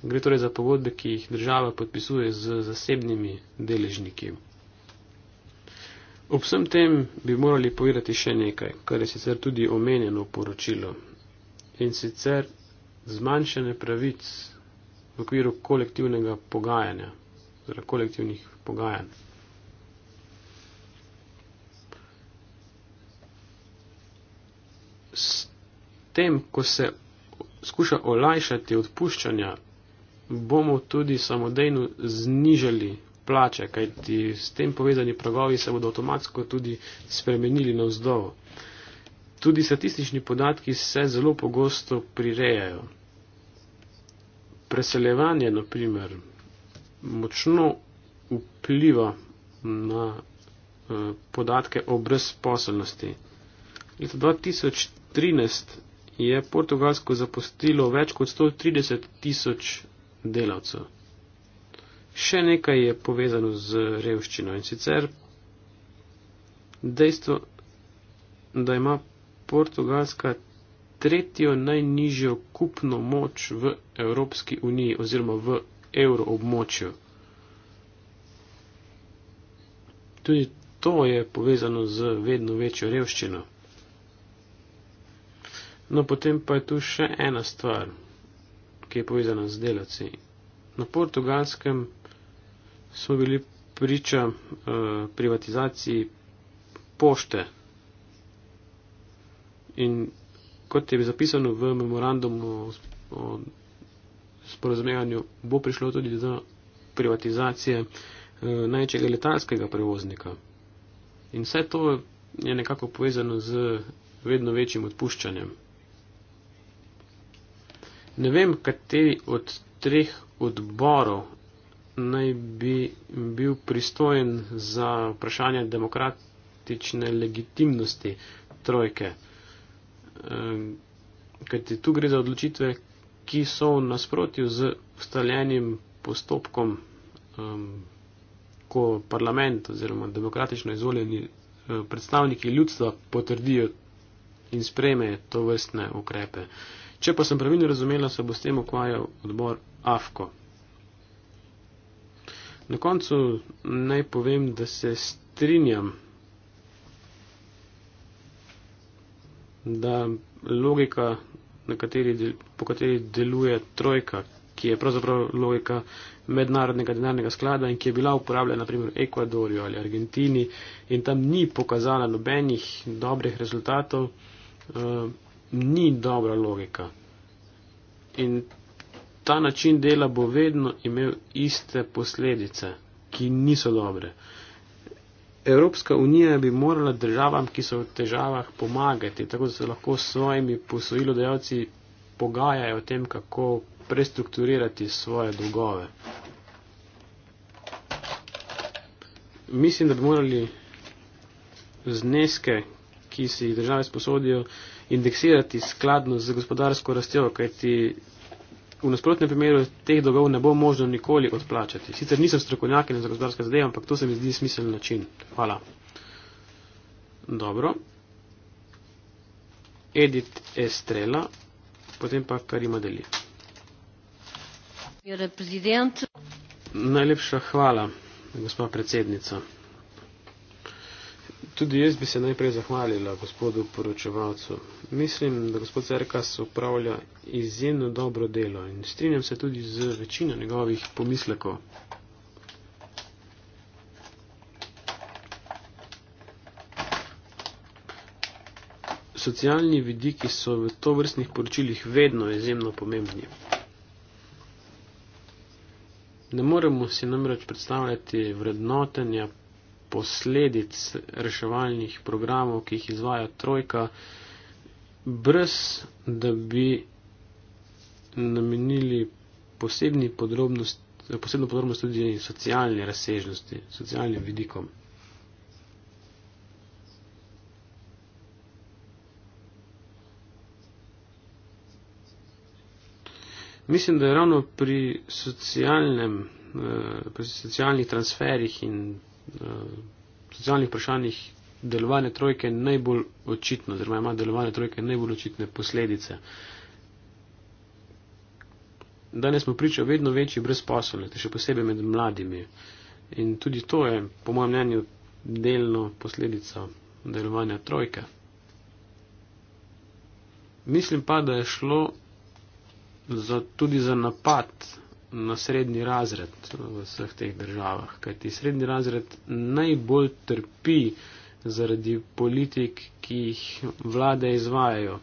Gre torej za pogodbe, ki jih država podpisuje z zasebnimi deležniki. Ob vsem tem bi morali povedati še nekaj, kar je sicer tudi omenjeno v poročilu. In sicer zmanjšanje pravic v okviru kolektivnega pogajanja, oziroma torej kolektivnih pogajanj. S tem, ko se skuša olajšati odpuščanja, bomo tudi samodejno znižali plače, kajti s tem povezani pragovi se bodo avtomatsko tudi spremenili navzdol. Tudi statistični podatki se zelo pogosto prirejajo preseljevanje naprimer močno vpliva na eh, podatke o brezposelnosti. Leta 2013 je Portugalsko zapustilo več kot 130 tisoč delavcev. Še nekaj je povezano z revščino in sicer dejstvo, da ima Portugalska tretjo najnižjo kupno moč v Evropski uniji oziroma v evroobmočju. Tudi to je povezano z vedno večjo revščino. No, potem pa je tu še ena stvar, ki je povezana z delavci. Na portugalskem smo bili priča uh, privatizaciji pošte. In kot je zapisano v memorandumu o sporozumevanju, bo prišlo tudi do privatizacije eh, največjega letalskega prevoznika. In vse to je nekako povezano z vedno večjim odpuščanjem. Ne vem, kateri od treh odborov naj bi bil pristojen za vprašanje demokratične legitimnosti trojke. Ehm, Ker ti tu gre za odločitve, ki so v nasprotju z ustaljenim postopkom, ehm, ko parlament oziroma demokratično izvoljeni eh, predstavniki ljudstva potrdijo in sprejmejo to vrstne ukrepe. Če pa sem pravilno razumela, se bo s tem ukvarjal odbor AFKO. Na koncu naj povem, da se strinjam da logika, kateri del, po kateri deluje trojka, ki je pravzaprav logika mednarodnega denarnega sklada in ki je bila uporabljena naprimer v Ekvadorju ali Argentini in tam ni pokazala nobenih dobrih rezultatov, uh, ni dobra logika. In ta način dela bo vedno imel iste posledice, ki niso dobre. Uh, Evropska unija bi morala državam, ki so v težavah, pomagati, tako da se lahko s svojimi posojilodajalci pogajajo o tem, kako prestrukturirati svoje dolgove. Mislim, da bi morali zneske, ki si jih države sposodijo, indeksirati skladno z gospodarsko rastjo, kajti v nasprotnem primeru teh dolgov ne bo možno nikoli odplačati. Sicer nisem strokovnjak za gospodarske zadeve, ampak to se mi zdi smiseln način. Hvala. Dobro. Edit Estrela, potem pa Karima Deli. Najlepša hvala, gospod predsednica. Tudi jaz bi se najprej zahvalila gospodu poročevalcu. Mislim, da gospod Cerkas upravlja izjemno dobro delo in strinjam se tudi z večino njegovih pomislekov. Socialni vidiki so v to vrstnih poročilih vedno izjemno pomembni. Ne moremo si namreč predstavljati vrednotenja posledic reševalnih programov, ki jih izvaja trojka, brez da bi namenili posebni podrobnosti. Posebno podrobnost tudi socialne razsežnosti, socialnim vidikom. Mislim, da je ravno pri, eh, pri socialnih transferih in Eh, socialnih vprašanjih delovanje trojke najbolj očitno, oziroma ima delovanje trojke najbolj očitne posledice. Danes smo priča vedno večji brezposelnosti, še posebej med mladimi. In tudi to je, po mojem mnenju, delno posledica delovanja trojke. Mislim pa, da je šlo za, tudi za napad na srednji razred v vseh teh državah, kajti srednji razred najbolj trpi zaradi politik, ki jih vlade izvajajo.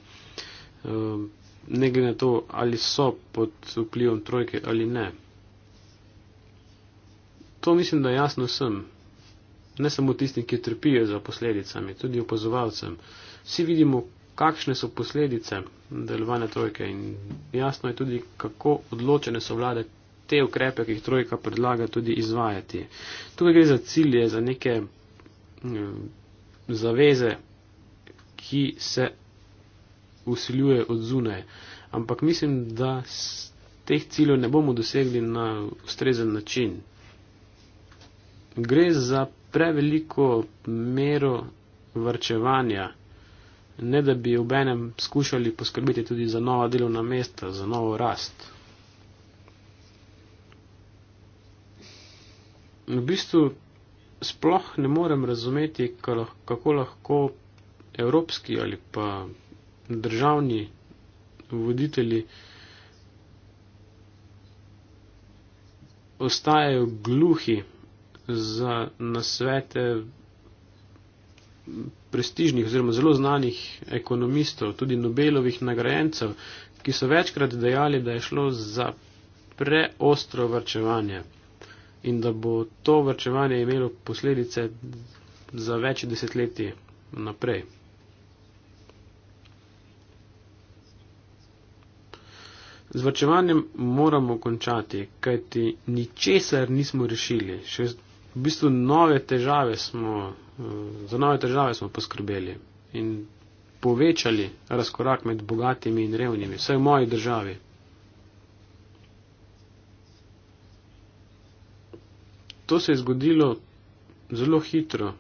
Ehm, ne glede na to, ali so pod vplivom trojke ali ne. To mislim, da jasno sem. Ne samo tistim, ki trpijo za posledicami, tudi opazovalcem. Vsi vidimo, kakšne so posledice delovanja trojke in jasno je tudi, kako odločene so vlade te ukrepe, ki jih trojka predlaga tudi izvajati. Tukaj gre za cilje, za neke mm, zaveze, ki se usiljuje od zune. Ampak mislim, da teh ciljev ne bomo dosegli na ustrezen način. Gre za preveliko mero vrčevanja ne da bi obenem skušali poskrbeti tudi za nova delovna mesta, za novo rast. V bistvu sploh ne morem razumeti, kako lahko evropski ali pa državni voditelji ostajajo gluhi za nasvete prestižnih oziroma zelo znanih ekonomistov, tudi Nobelovih nagrajencev, ki so večkrat dejali, da je šlo za preostro vrčevanje in da bo to vrčevanje imelo posledice za več desetletij naprej. Z vrčevanjem moramo končati, kajti ničesar nismo rešili. Še v bistvu nove težave smo za nove države smo poskrbeli in povečali razkorak med bogatimi in revnimi, vsaj v moji državi. To se je zgodilo zelo hitro,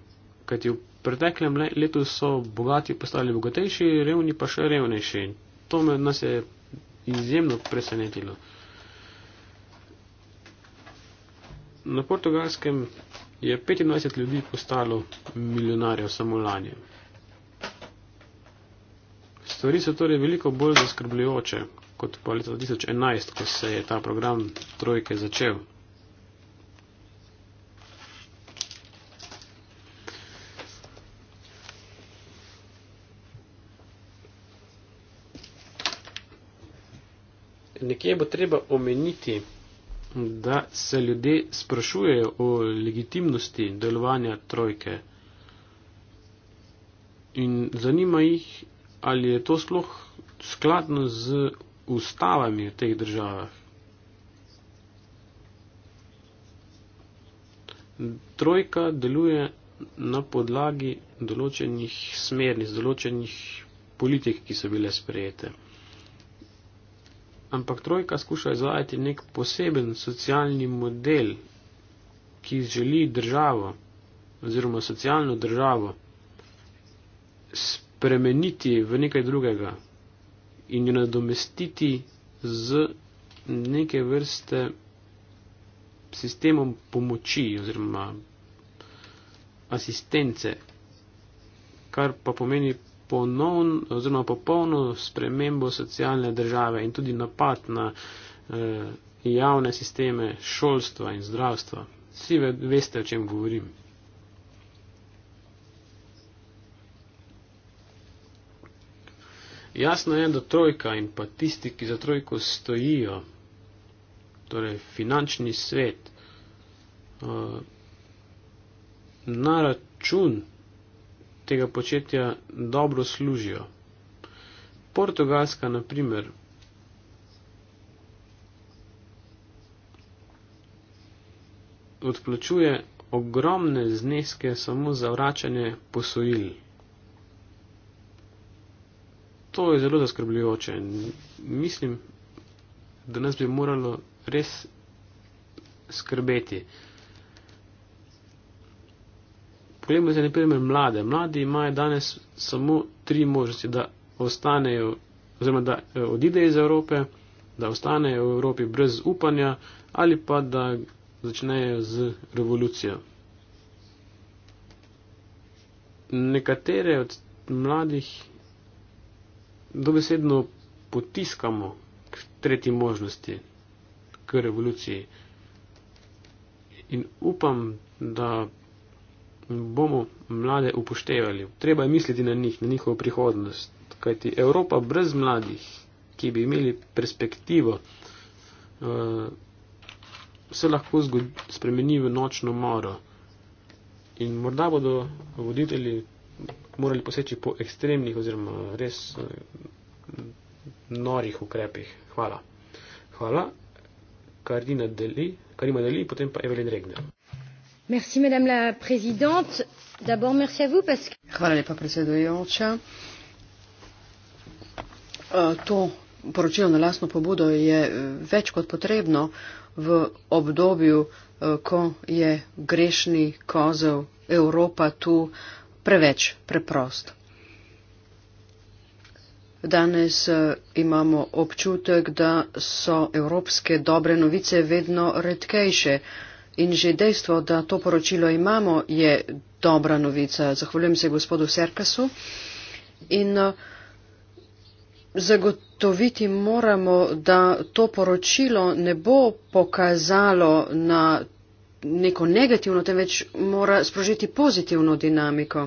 kajti v preteklem letu so bogati postali bogatejši, revni pa še revnejši. To me nas je izjemno presenetilo. Na portugalskem je 25 ljudi postalo milijonarjev samo lani. Stvari so torej veliko bolj zaskrbljujoče kot pa leta 2011, ko se je ta program trojke začel. Nekje bo treba omeniti, da se ljudje sprašujejo o legitimnosti delovanja trojke in zanima jih, ali je to sploh skladno z ustavami v teh državah. Trojka deluje na podlagi določenih smernic, določenih politik, ki so bile sprejete ampak trojka skuša izvajati nek poseben socialni model, ki želi državo oziroma socialno državo spremeniti v nekaj drugega in jo nadomestiti z neke vrste sistemom pomoči oziroma asistence, kar pa pomeni ponovn, oziroma popolno spremembo socialne države in tudi napad na eh, javne sisteme šolstva in zdravstva. Vsi veste, o čem govorim. Jasno je, da trojka in pa tisti, ki za trojko stojijo, torej finančni svet, eh, na račun tega početja dobro služijo. Portugalska, na primer, odplačuje ogromne zneske samo za vračanje posojil. To je zelo zaskrbljujoče in mislim, da nas bi moralo res skrbeti. Poglejmo zdaj na primer mlade. Mladi imajo danes samo tri možnosti, da ostanejo, oziroma da eh, odidejo iz Evrope, da ostanejo v Evropi brez upanja ali pa da začnejo z revolucijo. Nekatere od mladih dobesedno potiskamo k tretji možnosti, k revoluciji. In upam, da bomo mlade upoštevali. Treba je misliti na njih, na njihovo prihodnost. Kajti Evropa brez mladih, ki bi imeli perspektivo, eh, se lahko spremeni v nočno moro. In morda bodo voditelji morali poseči po ekstremnih oziroma res eh, norih ukrepih. Hvala. Hvala. Karina deli, Karima deli, potem pa Evelyn Regner madame la présidente d'abord merci à vous parce que. hvala lepa predsedujoča e, to poročilo na lastno pobudo je e, več kot potrebno v obdobju e, ko je grešni kozel evropa tu preveč preprost. Danes imamo občutek, da so evropske dobre novice vedno redkejše. Uh, In že dejstvo, da to poročilo imamo, je dobra novica. Zahvaljujem se gospodu Serkasu. In uh, zagotoviti moramo, da to poročilo ne bo pokazalo na neko negativno, temveč mora sprožiti pozitivno dinamiko.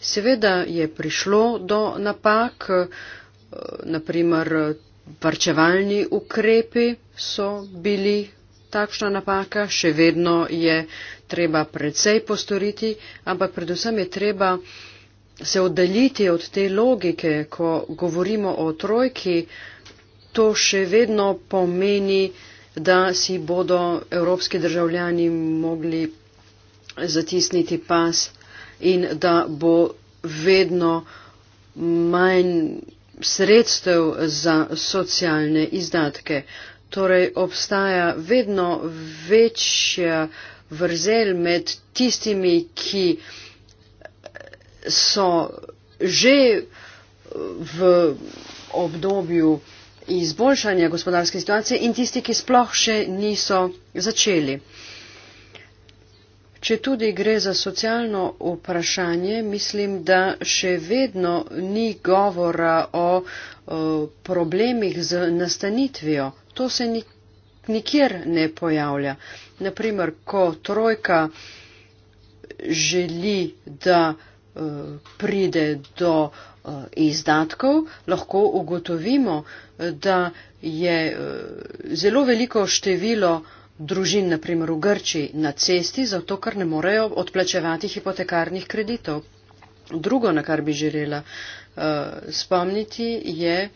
Seveda je prišlo do napak, uh, naprimer varčevalni ukrepi so bili takšna napaka, še vedno je treba predvsej postoriti, ampak predvsem je treba se oddaljiti od te logike, ko govorimo o trojki, to še vedno pomeni, da si bodo evropski državljani mogli zatisniti pas in da bo vedno manj sredstev za socialne izdatke. Torej obstaja vedno večja vrzel med tistimi, ki so že v obdobju izboljšanja gospodarske situacije in tisti, ki sploh še niso začeli. Uh, Če tudi gre za socialno vprašanje, mislim, da še vedno ni govora o, o problemih z nastanitvijo. To se nik, nikjer ne pojavlja. Naprimer, ko trojka želi, da o, e, pride do o, e, izdatkov, lahko ugotovimo, da je o, e, zelo veliko število družin, naprimer v Grči, na cesti, zato ker ne morejo odplačevati hipotekarnih kreditov. Drugo, na kar bi želela uh, spomniti, je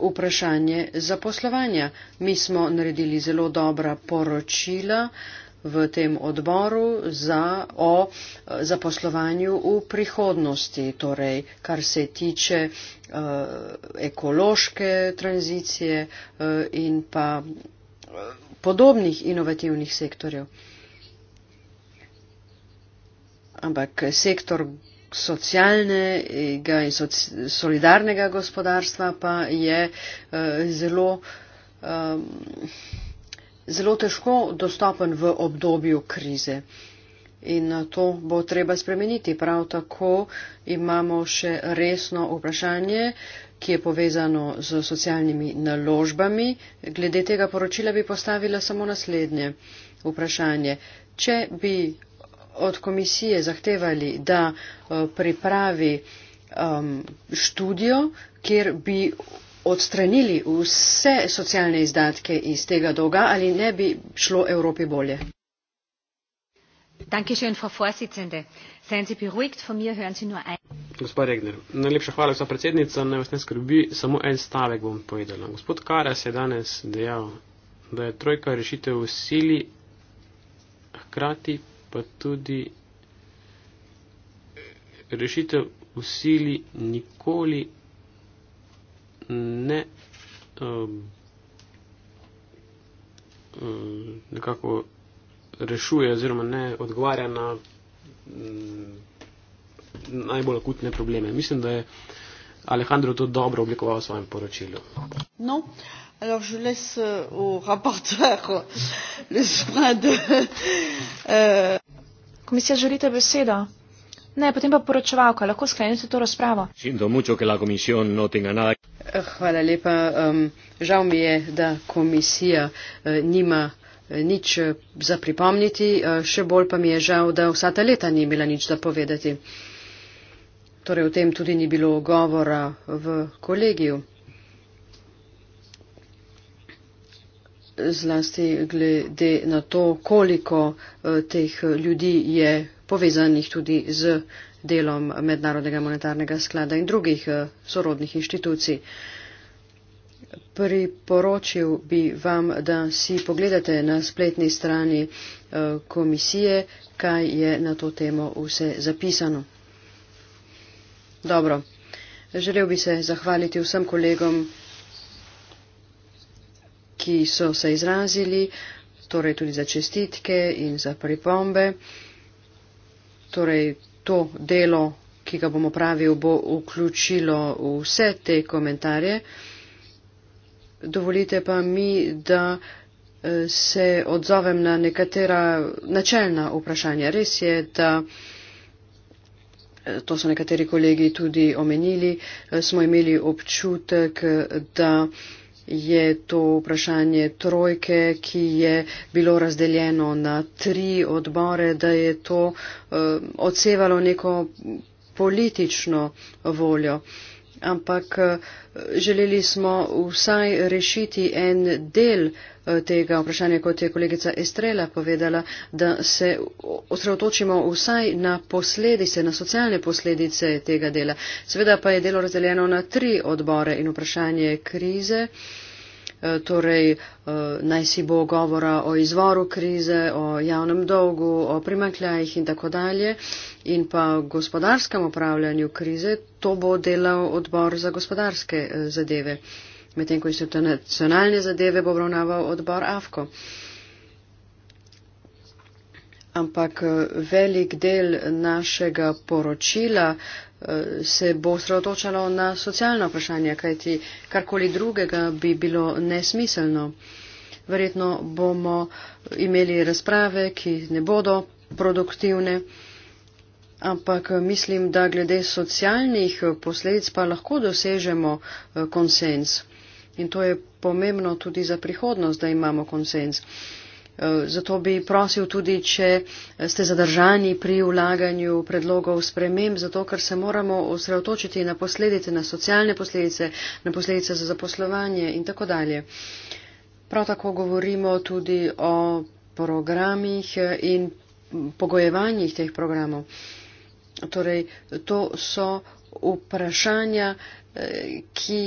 vprašanje zaposlovanja. Mi smo naredili zelo dobra poročila v tem odboru za, o eh, zaposlovanju v prihodnosti, torej kar se tiče uh, ekološke tranzicije uh, in pa podobnih inovativnih sektorjev. Ampak sektor socialnega in solidarnega gospodarstva pa je eh, zelo, zelo težko dostopen v obdobju krize. In eh, to bo treba spremeniti. Prav tako imamo še resno vprašanje, ki je povezano z socialnimi naložbami. Glede tega poročila bi postavila samo naslednje vprašanje. Če bi od komisije zahtevali, da eh, pripravi um, študijo, kjer bi odstranili vse socialne izdatke iz tega dolga, ali ne bi šlo Evropi bolje? Danke schön, Frau Vorsitzende. Seien Sie beruhigt, von mir hören Sie nur ein. Gospa Regner, najlepša hvala, gospa predsednica, naj vas ne skrbi, samo en stavek bom povedala. Gospod Karas je danes dejal, da je trojka rešitev v sili, hkrati pa tudi rešitev v sili nikoli ne. Um, nekako rešuje oziroma ne odgovarja na. Um, najbolj akutne probleme. Mislim, da je Alejandro to dobro oblikoval v svojem poročilu. No. Alors je laisse euh, au rapporteur euh, le soin de. Commissaire euh, Jolita Beseda. Ne, potem pa poročevalka, lahko sklenete to razpravo. No eh, hvala lepa. Um, žal mi je, da komisija uh, nima uh, nič za pripomniti, uh, še bolj pa mi je žal, da vsa ta leta ni bila nič za povedati. Uh, Torej o tem tudi ni bilo govora v kolegiju. Zlasti glede na to, koliko eh, teh ljudi je povezanih tudi z delom Mednarodnega monetarnega sklada in drugih eh, sorodnih inštitucij. Priporočil bi vam, da si pogledate na spletni strani eh, komisije, kaj je na to temo vse zapisano. Dobro. Želel bi se zahvaliti vsem kolegom, ki so se izrazili, torej tudi za čestitke in za pripombe. Torej to delo, ki ga bomo pravili, bo vključilo vse te komentarje. Dovolite pa mi, da eh, se odzovem na nekatera načeljna vprašanja. Res je, da to so nekateri kolegi tudi omenili, eh, smo imeli občutek, da je to vprašanje trojke, ki je bilo razdeljeno na tri odbore, da je to eh, odsevalo neko politično voljo ampak eh, želeli smo vsaj rešiti en del eh, tega vprašanja, kot je kolegica Estrela povedala, da se osredotočimo vsaj na posledice, na socialne posledice tega dela. Seveda pa je delo razdeljeno na tri odbore in vprašanje krize. E, torej e, naj si bo govora o izvoru krize, o javnem dolgu, o primankljajih in tako dalje in pa gospodarskem upravljanju krize, to bo delal odbor za gospodarske e, zadeve. Medtem, ko so to nacionalne zadeve, bo obravnaval odbor AFKO. Ampak velik del našega poročila se bo sredotočalo na socialna vprašanja, kajti karkoli drugega bi bilo nesmiselno. Verjetno bomo imeli razprave, ki ne bodo produktivne, ampak mislim, da glede socialnih posledic pa lahko dosežemo eh, konsens. In to je pomembno tudi za prihodnost, da imamo konsens. Eh, zato bi prosil tudi, če ste zadržani pri vlaganju predlogov sprememb, zato ker se moramo osredotočiti na posledice, na socialne posledice, na posledice za zaposlovanje in tako dalje. Prav tako govorimo tudi o programih eh, in pogojevanjih teh programov. Torej, to so vprašanja, eh, ki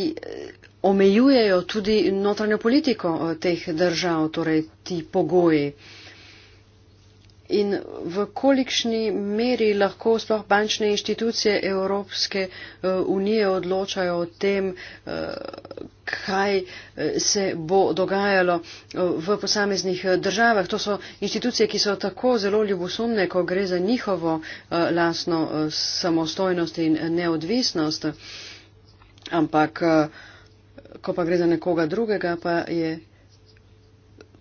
omejujejo tudi notranjo politiko eh, teh držav, torej ti pogoji. In v kolikšni meri lahko sploh bančne inštitucije Evropske eh, unije odločajo o tem, eh, kaj se bo dogajalo v posameznih državah. To so inštitucije, ki so tako zelo ljubosumne, ko gre za njihovo lasno samostojnost in neodvisnost. Ampak uh, ko pa gre za nekoga drugega, pa je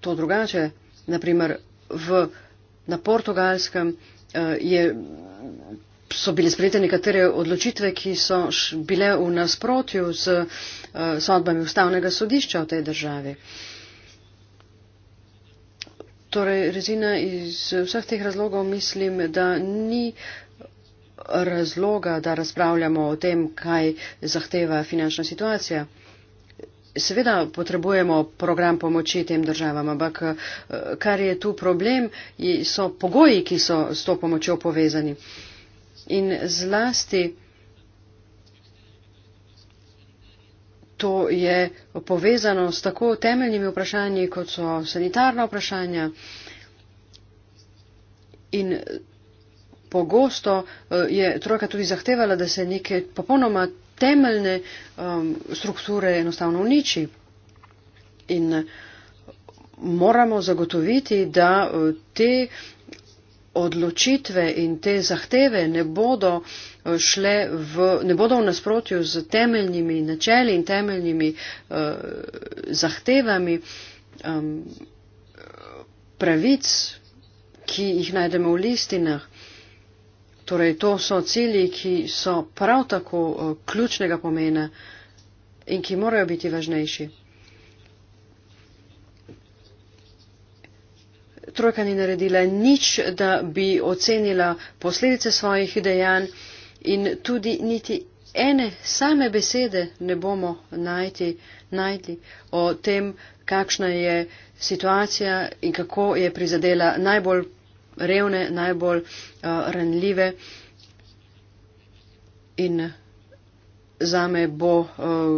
to drugače. Naprimer, v, na portugalskem eh, je, so bile sprejete nekatere odločitve, ki so bile v nasprotju z eh, sodbami ustavnega sodišča v tej državi. Torej, rezina iz vseh teh razlogov mislim, da ni razloga, da razpravljamo o tem, kaj zahteva finančna situacija seveda potrebujemo program pomoči tem državam, ampak eh, kar je tu problem, so pogoji, ki so s to pomočjo povezani. In zlasti to je povezano s tako temeljnimi vprašanji, kot so sanitarna vprašanja. In eh, pogosto eh, je trojka tudi zahtevala, da se nekaj popolnoma temeljne um, strukture enostavno uniči. In uh, moramo zagotoviti, da uh, te odločitve in te zahteve ne bodo, uh, šle v, ne bodo v nasprotju z temeljnimi načeli in temeljnimi uh, zahtevami um, pravic, ki jih najdemo v listinah. Torej, to so cilji, ki so prav tako eh, ključnega pomena in ki morajo biti važnejši. Trojka ni naredila nič, da bi ocenila posledice svojih dejanj in tudi niti ene same besede ne bomo najti, najti o tem, kakšna je situacija in kako je prizadela najbolj revne, najbolj uh, ranljive in zame bo uh,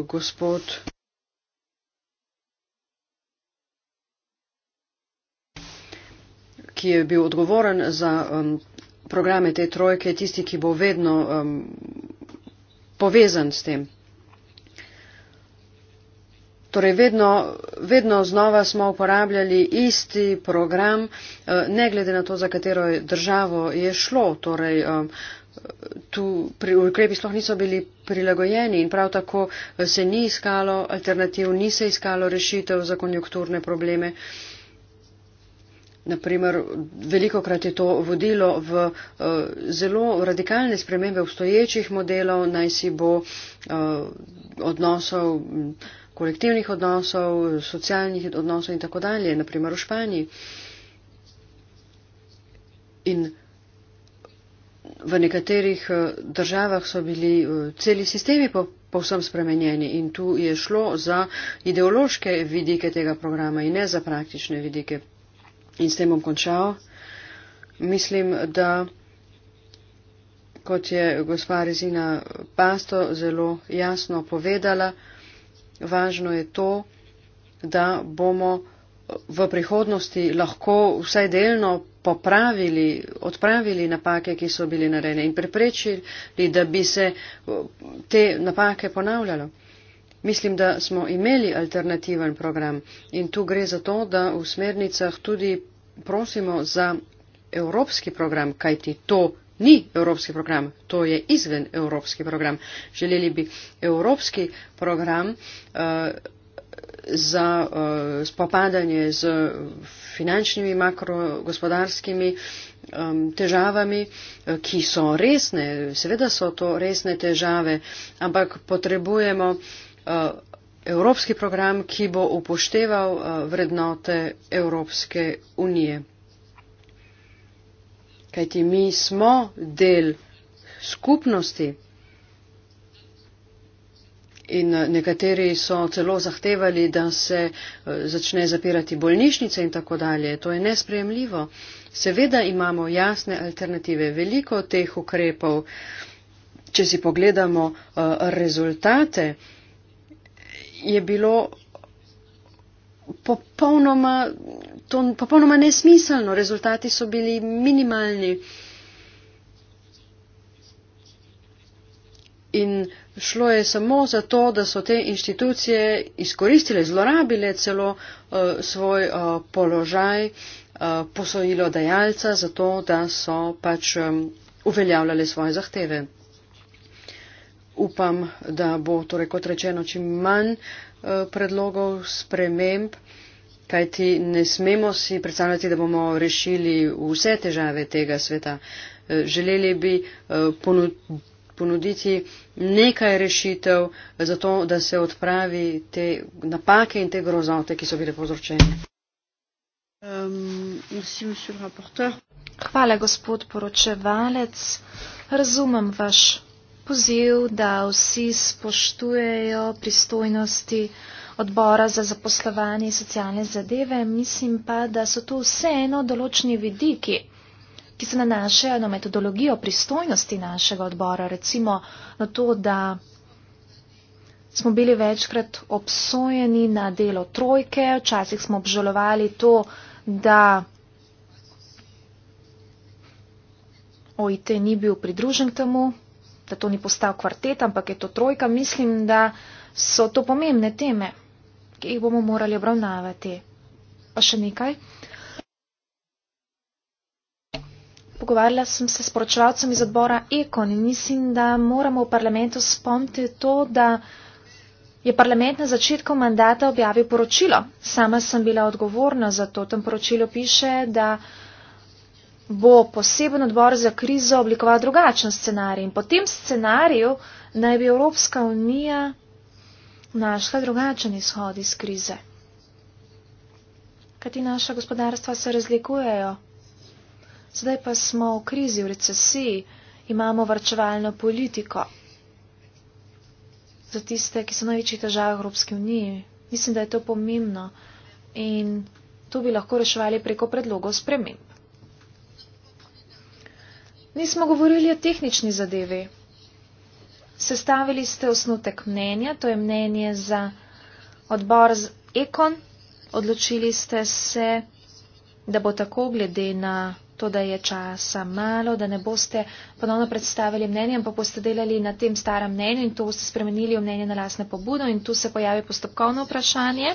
gospod. ki je bil odgovoren za um, programe te trojke, tisti, ki bo vedno um, povezan s tem. Torej vedno, vedno znova smo uporabljali isti program, eh, ne glede na to, za katero državo je šlo. Torej, eh, tu pri, ukrepi sploh niso bili prilagojeni in prav tako eh, se ni iskalo alternativ, ni se iskalo rešitev za konjunkturne probleme. Naprimer, veliko krat je to vodilo v zelo radikalne spremembe obstoječih modelov, naj si bo odnosov kolektivnih odnosov, socialnih odnosov in tako dalje, naprimer v Španiji. In v nekaterih eh, državah so bili eh, celi sistemi povsem spremenjeni in tu je šlo za ideološke vidike tega programa in ne za praktične vidike. In s tem bom končal. Mislim, da kot je gospa Rezina Pasto zelo jasno povedala, Važno je to, da bomo v prihodnosti lahko vsaj delno popravili, odpravili napake, ki so bili narejene in preprečili, da bi se te napake ponavljalo. Mislim, da smo imeli alternativen program in tu gre za to, da v smernicah tudi prosimo za evropski program, kajti to ni evropski program, to je izven evropski program. Želeli bi evropski program uh, za uh, spopadanje z finančnimi, makrogospodarskimi um, težavami, eh, ki so resne, seveda so to resne težave, ampak potrebujemo uh, evropski program, ki bo upošteval uh, vrednote Evropske unije kajti mi smo del skupnosti. In eh, nekateri so celo zahtevali, da se eh, začne zapirati bolnišnice in tako dalje. To je nesprejemljivo. Seveda imamo jasne alternative. Veliko teh ukrepov, če si pogledamo eh, rezultate, je bilo popolnoma to popolnoma nesmiselno, rezultati so bili minimalni. In šlo je samo za to, da so te inštitucije izkoristile, zlorabile celo uh, svoj uh, položaj uh, eh, posojilo dajalca, zato da so pač um, uveljavljale svoje zahteve. Upam, da bo torej kot rečeno čim manj uh, predlogov spremembe kajti ne smemo si predstavljati, da bomo rešili vse težave tega sveta. E, Želeli bi e, ponuditi nekaj rešitev za to, da se odpravi te napake in te grozote, ki so bile povzročene. Hvala, gospod poročevalec. Razumem vaš poziv, da vsi spoštujejo pristojnosti odbora za zaposlovanje in socialne zadeve, mislim pa, da so tu vseeno določni vidiki, ki se nanašajo na metodologijo pristojnosti našega odbora, recimo na to, da smo bili večkrat obsojeni na delo trojke, včasih smo obžalovali to, da OIT ni bil pridružen k temu, da to ni postal kvartet, ampak je to trojka. Mislim, da so to pomembne teme ki jih bomo morali obravnavati. Pa še nekaj. Pogovarjala sem se s poročevalcem iz odbora Ekon in mislim, da moramo v parlamentu spomniti to, da je parlament na začetku mandata objavil poročilo. Sama sem bila odgovorna za to. Tam poročilo piše, da bo poseben odbor za krizo oblikoval drugačen scenarij. In po tem scenariju naj bi Evropska unija našla drugačen izhod iz krize. Kajti naša gospodarstva se razlikujejo. Zdaj pa smo v krizi, v recesiji, imamo vrčevalno politiko. Za tiste, ki so največji težav Evropske unije, mislim, da je to pomembno in to bi lahko reševali preko predlogov sprememb. Nismo govorili o tehnični zadevi, sestavili ste osnutek mnenja, to je mnenje za odbor z Ekon, odločili ste se, da bo tako glede na to, da je časa malo, da ne boste ponovno predstavili mnenje, ampak boste delali na tem starem mnenju in to boste spremenili v mnenje na lasne pobudo in tu se pojavi postopkovno vprašanje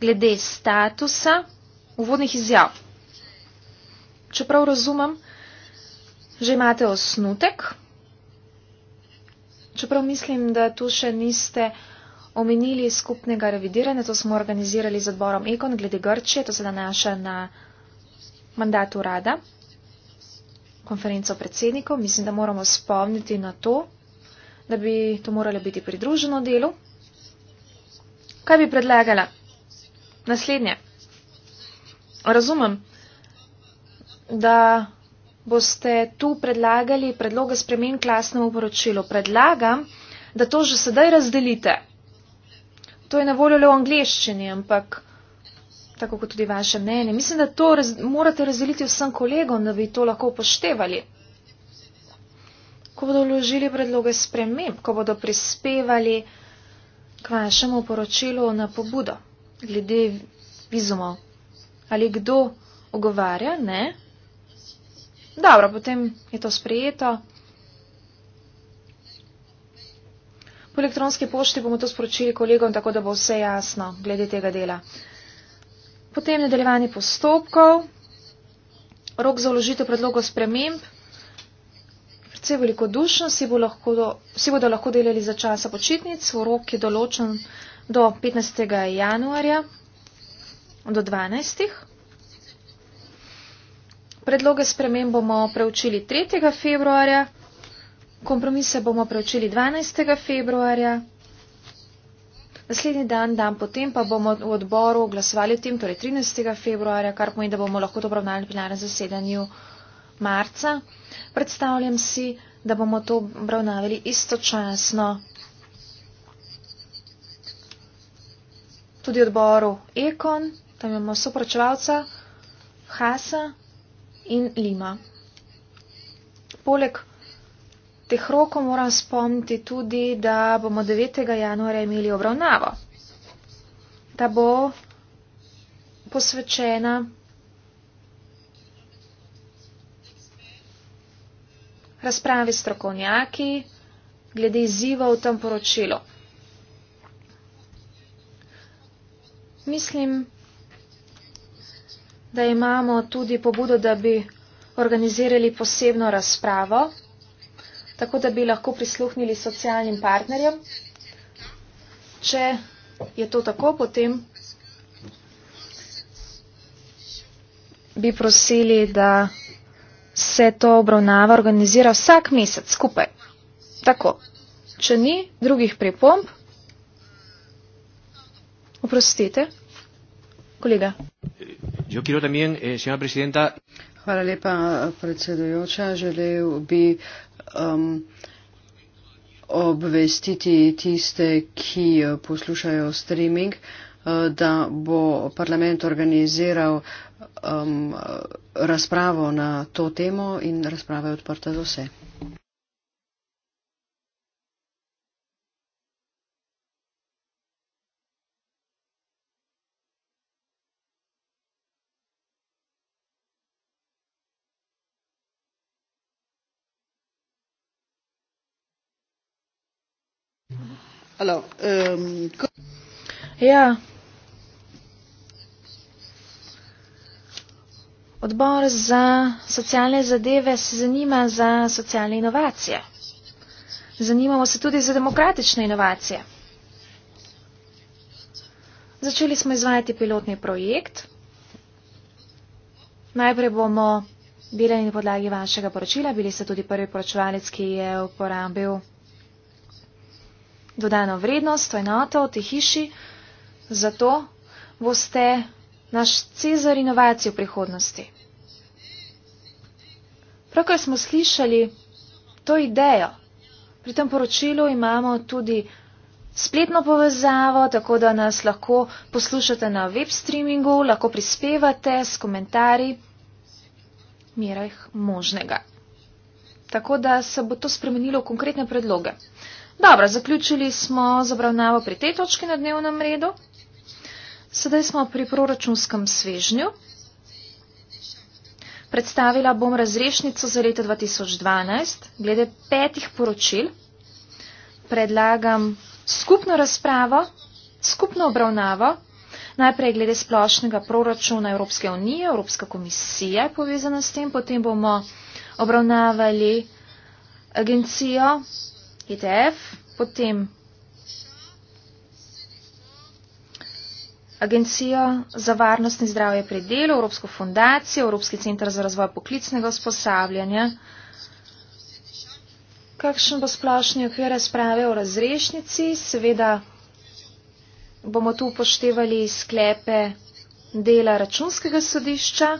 glede statusa uvodnih izjav. Čeprav razumem, že imate osnutek, Čeprav mislim, da tu še niste omenili skupnega revidiranja, to smo organizirali z odborom Ekon glede Grčije, to se nanaša na mandat urada, konferenco predsednikov. Mislim, da moramo spomniti na to, da bi to moralo biti pridruženo delu. Kaj bi predlagala? Naslednje. Razumem, da boste tu predlagali predloge spremen klasnemu poročilu. Predlagam, da to že sedaj razdelite. To je na voljo le v angliščini, ampak tako kot tudi vaše mnenje. Mislim, da to raz, morate razdeliti vsem kolegom, da bi to lahko upoštevali. Ko bodo vložili predloge sprememb, ko bodo prispevali k vašemu poročilu na pobudo glede vizumov. Ali kdo ogovarja? Ne. Dobro, potem je to sprejeto. Po elektronski pošti bomo to sporočili kolegom, tako da bo vse jasno glede tega dela. Potem nadaljevanje postopkov. Rok za vložitev predlogov sprememb. Predvsej veliko dušno si, bo lahko, si bodo lahko delali za časa počitnic. Rok je določen do 15. januarja do 12. januarja. Predloge sprememb bomo preučili 3. februarja, kompromise bomo preučili 12. februarja. Naslednji dan, dan potem pa bomo v odboru glasovali o tem, torej 13. februarja, kar pomeni, da bomo lahko to obravnavali na plenarnem zasedanju marca. Predstavljam si, da bomo to obravnavali istočasno tudi odboru Ekon, tam imamo sopračevalca Hasa in Lima. Poleg teh rokov moram spomniti tudi, da bomo 9. januarja imeli obravnavo, da bo posvečena razpravi strokovnjaki glede izziva v tem poročilu. Mislim, da imamo tudi pobudo, da bi organizirali posebno razpravo, tako da bi lahko prisluhnili socialnim partnerjem. Če je to tako, potem bi prosili, da se to obravnava organizira vsak mesec skupaj. Tako, če ni drugih pripomb, oprostite, kolega. Yo quiero también, eh, señora presidenta. Hvala lepa, predsedujoča. Želel bi um, obvestiti tiste, ki eh, poslušajo streaming, eh, da bo parlament organiziral um, razpravo na to temo in razprava je odprta za vse. Alors, euh, ja. Odbor za socialne zadeve se zanima za socialne inovacije. Zanimamo se tudi za demokratične inovacije. Začeli smo izvajati pilotni projekt. Najprej bomo delali na podlagi vašega poročila. Bili ste tudi prvi poročevalec, ki je uporabil dodano vrednost, to enoto v tej hiši, zato boste naš cezar inovacij v prihodnosti. Pravkar smo slišali to idejo. Pri tem poročilu imamo tudi spletno povezavo, tako da nas lahko poslušate na web streamingu, lahko prispevate s komentarji, mirah možnega. Tako da se bo to spremenilo v konkretne predloge. Dobro, zaključili smo z obravnavo pri tej točki na dnevnem redu. Sedaj smo pri proračunskem svežnju. Predstavila bom razrešnico za leto 2012 glede petih poročil. Predlagam skupno razpravo, skupno obravnavo, najprej glede splošnega proračuna Evropske unije, Evropska komisija je povezana s tem, potem bomo obravnavali agencijo ETF, potem Agencijo za varnost in zdravje pri delu, Evropsko fundacijo, Evropski centr za razvoj poklicnega usposabljanja. Kakšen bo splošni okvir razprave o razrešnici? Seveda bomo tu upoštevali sklepe dela računskega sodišča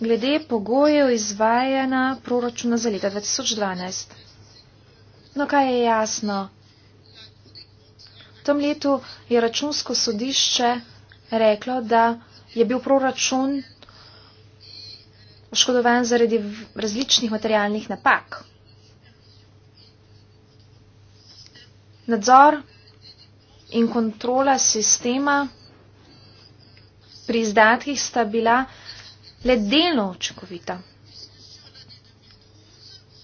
glede pogojev izvajanja proračuna za leta 2012. No, kaj je jasno? V tem letu je računsko sodišče reklo, da je bil proračun oškodovan zaradi različnih materialnih napak. Nadzor in kontrola sistema pri izdatkih sta bila le delno očekovita.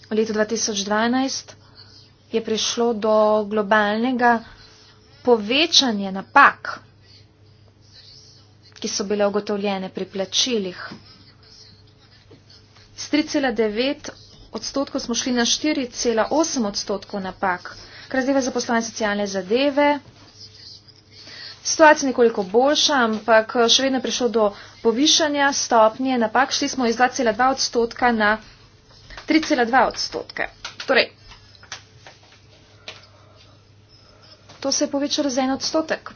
V letu 2012 je prišlo do globalnega povečanja napak, ki so bile ugotovljene pri plačilih. Z 3,9 odstotkov smo šli na 4,8 odstotkov napak, kar zdaj je za poslane socialne zadeve. Situacija je nekoliko boljša, ampak še vedno je prišlo do povišanja stopnje napak. Šli smo iz 2,2 odstotka na 3,2 odstotke. Torej, to se je povečalo za en odstotek.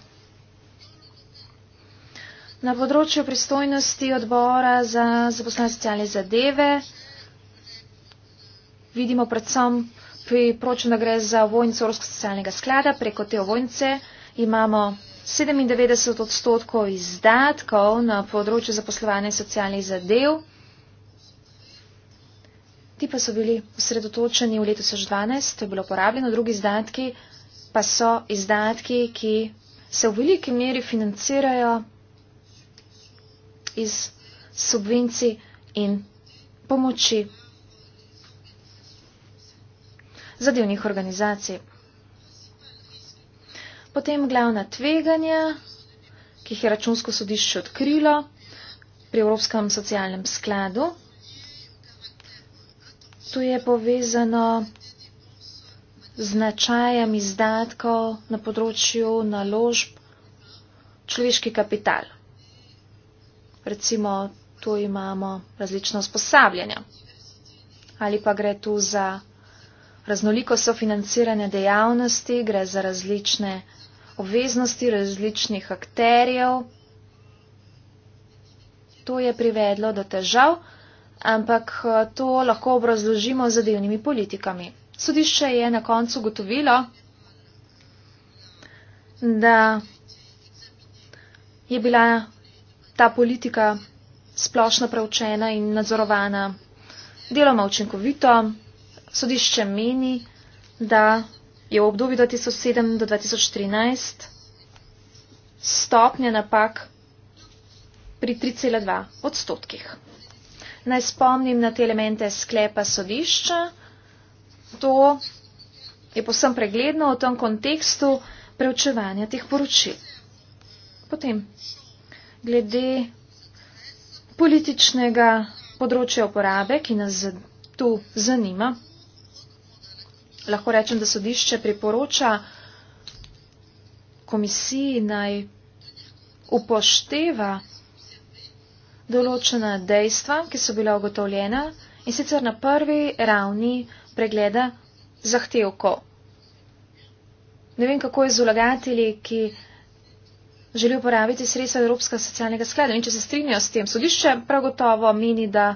Na področju pristojnosti odbora za zaposlene socialne zadeve vidimo predvsem pri pročem, da gre za vojnico Evropskega socialnega sklada. Preko te vojnice imamo 97 odstotkov izdatkov na področju zaposlovanja socialnih zadev. Ti pa so bili osredotočeni v letu 2012, to je bilo porabljeno, drugi izdatki pa so izdatki, ki se v veliki meri financirajo iz subvencij in pomoči zadevnih organizacij. Potem glavna tveganja, ki jih je računsko sodišče odkrilo pri Evropskem socialnem skladu. Tu je povezano značajem izdatkov na področju naložb človeški kapital. Recimo, tu imamo različno usposabljanje ali pa gre tu za raznoliko sofinancirane dejavnosti, gre za različne obveznosti različnih akterjev. To je privedlo do težav, ampak eh, to lahko obrazložimo z zadevnimi politikami. Sodišče je na koncu gotovilo, da je bila ta politika splošno preučena in nadzorovana deloma učinkovito. Sodišče meni, da je v obdobju 2007 do 2013 stopnja napak pri 3,2 odstotkih. Naj spomnim na te elemente sklepa sodišča to je posem pregledno v tem kontekstu preučevanja teh poročil. Potem, glede političnega področja uporabe, ki nas tu zanima, lahko rečem, da sodišče priporoča komisiji naj upošteva določena dejstva, ki so bila ugotovljena in sicer na prvi ravni pregleda zahtevkov. Ne vem, kako je z vlagatelji, ki želijo uporabiti sredstva Evropskega socialnega sklada in če se strinjajo s tem. Sodišče prav gotovo meni, da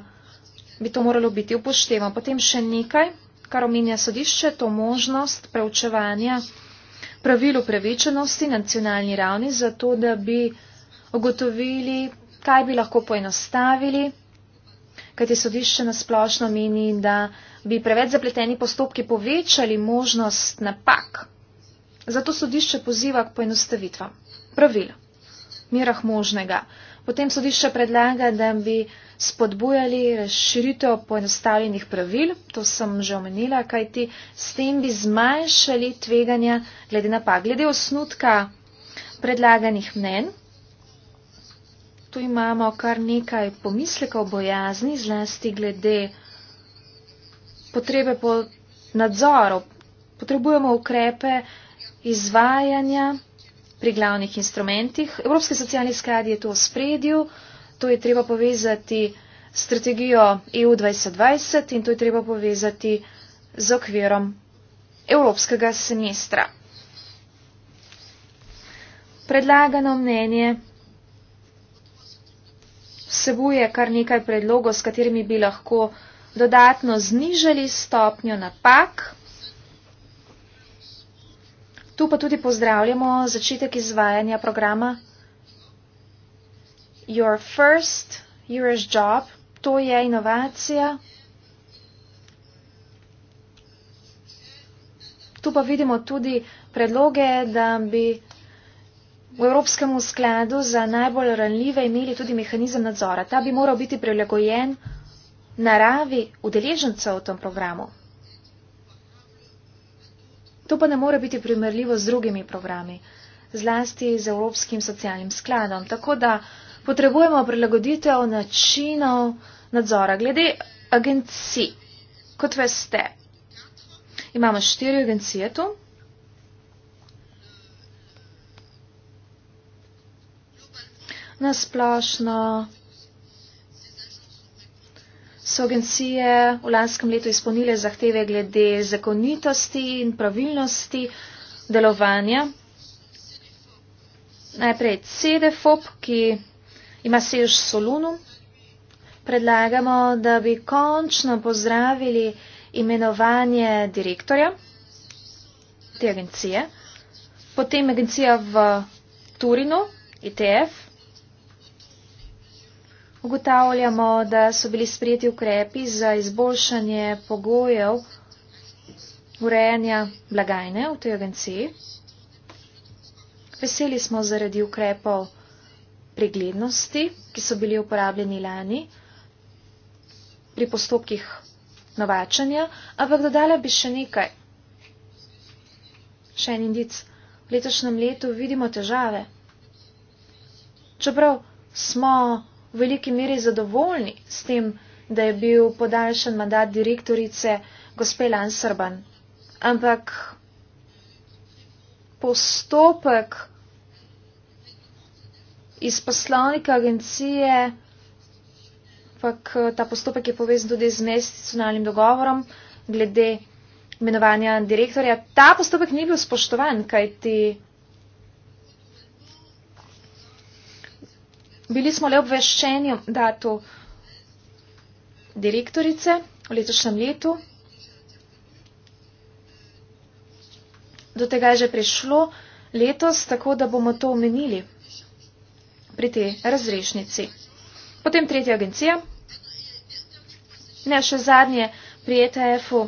bi to moralo biti upoštevano. Potem še nekaj, kar omenja sodišče, to možnost preučevanja pravil upravičenosti na nacionalni ravni, zato da bi ugotovili, kaj bi lahko poenostavili kajti sodišče nasplošno meni, da bi preveč zapleteni postopki povečali možnost napak. Zato sodišče poziva k poenostavitvam. Pravil. Mirah možnega. Potem sodišče predlaga, da bi spodbujali razširitev poenostavljenih pravil, to sem že omenila, kajti s tem bi zmanjšali tveganja glede napak. Glede osnutka predlaganih mnen tu imamo kar nekaj pomislekov bojazni, zlasti glede potrebe po nadzoru. Potrebujemo ukrepe izvajanja pri glavnih instrumentih. Evropski socialni skladi je to v spredju, to je treba povezati strategijo EU 2020 in to je treba povezati z okvirom evropskega semestra. Predlagano mnenje vsebuje kar nekaj predlogov, s katerimi bi lahko dodatno znižali stopnjo napak. Tu pa tudi pozdravljamo začetek izvajanja programa Your First Year's Job. To je inovacija. Tu pa vidimo tudi predloge, da bi v Evropskem skladu za najbolj ranljive imeli tudi mehanizem nadzora. Ta bi moral biti prilagojen naravi udeležencev v tem programu. To pa ne more biti primerljivo z drugimi programi, zlasti z Evropskim socialnim skladom. Tako da potrebujemo prilagoditev načinov nadzora. Glede agencij, kot veste, imamo štiri agencije tu. nasplošno. So agencije v lanskem letu izpolnile zahteve glede zakonitosti in pravilnosti delovanja. Najprej CDFOP, ki ima sež v Solunu. Predlagamo, da bi končno pozdravili imenovanje direktorja te agencije. Potem agencija v Turinu, ITF, ugotavljamo, da so bili sprejeti ukrepi za izboljšanje pogojev urejanja blagajne v tej agenciji. Veseli smo zaradi ukrepov preglednosti, ki so bili uporabljeni lani pri postopkih novačanja, ampak dodala bi še nekaj. Še en indic. V letošnjem letu vidimo težave. Čeprav smo v veliki meri zadovoljni s tem, da je bil podaljšen mandat direktorice gospe Lansrban. Ampak postopek iz poslovnika agencije, pak eh, ta postopek je povezan tudi z mesticionalnim dogovorom glede imenovanja direktorja. Ta postopek ni bil spoštovan, kajti Bili smo le obveščeni o datu direktorice v letošnjem letu. Do tega je že prišlo letos, tako da bomo to omenili pri tej razrešnici. Potem tretja agencija. Ne, še zadnje pri ETF-u.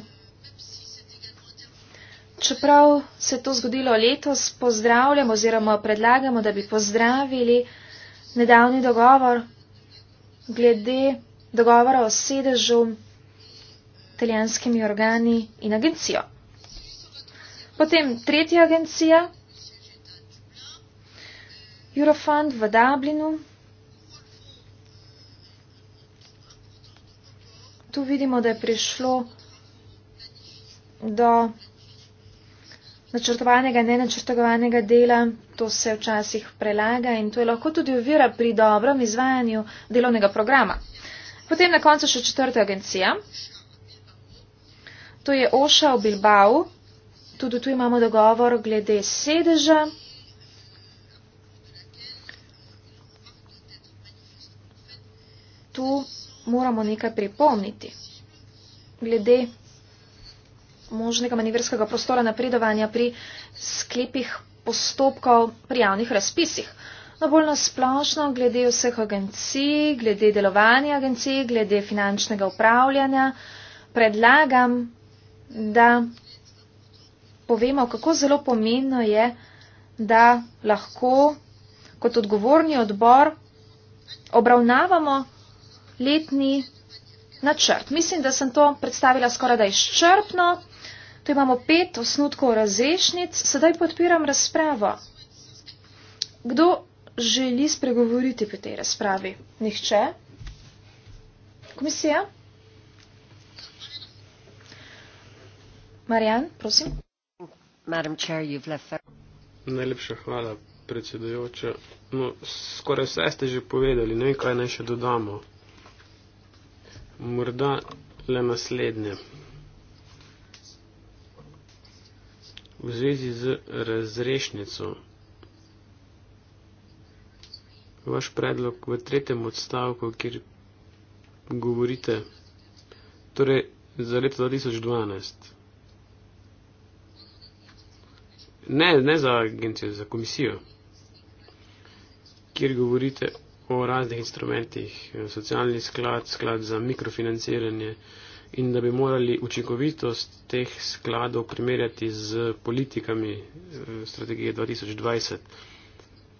Čeprav se je to zgodilo letos, pozdravljamo oziroma predlagamo, da bi pozdravili nedavni dogovor glede dogovora o sedežu italijanskimi organi in agencijo. Potem tretja agencija, Eurofund v Dublinu. Tu vidimo, da je prišlo do načrtovanega in nenačrtovanega dela, to se včasih prelaga in to je lahko tudi ovira pri dobrem izvajanju delovnega programa. Potem na koncu še četrta agencija, to je Oša v Bilbao, tudi tu imamo dogovor glede sedeža. Tu moramo nekaj pripomniti glede možnega manevrskega prostora napredovanja pri sklepih postopkov pri javnih razpisih. No, bolj nasplošno glede vseh agencij, glede delovanja agencij, glede finančnega upravljanja, predlagam, da povemo, kako zelo pomembno je, da lahko kot odgovorni odbor obravnavamo letni načrt. Mislim, da sem to predstavila skoraj da izčrpno. Tu imamo pet osnutkov razrešnic, sedaj podpiram razpravo. Kdo želi spregovoriti pri tej razpravi? Nihče? Komisija? Marjan, prosim. Madam Chair, you've left her. Najlepša hvala, predsedujoča. No, skoraj vse ste že povedali, ne vem, kaj naj še dodamo. Morda le naslednje. v zvezi z razrešnico. Vaš predlog v tretjem odstavku, kjer govorite, torej za leto 2012. Ne, ne za agencijo, za komisijo, kjer govorite o raznih instrumentih, socialni sklad, sklad za mikrofinanciranje, in da bi morali učinkovitost teh skladov primerjati z politikami eh, strategije 2020.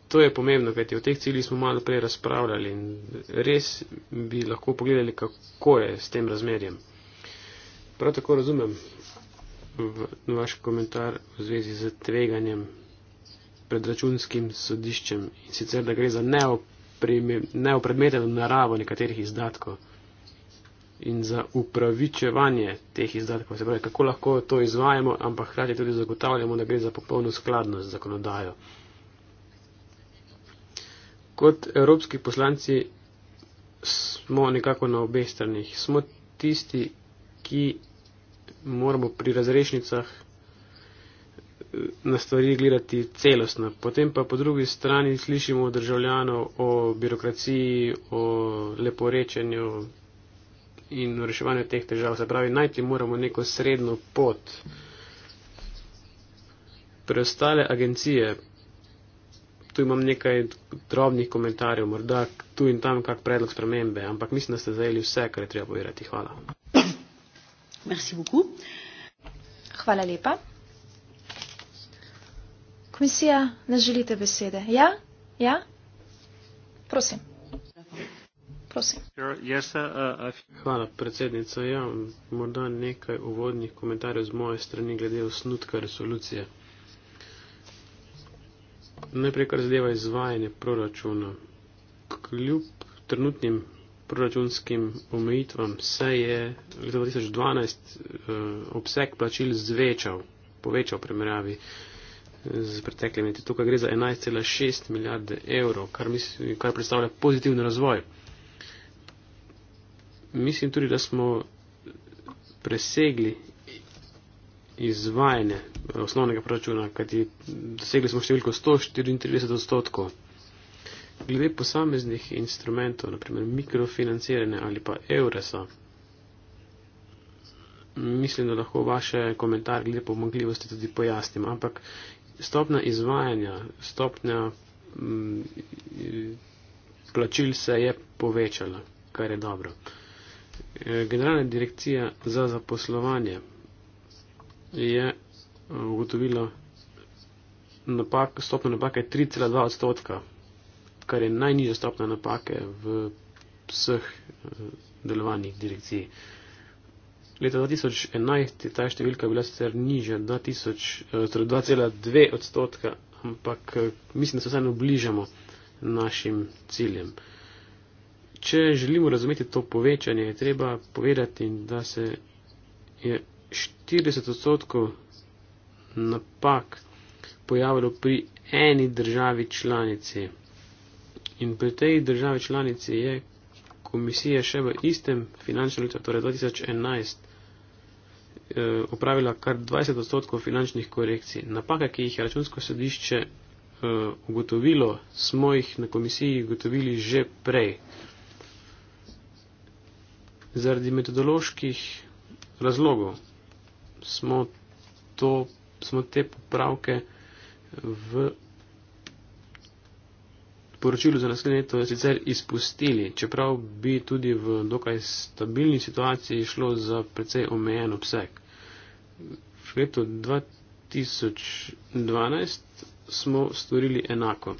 To je pomembno, kajti o teh ciljih smo malo prej razpravljali in res bi lahko pogledali, kako je s tem razmerjem. Prav tako razumem vaš komentar v zvezi z tveganjem pred računskim sodiščem in sicer, da gre za neopredmeteno naravo nekaterih izdatkov in za upravičevanje teh izdatkov. Se pravi, kako lahko to izvajamo, ampak hkrati tudi zagotavljamo, da gre za popolno skladnost z zakonodajo. Kot evropski poslanci smo nekako na obeh stranih. Smo tisti, ki moramo pri razrešnicah eh, na stvari gledati celostno. Potem pa po drugi strani slišimo državljanov o birokraciji, o leporečenju, in v reševanju teh težav. Se pravi, najti moramo neko srednjo pot. Preostale agencije, tu imam nekaj drobnih komentarjev, morda tu in tam kak predlog spremembe, ampak mislim, da ste zajeli vse, kar je treba povedati. Hvala. Merci beaucoup. Hvala lepa. Komisija, ne želite besede? Ja? Ja? Prosim. Prosim. Uh, uh, Hvala, predsednica. Ja, morda nekaj uvodnih komentarjev z moje strani glede osnutka resolucije. Najprej, kar zadeva izvajanje proračuna. Kljub trenutnim proračunskim omejitvam se je leta 2012 eh, obseg plačil zvečal, povečal v primerjavi z eh, preteklimi. Tukaj gre za 11,6 milijarde evrov, kar, mislim, kar predstavlja pozitivni razvoj mislim tudi, da smo presegli izvajanje eh, osnovnega proračuna, kajti dosegli smo številko 134 odstotkov. Glede posameznih instrumentov, naprimer mikrofinanciranja ali pa EURES-a, mislim, da lahko vaše komentar glede pomagljivosti tudi pojasnim, ampak stopna izvajanja, stopnja m, mm, plačil se je povečala, kar je dobro. Eh, Generalna direkcija za zaposlovanje je eh, ugotovila napak, stopno napake 3,2 odstotka, kar je najnižja stopna napake v vseh eh, delovanjih direkcij. Leta 2011 je ta številka bila sicer nižja, 2,2 torej odstotka, ampak mislim, da se vseeno bližamo našim ciljem če želimo razumeti to povečanje, je treba povedati, da se je 40 odstotkov napak pojavilo pri eni državi članici. In pri tej državi članici je komisija še v istem finančnem letu, torej 2011, eh, opravila kar 20 odstotkov finančnih korekcij. Napaka, ki jih je računsko sodišče eh, ugotovilo, smo jih na komisiji ugotovili že prej zaradi metodoloških razlogov smo, to, smo te popravke v poročilu za naslednje leto sicer izpustili, čeprav bi tudi v dokaj stabilni situaciji šlo za precej omejen obseg. V letu 2012 smo storili enako.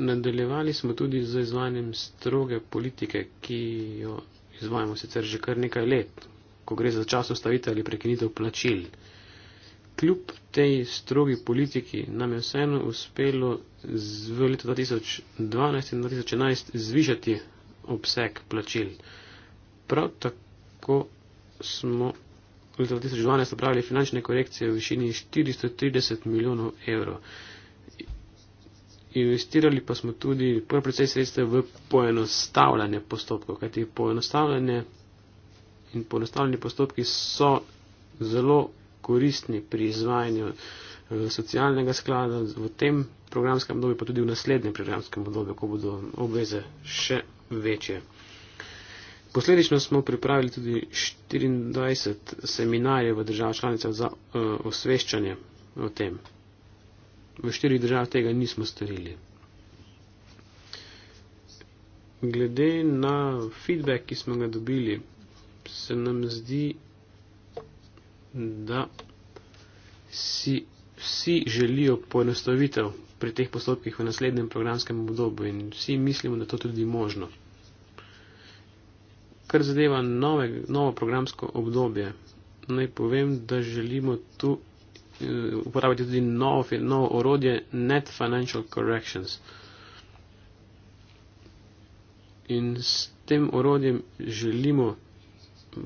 Nadaljevali smo tudi z izvajanjem stroge politike, ki jo izvajamo sicer že kar nekaj let, ko gre za čas ustavite ali prekinitev plačil. Kljub tej strogi politiki nam je vseeno uspelo z, v letu 2012 in 2011 zvišati obseg plačil. Prav tako smo v letu 2012 opravili finančne korekcije v višini 430 milijonov evrov investirali pa smo tudi precej sredstev v poenostavljanje postopkov, kajti poenostavljanje in poenostavljanje postopki so zelo koristni pri izvajanju eh, socialnega sklada v tem programskem obdobju, pa tudi v naslednjem programskem obdobju, ko bodo obveze še večje. Posledično smo pripravili tudi 24 seminarjev v državah članicah za uh, osveščanje o tem. V štirih državah tega nismo storili. Glede na feedback, ki smo ga dobili, se nam zdi, da si vsi želijo poenostavitev pri teh postopkih v naslednjem programskem obdobju in vsi mislimo, da to tudi možno. Kar zadeva nove, novo programsko obdobje, naj povem, da želimo tu Eh, uporabljati tudi novo, novo orodje Net Financial Corrections. In s tem orodjem želimo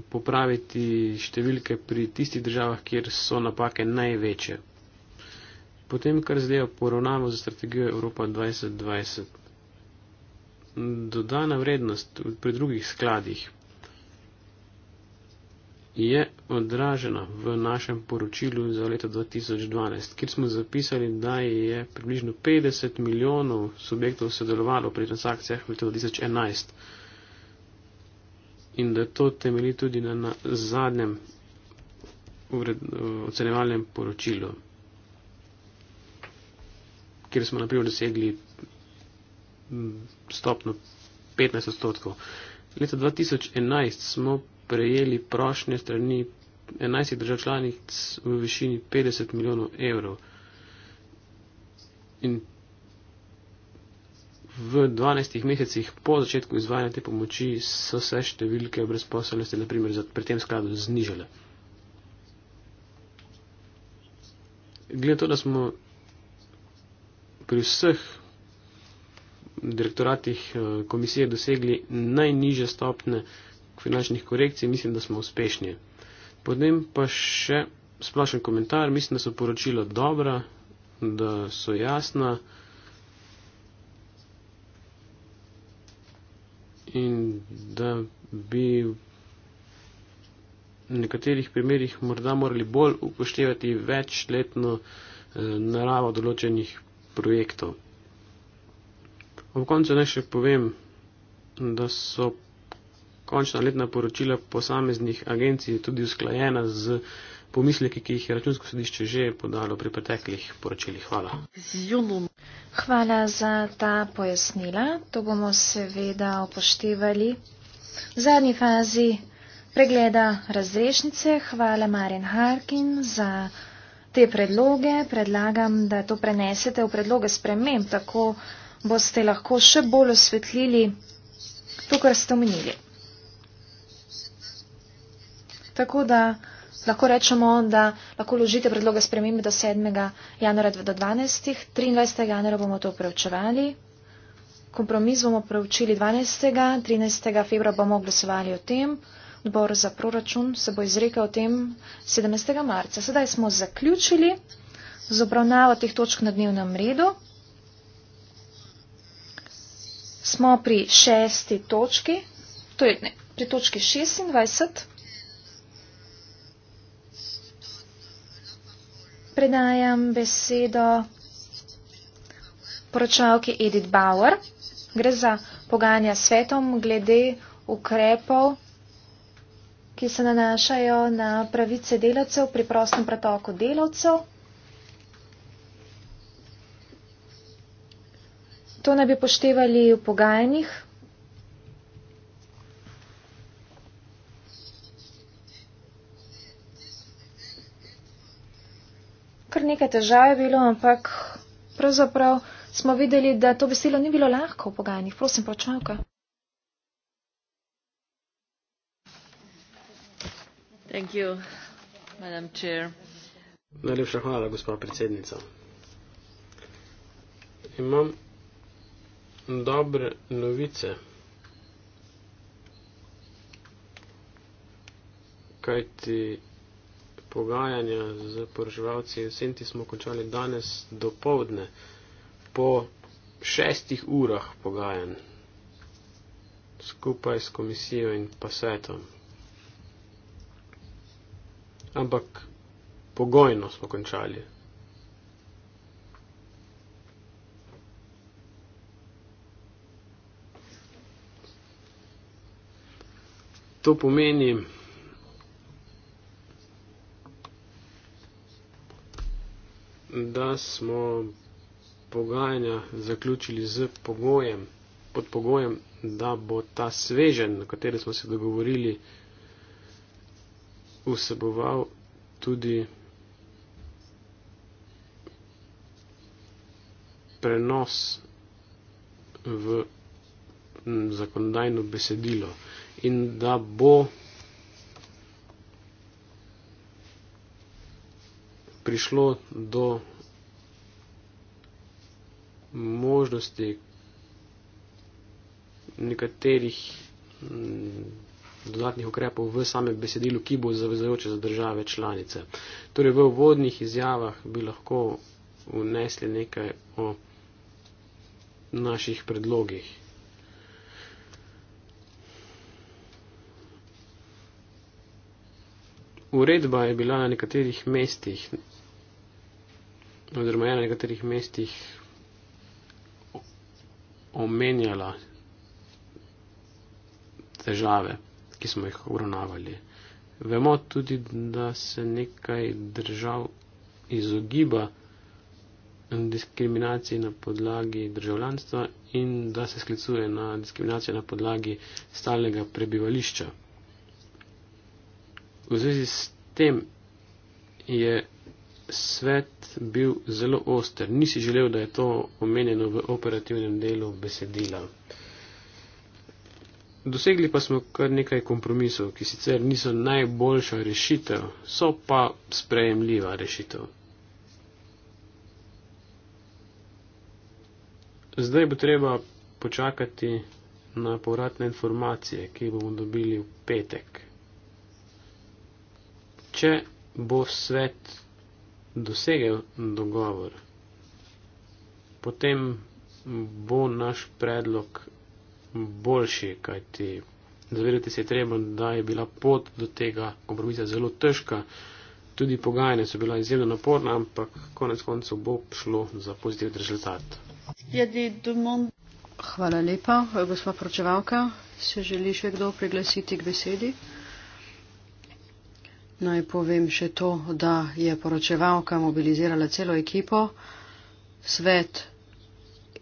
popraviti številke pri tistih državah, kjer so napake največje. Potem, kar zdaj poravnamo za strategijo Evropa 2020. Dodana vrednost pri drugih skladih, je odražena v našem poročilu za leto 2012, kjer smo zapisali, da je približno 50 milijonov subjektov sodelovalo pri transakcijah v letu 2011 in da to temeli tudi na, na zadnjem ured, ocenevalnem poročilu, kjer smo naprimer dosegli mm, stopno 15 odstotkov. Leta 2011 smo prejeli prošnje strani 11 držav članic v višini 50 milijonov evrov. In v 12 mesecih po začetku izvajanja te pomoči so se številke brezposelnosti, naprimer, pri tem skladu znižale. Glede to, da smo pri vseh direktoratih eh, komisije dosegli najniže stopne finančnih korekcij, mislim, da smo uspešni. Potem pa še splošen komentar, mislim, da so poročila dobra, da so jasna in da bi v nekaterih primerjih morda morali bolj upoštevati večletno eh, naravo določenih projektov. Ob koncu naj še povem, da so končna letna poročila posameznih agencij je tudi usklajena z pomisleki, ki jih je računsko sodišče že podalo pri preteklih poročilih. Hvala. Hvala za ta pojasnila. To bomo seveda upoštevali v zadnji fazi pregleda razrešnice. Hvala Marjen Harkin za te predloge. Predlagam, da to prenesete v predloge sprememb, tako boste lahko še bolj osvetlili to, kar ste omenili. Tako da lahko rečemo, da lahko ložite predloge spremembe do 7. januara 2012. 23. januara bomo to preučevali. Kompromis bomo preučili 12. 13. februar bomo glasovali o tem. Odbor za proračun se bo izrekel o tem 17. marca. Sedaj smo zaključili z obravnavo teh točk na dnevnem redu. Smo pri šesti točki, to je ne, pri točki 26. predajam besedo poročavki Edith Bauer. Gre za pogajanja s svetom glede ukrepov, ki se nanašajo na pravice delavcev pri prostem pretoku delavcev. To naj bi poštevali v pogajanjih nekaj težav je bilo, ampak pravzaprav smo videli, da to veselo ni bilo lahko v pogajanjih. Prosim, počavka. Najlepša hvala, gospa predsednica. Imam dobre novice, kajti pogajanja z poraževalci in senti smo končali danes do povdne, po šestih urah pogajanj skupaj s komisijo in pasetom. Ampak pogojno smo končali. To pomeni, da smo pogajanja zaključili z pogojem, pod pogojem, da bo ta svežen, na katerem smo se dogovorili, vseboval tudi prenos v zakonodajno besedilo in da bo prišlo do možnosti nekaterih mm, dodatnih ukrepov v samem besedilu, ki bo zavezajoče za države članice. Torej v vodnih izjavah bi lahko vnesli nekaj o naših predlogih. Uredba je bila na nekaterih mestih oziroma je na nekaterih mestih omenjala težave, ki smo jih obravnavali. Vemo tudi, da se nekaj držav izogiba diskriminaciji na podlagi državljanstva in da se sklicuje na diskriminacijo na podlagi stalnega prebivališča. V zvezi s tem je svet bil zelo oster. Nisi želel, da je to omenjeno v operativnem delu besedila. Dosegli pa smo kar nekaj kompromisov, ki sicer niso najboljša rešitev, so pa sprejemljiva rešitev. Zdaj bo treba počakati na povratne informacije, ki bomo dobili v petek. Če bo svet dosegel dogovor, potem bo naš predlog boljši, kajti zavedati se je treba, da je bila pot do tega kompromisa zelo težka. Tudi pogajanja so bila izjemno naporna, ampak konec koncev bo šlo za pozitiven rezultat. Hvala lepa, gospa pročevalka. Se želi še kdo priglasiti k besedi? Naj povem še to, da je poročevalka mobilizirala celo ekipo. Svet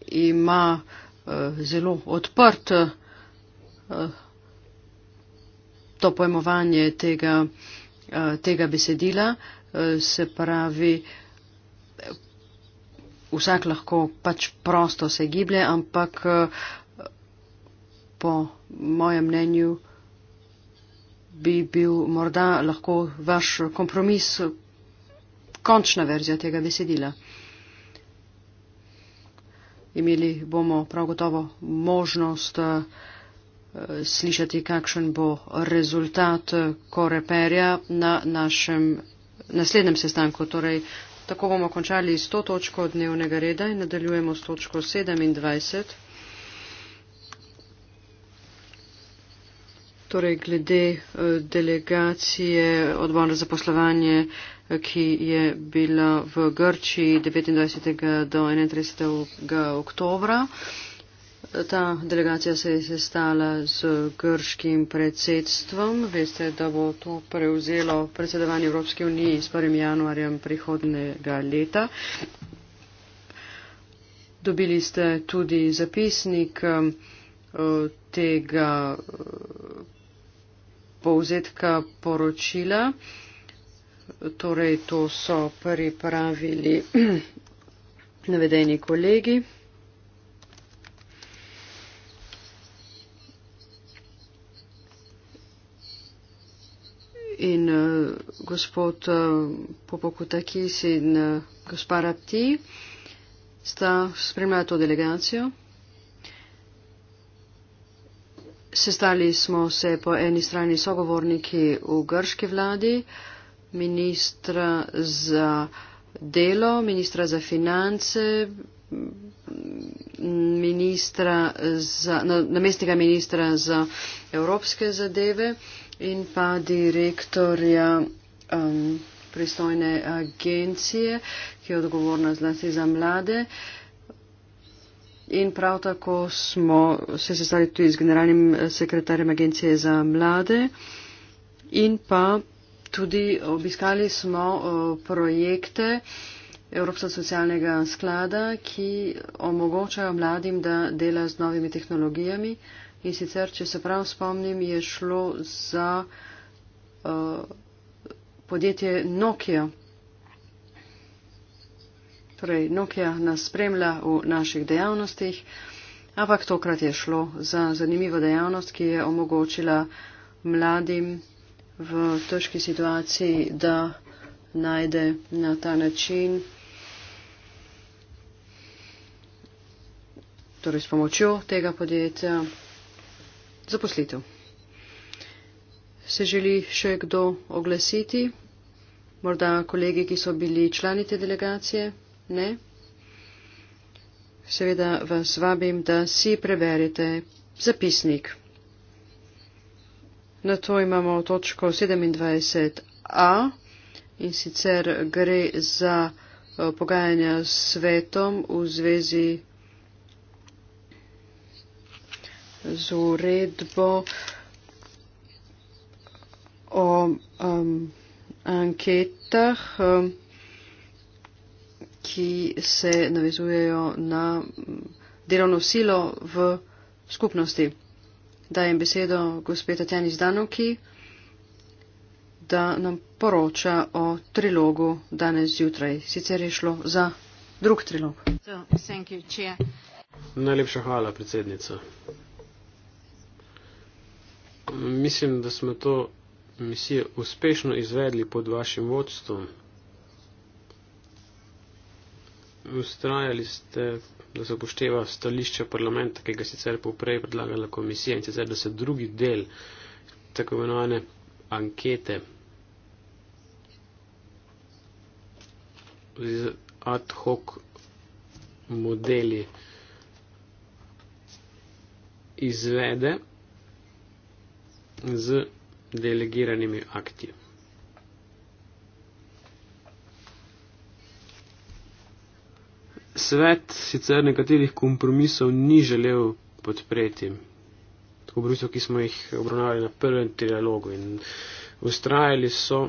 ima eh, zelo odprt eh, to pojmovanje tega, eh, tega besedila, eh, se pravi, eh, vsak lahko pač prosto se giblje, ampak eh, po mojem mnenju bi bil morda lahko vaš kompromis, končna verzija tega besedila. Imeli bomo prav gotovo možnost eh, slišati, kakšen bo rezultat koreperja na našem naslednjem sestanku. Torej, tako bomo končali s to točko dnevnega reda in nadaljujemo s točko 27. torej glede eh, delegacije odbora za poslovanje, eh, ki je bila v Grčiji 29. do 31. oktobra. Ta delegacija se je sestala z grškim predsedstvom. Veste, da bo to prevzelo predsedovanje Evropske unije s 1. januarjem prihodnega leta. Dobili ste tudi zapisnik eh, tega povzetka poročila. Torej, to so pripravili navedeni kolegi. In uh, gospod uh, Popokutakis in uh, eh, gospod Rapti sta spremljala to delegacijo. Sestali smo se po eni strani sogovorniki v grški vladi, ministra za delo, ministra za finance, ministra za, na, namestnega ministra za evropske zadeve in pa direktorja um, pristojne agencije, ki je odgovorna zlasti za mlade. Um, In prav tako smo se sestali tudi z generalnim eh, sekretarjem Agencije za mlade in pa tudi obiskali smo eh, projekte Evropska socialnega sklada, ki omogočajo mladim, da dela z novimi tehnologijami. In sicer, če se prav spomnim, je šlo za uh, podjetje Nokia, torej Nokia nas spremlja v naših dejavnostih, ampak tokrat je šlo za zanimivo dejavnost, ki je omogočila mladim v težki situaciji, da najde na ta način, torej s pomočjo tega podjetja, zaposlitev. Se želi še kdo oglasiti? Morda kolegi, ki so bili člani te delegacije. Ne? Seveda vas vabim, da si preberite zapisnik. Na to imamo točko 27a in sicer gre za eh, pogajanja s svetom v zvezi z uredbo o um, anketah. Um, ki se navezujejo na delovno silo v skupnosti. Dajem besedo gospe Tatjani Zdanovki, da nam poroča o trilogu danes zjutraj. Sicer je šlo za drug trilog. Najlepša hvala, predsednica. Mislim, da smo to misijo uspešno izvedli pod vašim vodstvom ustrajali ste, da se upošteva stališče parlamenta, ki ga sicer poprej predlagala komisija in sicer, da se drugi del tako imenovane ankete z ad hoc modeli izvede z delegiranimi akti. svet sicer nekaterih kompromisov ni želel podpreti. Tako bruto, ki smo jih obravnavali na prvem trialogu in ustrajali so,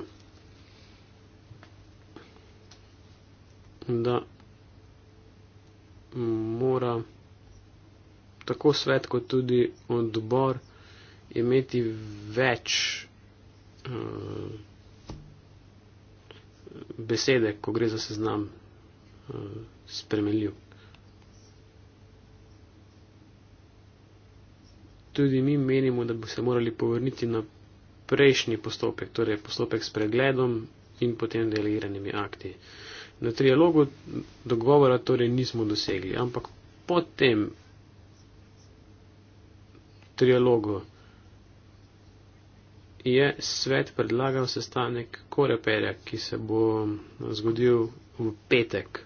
da mora tako svet kot tudi odbor imeti več uh, besede, ko gre za seznam. Uh, spremenljiv. Tudi mi menimo, da bi se morali povrniti na prejšnji postopek, torej postopek s pregledom in potem delegiranimi akti. Na trialogu dogovora torej nismo dosegli, ampak po tem trialogu je svet predlagal sestanek Koreperja, ki se bo zgodil v petek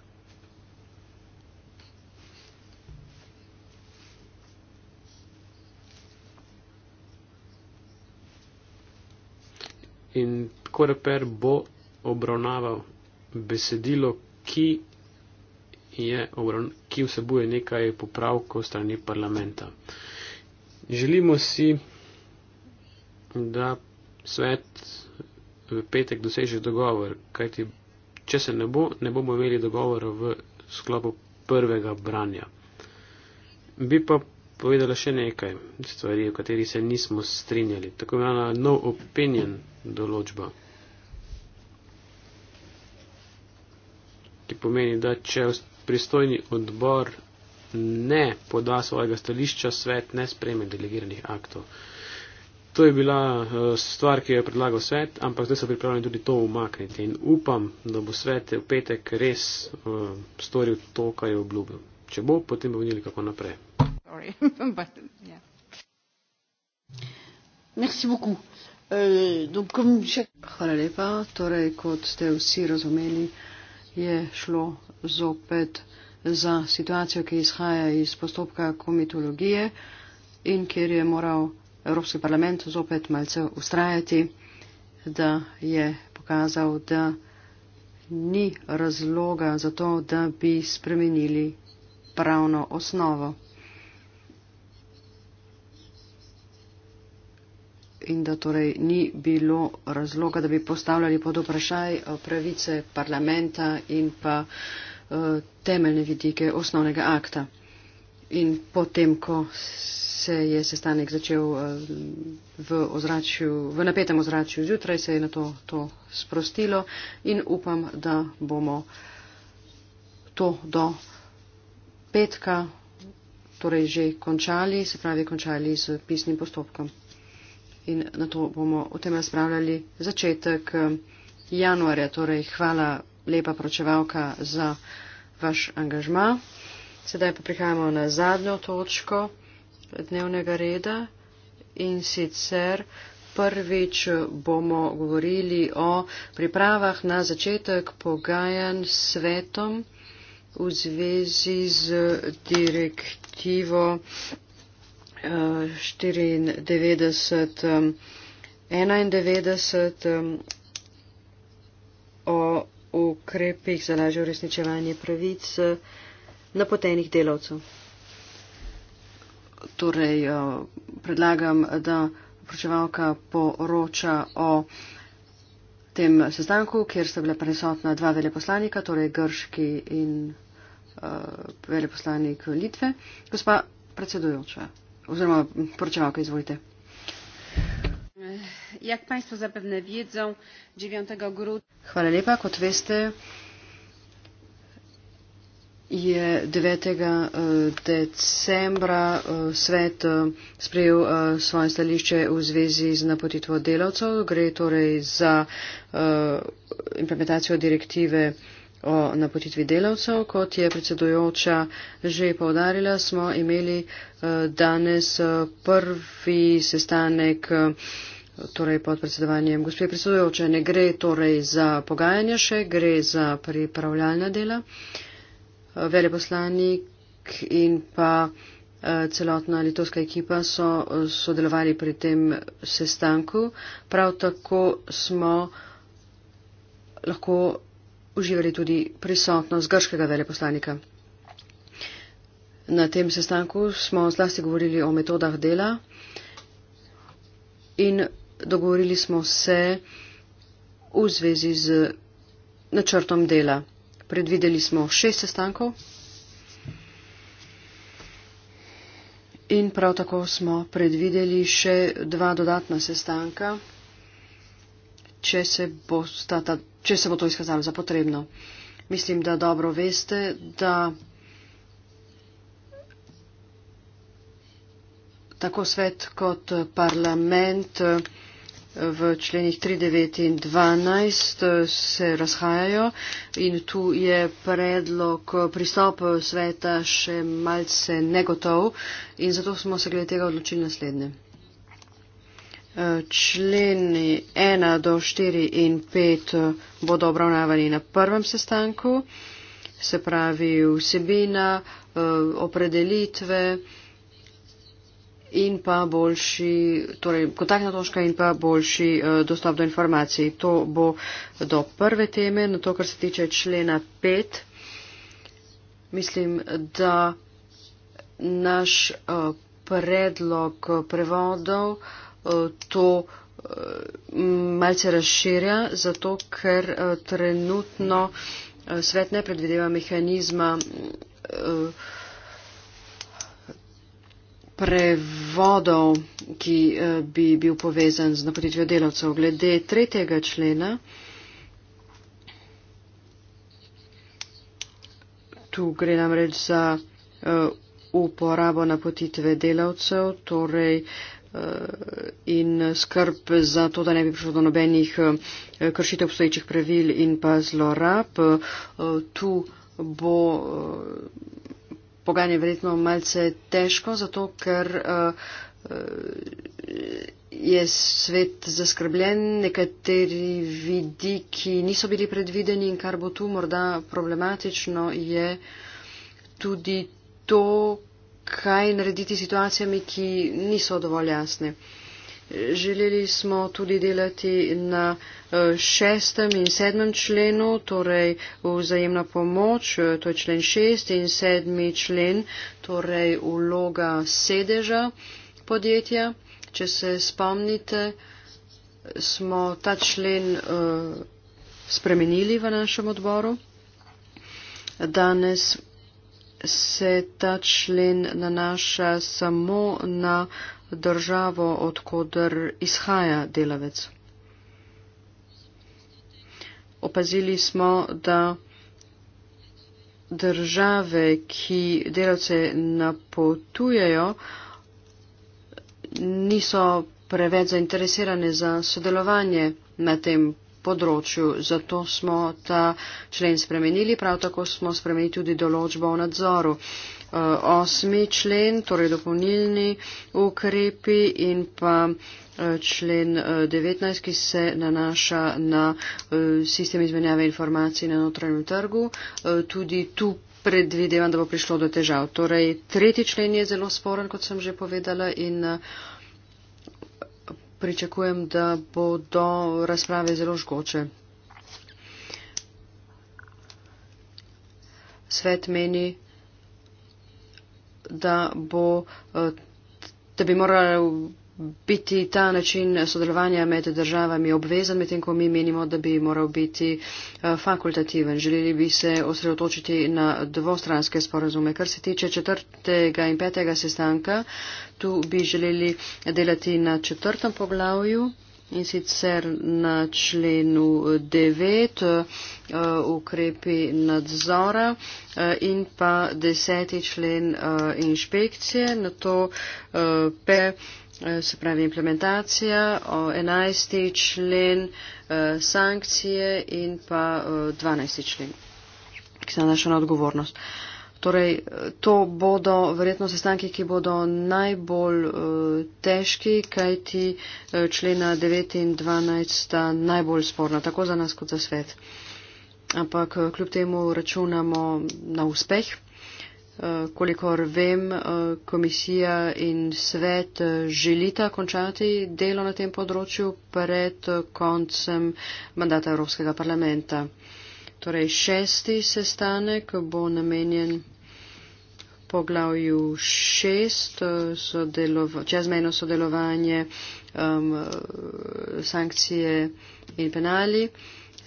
in koreper bo obravnaval besedilo, ki, je, ki vsebuje nekaj popravkov strani parlamenta. Želimo si, da svet v petek doseže dogovor, kajti če se ne bo, ne bomo imeli dogovora v sklopu prvega branja. Bi pa povedala še nekaj stvari, o kateri se nismo strinjali. Tako imena no opinion določba, ki pomeni, da če pristojni odbor ne poda svojega stališča, svet ne spreme delegiranih aktov. To je bila eh, stvar, ki jo je predlagal svet, ampak zdaj so pripravljeni tudi to umakniti in upam, da bo svet v petek res uh, storil to, kar je obljubil. Če bo, potem bo videli, kako naprej sorry. but, yeah. Merci beaucoup. Euh, Hvala lepa. Torej, kot ste vsi razumeli, je šlo zopet za situacijo, ki izhaja iz postopka komitologije in kjer je moral Evropski parlament zopet malce ustrajati, da je pokazal, da ni razloga za to, da bi spremenili pravno osnovo. in da torej ni bilo razloga, da bi postavljali pod vprašaj eh, pravice parlamenta in pa eh, temeljne vidike osnovnega akta. In potem, ko se je sestanek začel eh, v, ozračju, v napetem ozračju zjutraj, se je na to, to sprostilo in upam, da bomo to do petka, torej že končali, se pravi končali s pisnim postopkom in na to bomo o tem razpravljali začetek eh, januarja. Torej, hvala lepa pročevalka za vaš angažma. Sedaj pa prihajamo na zadnjo točko dnevnega reda in sicer prvič bomo govorili o pripravah na začetek pogajanj s svetom v zvezi z direktivo 94, 91 o ukrepih za lažje uresničevanje pravic eh, napotenih delavcev. Torej, eh, predlagam, da vprašavka poroča o tem sestanku, kjer sta bila prisotna dva veleposlanika, torej grški in uh, veleposlanik Litve. Gospa predsedujoča oziroma poročevalka, izvolite. Jak Państwo zapewne wiedzą, 9 grudnia. Hvala lepa, kot veste, je 9. Eh, decembra eh, svet eh, sprejel svoje stališče v zvezi z napotitvo delavcev. Gre torej za implementacijo direktive o napotitvi delavcev. Kot je predsedujoča že povdarila, smo imeli eh, danes eh, prvi sestanek. Eh, torej pod predsedovanjem gospe predsedujoče ne gre torej za pogajanja še, gre za pripravljalna dela. Veleposlanik in pa celotna litovska ekipa so sodelovali pri tem sestanku. Prav tako smo lahko uživali tudi prisotnost grškega veleposlanika. Na tem sestanku smo zlasti govorili o metodah dela in dogovorili smo se v zvezi z načrtom dela. Predvideli smo šest sestankov in prav tako smo predvideli še dva dodatna sestanka, če se bo sta ta če se bo to izkazalo za potrebno. Mislim, da dobro veste, da tako svet kot parlament v členih 3, 9 in 12 se razhajajo in tu je predlog pristop sveta še malce negotov in zato smo se glede tega odločili naslednje. Členi 1 do 4 in 5 eh, bodo obravnavani na prvem sestanku, se pravi vsebina, eh, opredelitve in pa boljši, torej kontaktna točka in pa boljši eh, dostop do informacij. To bo do prve teme, na to, kar se tiče člena 5. Mislim, da naš predlog prevodov, to eh, malce razširja, zato ker eh, trenutno eh, svet ne predvideva mehanizma prevodov, ki bi bil povezan z napotitvijo delavcev. Glede tretjega člena, tu gre namreč za uporabo napotitve delavcev, torej uh, Eh, in skrb za to, da ne bi prišlo do nobenih eh, kršitev obstoječih pravil in pa zlorab. Eh, tu bo pogajanje verjetno malce težko, zato ker je svet zaskrbljen, nekateri vidiki niso bili predvideni in kar bo tu morda problematično, je tudi to, kaj narediti s situacijami, ki niso dovolj jasne. Želeli smo tudi delati na eh, šestem in sedmem členu, torej vzajemna pomoč, eh, to je člen šest in sedmi člen, torej vloga sedeža podjetja. Če se spomnite, smo ta člen eh, spremenili v našem odboru. Danes se ta člen nanaša samo na državo, odkudar izhaja delavec. Opazili smo, da države, ki delavce napotujejo, niso preveč zainteresirane za sodelovanje na tem področju. Zato smo ta člen spremenili, prav tako smo spremenili tudi določbo o nadzoru. E, osmi člen, torej dopolnilni ukrepi in pa e, člen 19, e, ki se nanaša na sistem izmenjave informacij na notranjem trgu. Tudi tu predvidevam, da bo prišlo do težav. Torej, tretji člen je zelo sporen, kot sem že povedala. In, uh, pričakujem, da bo do razprave zelo žgoče. Svet meni, da bo, eh, da bi morali biti ta način sodelovanja med državami obvezan, medtem ko mi menimo, da bi moral biti eh, fakultativen. Želeli bi se osredotočiti na dvostranske sporazume. Kar se tiče četrtega in petega sestanka, tu bi želeli delati na četrtem poglavju in sicer na členu 9 eh, ukrepi nadzora eh, in pa deseti člen inšpekcije, na to pa Eh, se pravi implementacija, o 11. člen eh, sankcije in pa 12. Eh, člen, ki se nanaša na odgovornost. Torej, to bodo verjetno sestanki, ki bodo najbolj težki, kajti člena 9 in 12 sta najbolj sporna, tako za nas kot za svet. Ampak kljub temu računamo na uspeh kolikor vem, eh, komisija in svet eh, želita končati delo na tem področju pred eh, koncem mandata Evropskega parlamenta. Torej, šesti sestanek bo namenjen poglavju šest, sodelova, čezmejno sodelovanje, um, sankcije in penali. Um,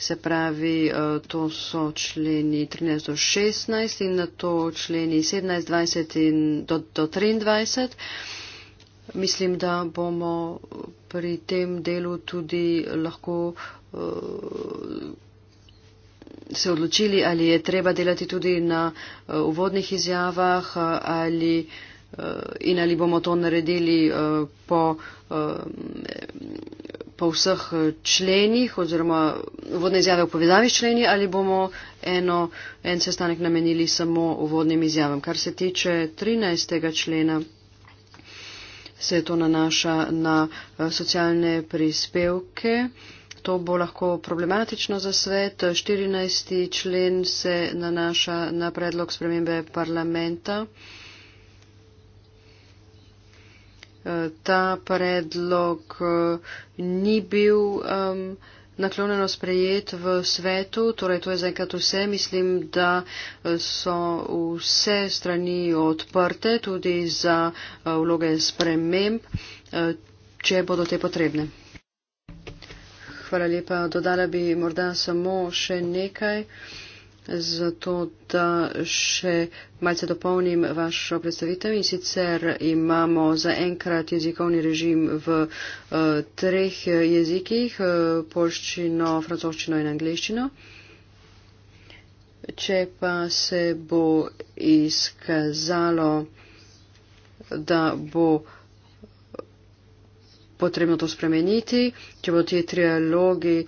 se pravi, eh, to so členi 13 do 16 in na to členi 17, 20 in do, do 23. Mislim, da bomo pri tem delu tudi lahko eh, se odločili, ali je treba delati tudi na eh, uvodnih izjavah ali, in ali bomo to naredili po po vseh eh, členih oziroma vodne izjave v povedavi s členi ali bomo eno, en sestanek namenili samo uvodnim izjavam. Kar se tiče 13. člena, se to nanaša na eh, socialne prispevke. To bo lahko problematično za svet. 14. člen se nanaša na predlog spremembe parlamenta. Eh, ta predlog eh, ni bil um, naklonjeno sprejet v svetu, torej to je zaenkrat vse. Mislim, da eh, so vse strani odprte tudi za vloge sprememb, če bodo te potrebne. Hvala lepa. Dodala bi morda samo še nekaj. Um, zato da še malce dopolnim vašo predstavitev in sicer imamo za enkrat jezikovni režim v uh, treh jezikih, uh, polščino, francoščino in angliščino. Če pa se bo izkazalo, da bo uh, potrebno to spremeniti, če bo ti trialogi eh,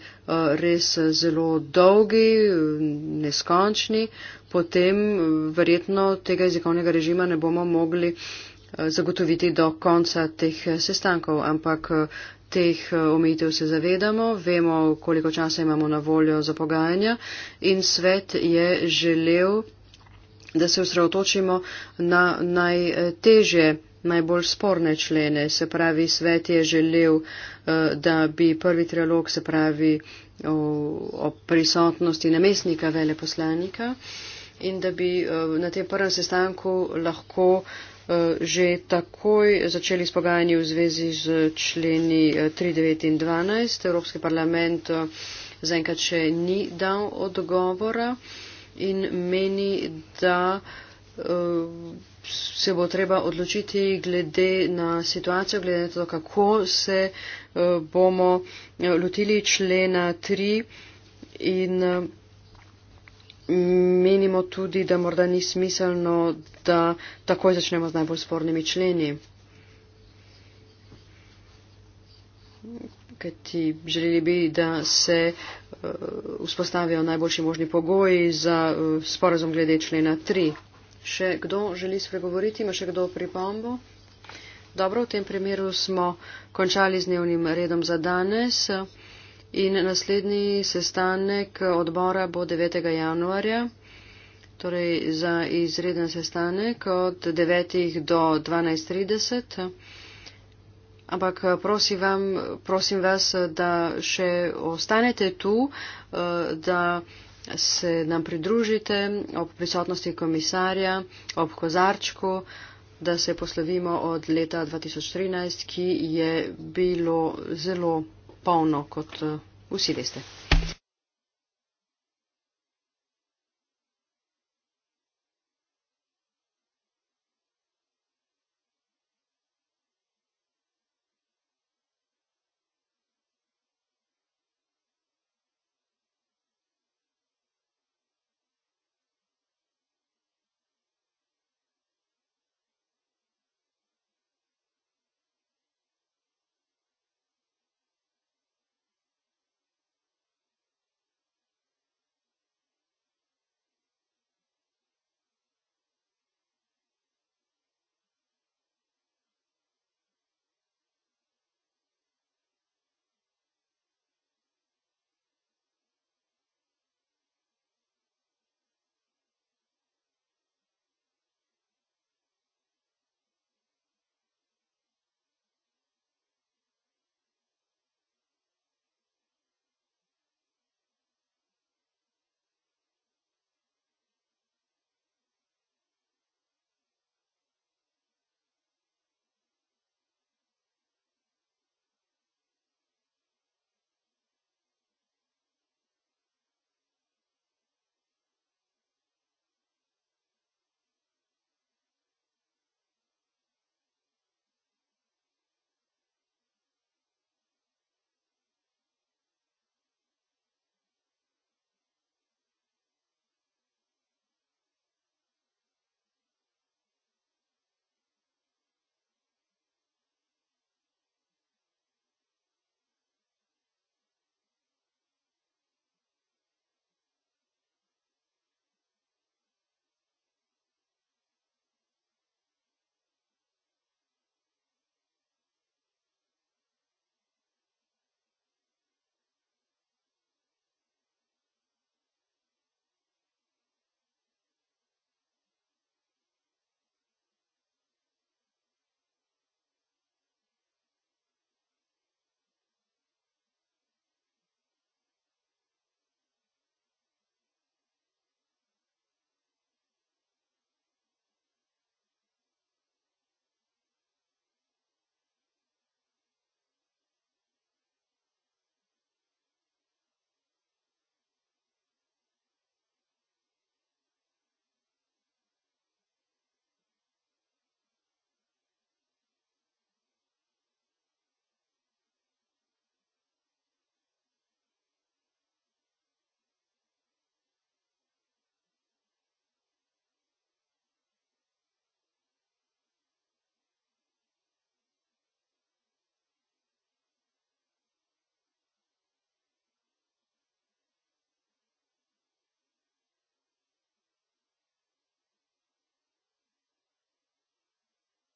res eh, zelo dolgi, eh, neskončni, potem verjetno tega jezikovnega režima ne bomo mogli zagotoviti do konca teh sestankov, ampak teh omejitev se zavedamo, vemo, koliko časa imamo na voljo za pogajanja in svet je želel, da se osredotočimo na najtežje najbolj sporne člene. Se pravi, svet je želel, eh, da bi prvi trilog, se pravi, o, o prisotnosti namestnika veleposlanika in da bi eh, na tem prvem sestanku lahko eh, že takoj začeli spogajanje v zvezi z členi 3, 9 in 12. Evropski parlament zaenkrat še ni dal odgovora in meni, da se bo treba odločiti glede na situacijo, glede na to, kako se eh, bomo eh, lotili člena 3 in eh, menimo tudi, da morda ni smiselno, da takoj začnemo z najbolj spornimi členi. Kajti želeli bi, da se uh, vzpostavijo najboljši možni pogoji za uh, sporazum glede člena 3. Še kdo želi spregovoriti? Ima še kdo pripombo? Dobro, v tem primeru smo končali z dnevnim redom za danes in naslednji sestanek odbora bo 9. januarja, torej za izreden sestanek od 9. do 12.30. Ampak prosim, vam, prosim vas, da še ostanete tu, eh, da se nam pridružite ob prisotnosti komisarja, ob kozarčku, da se poslovimo od leta 2013, ki je bilo zelo polno, kot eh, vsi veste.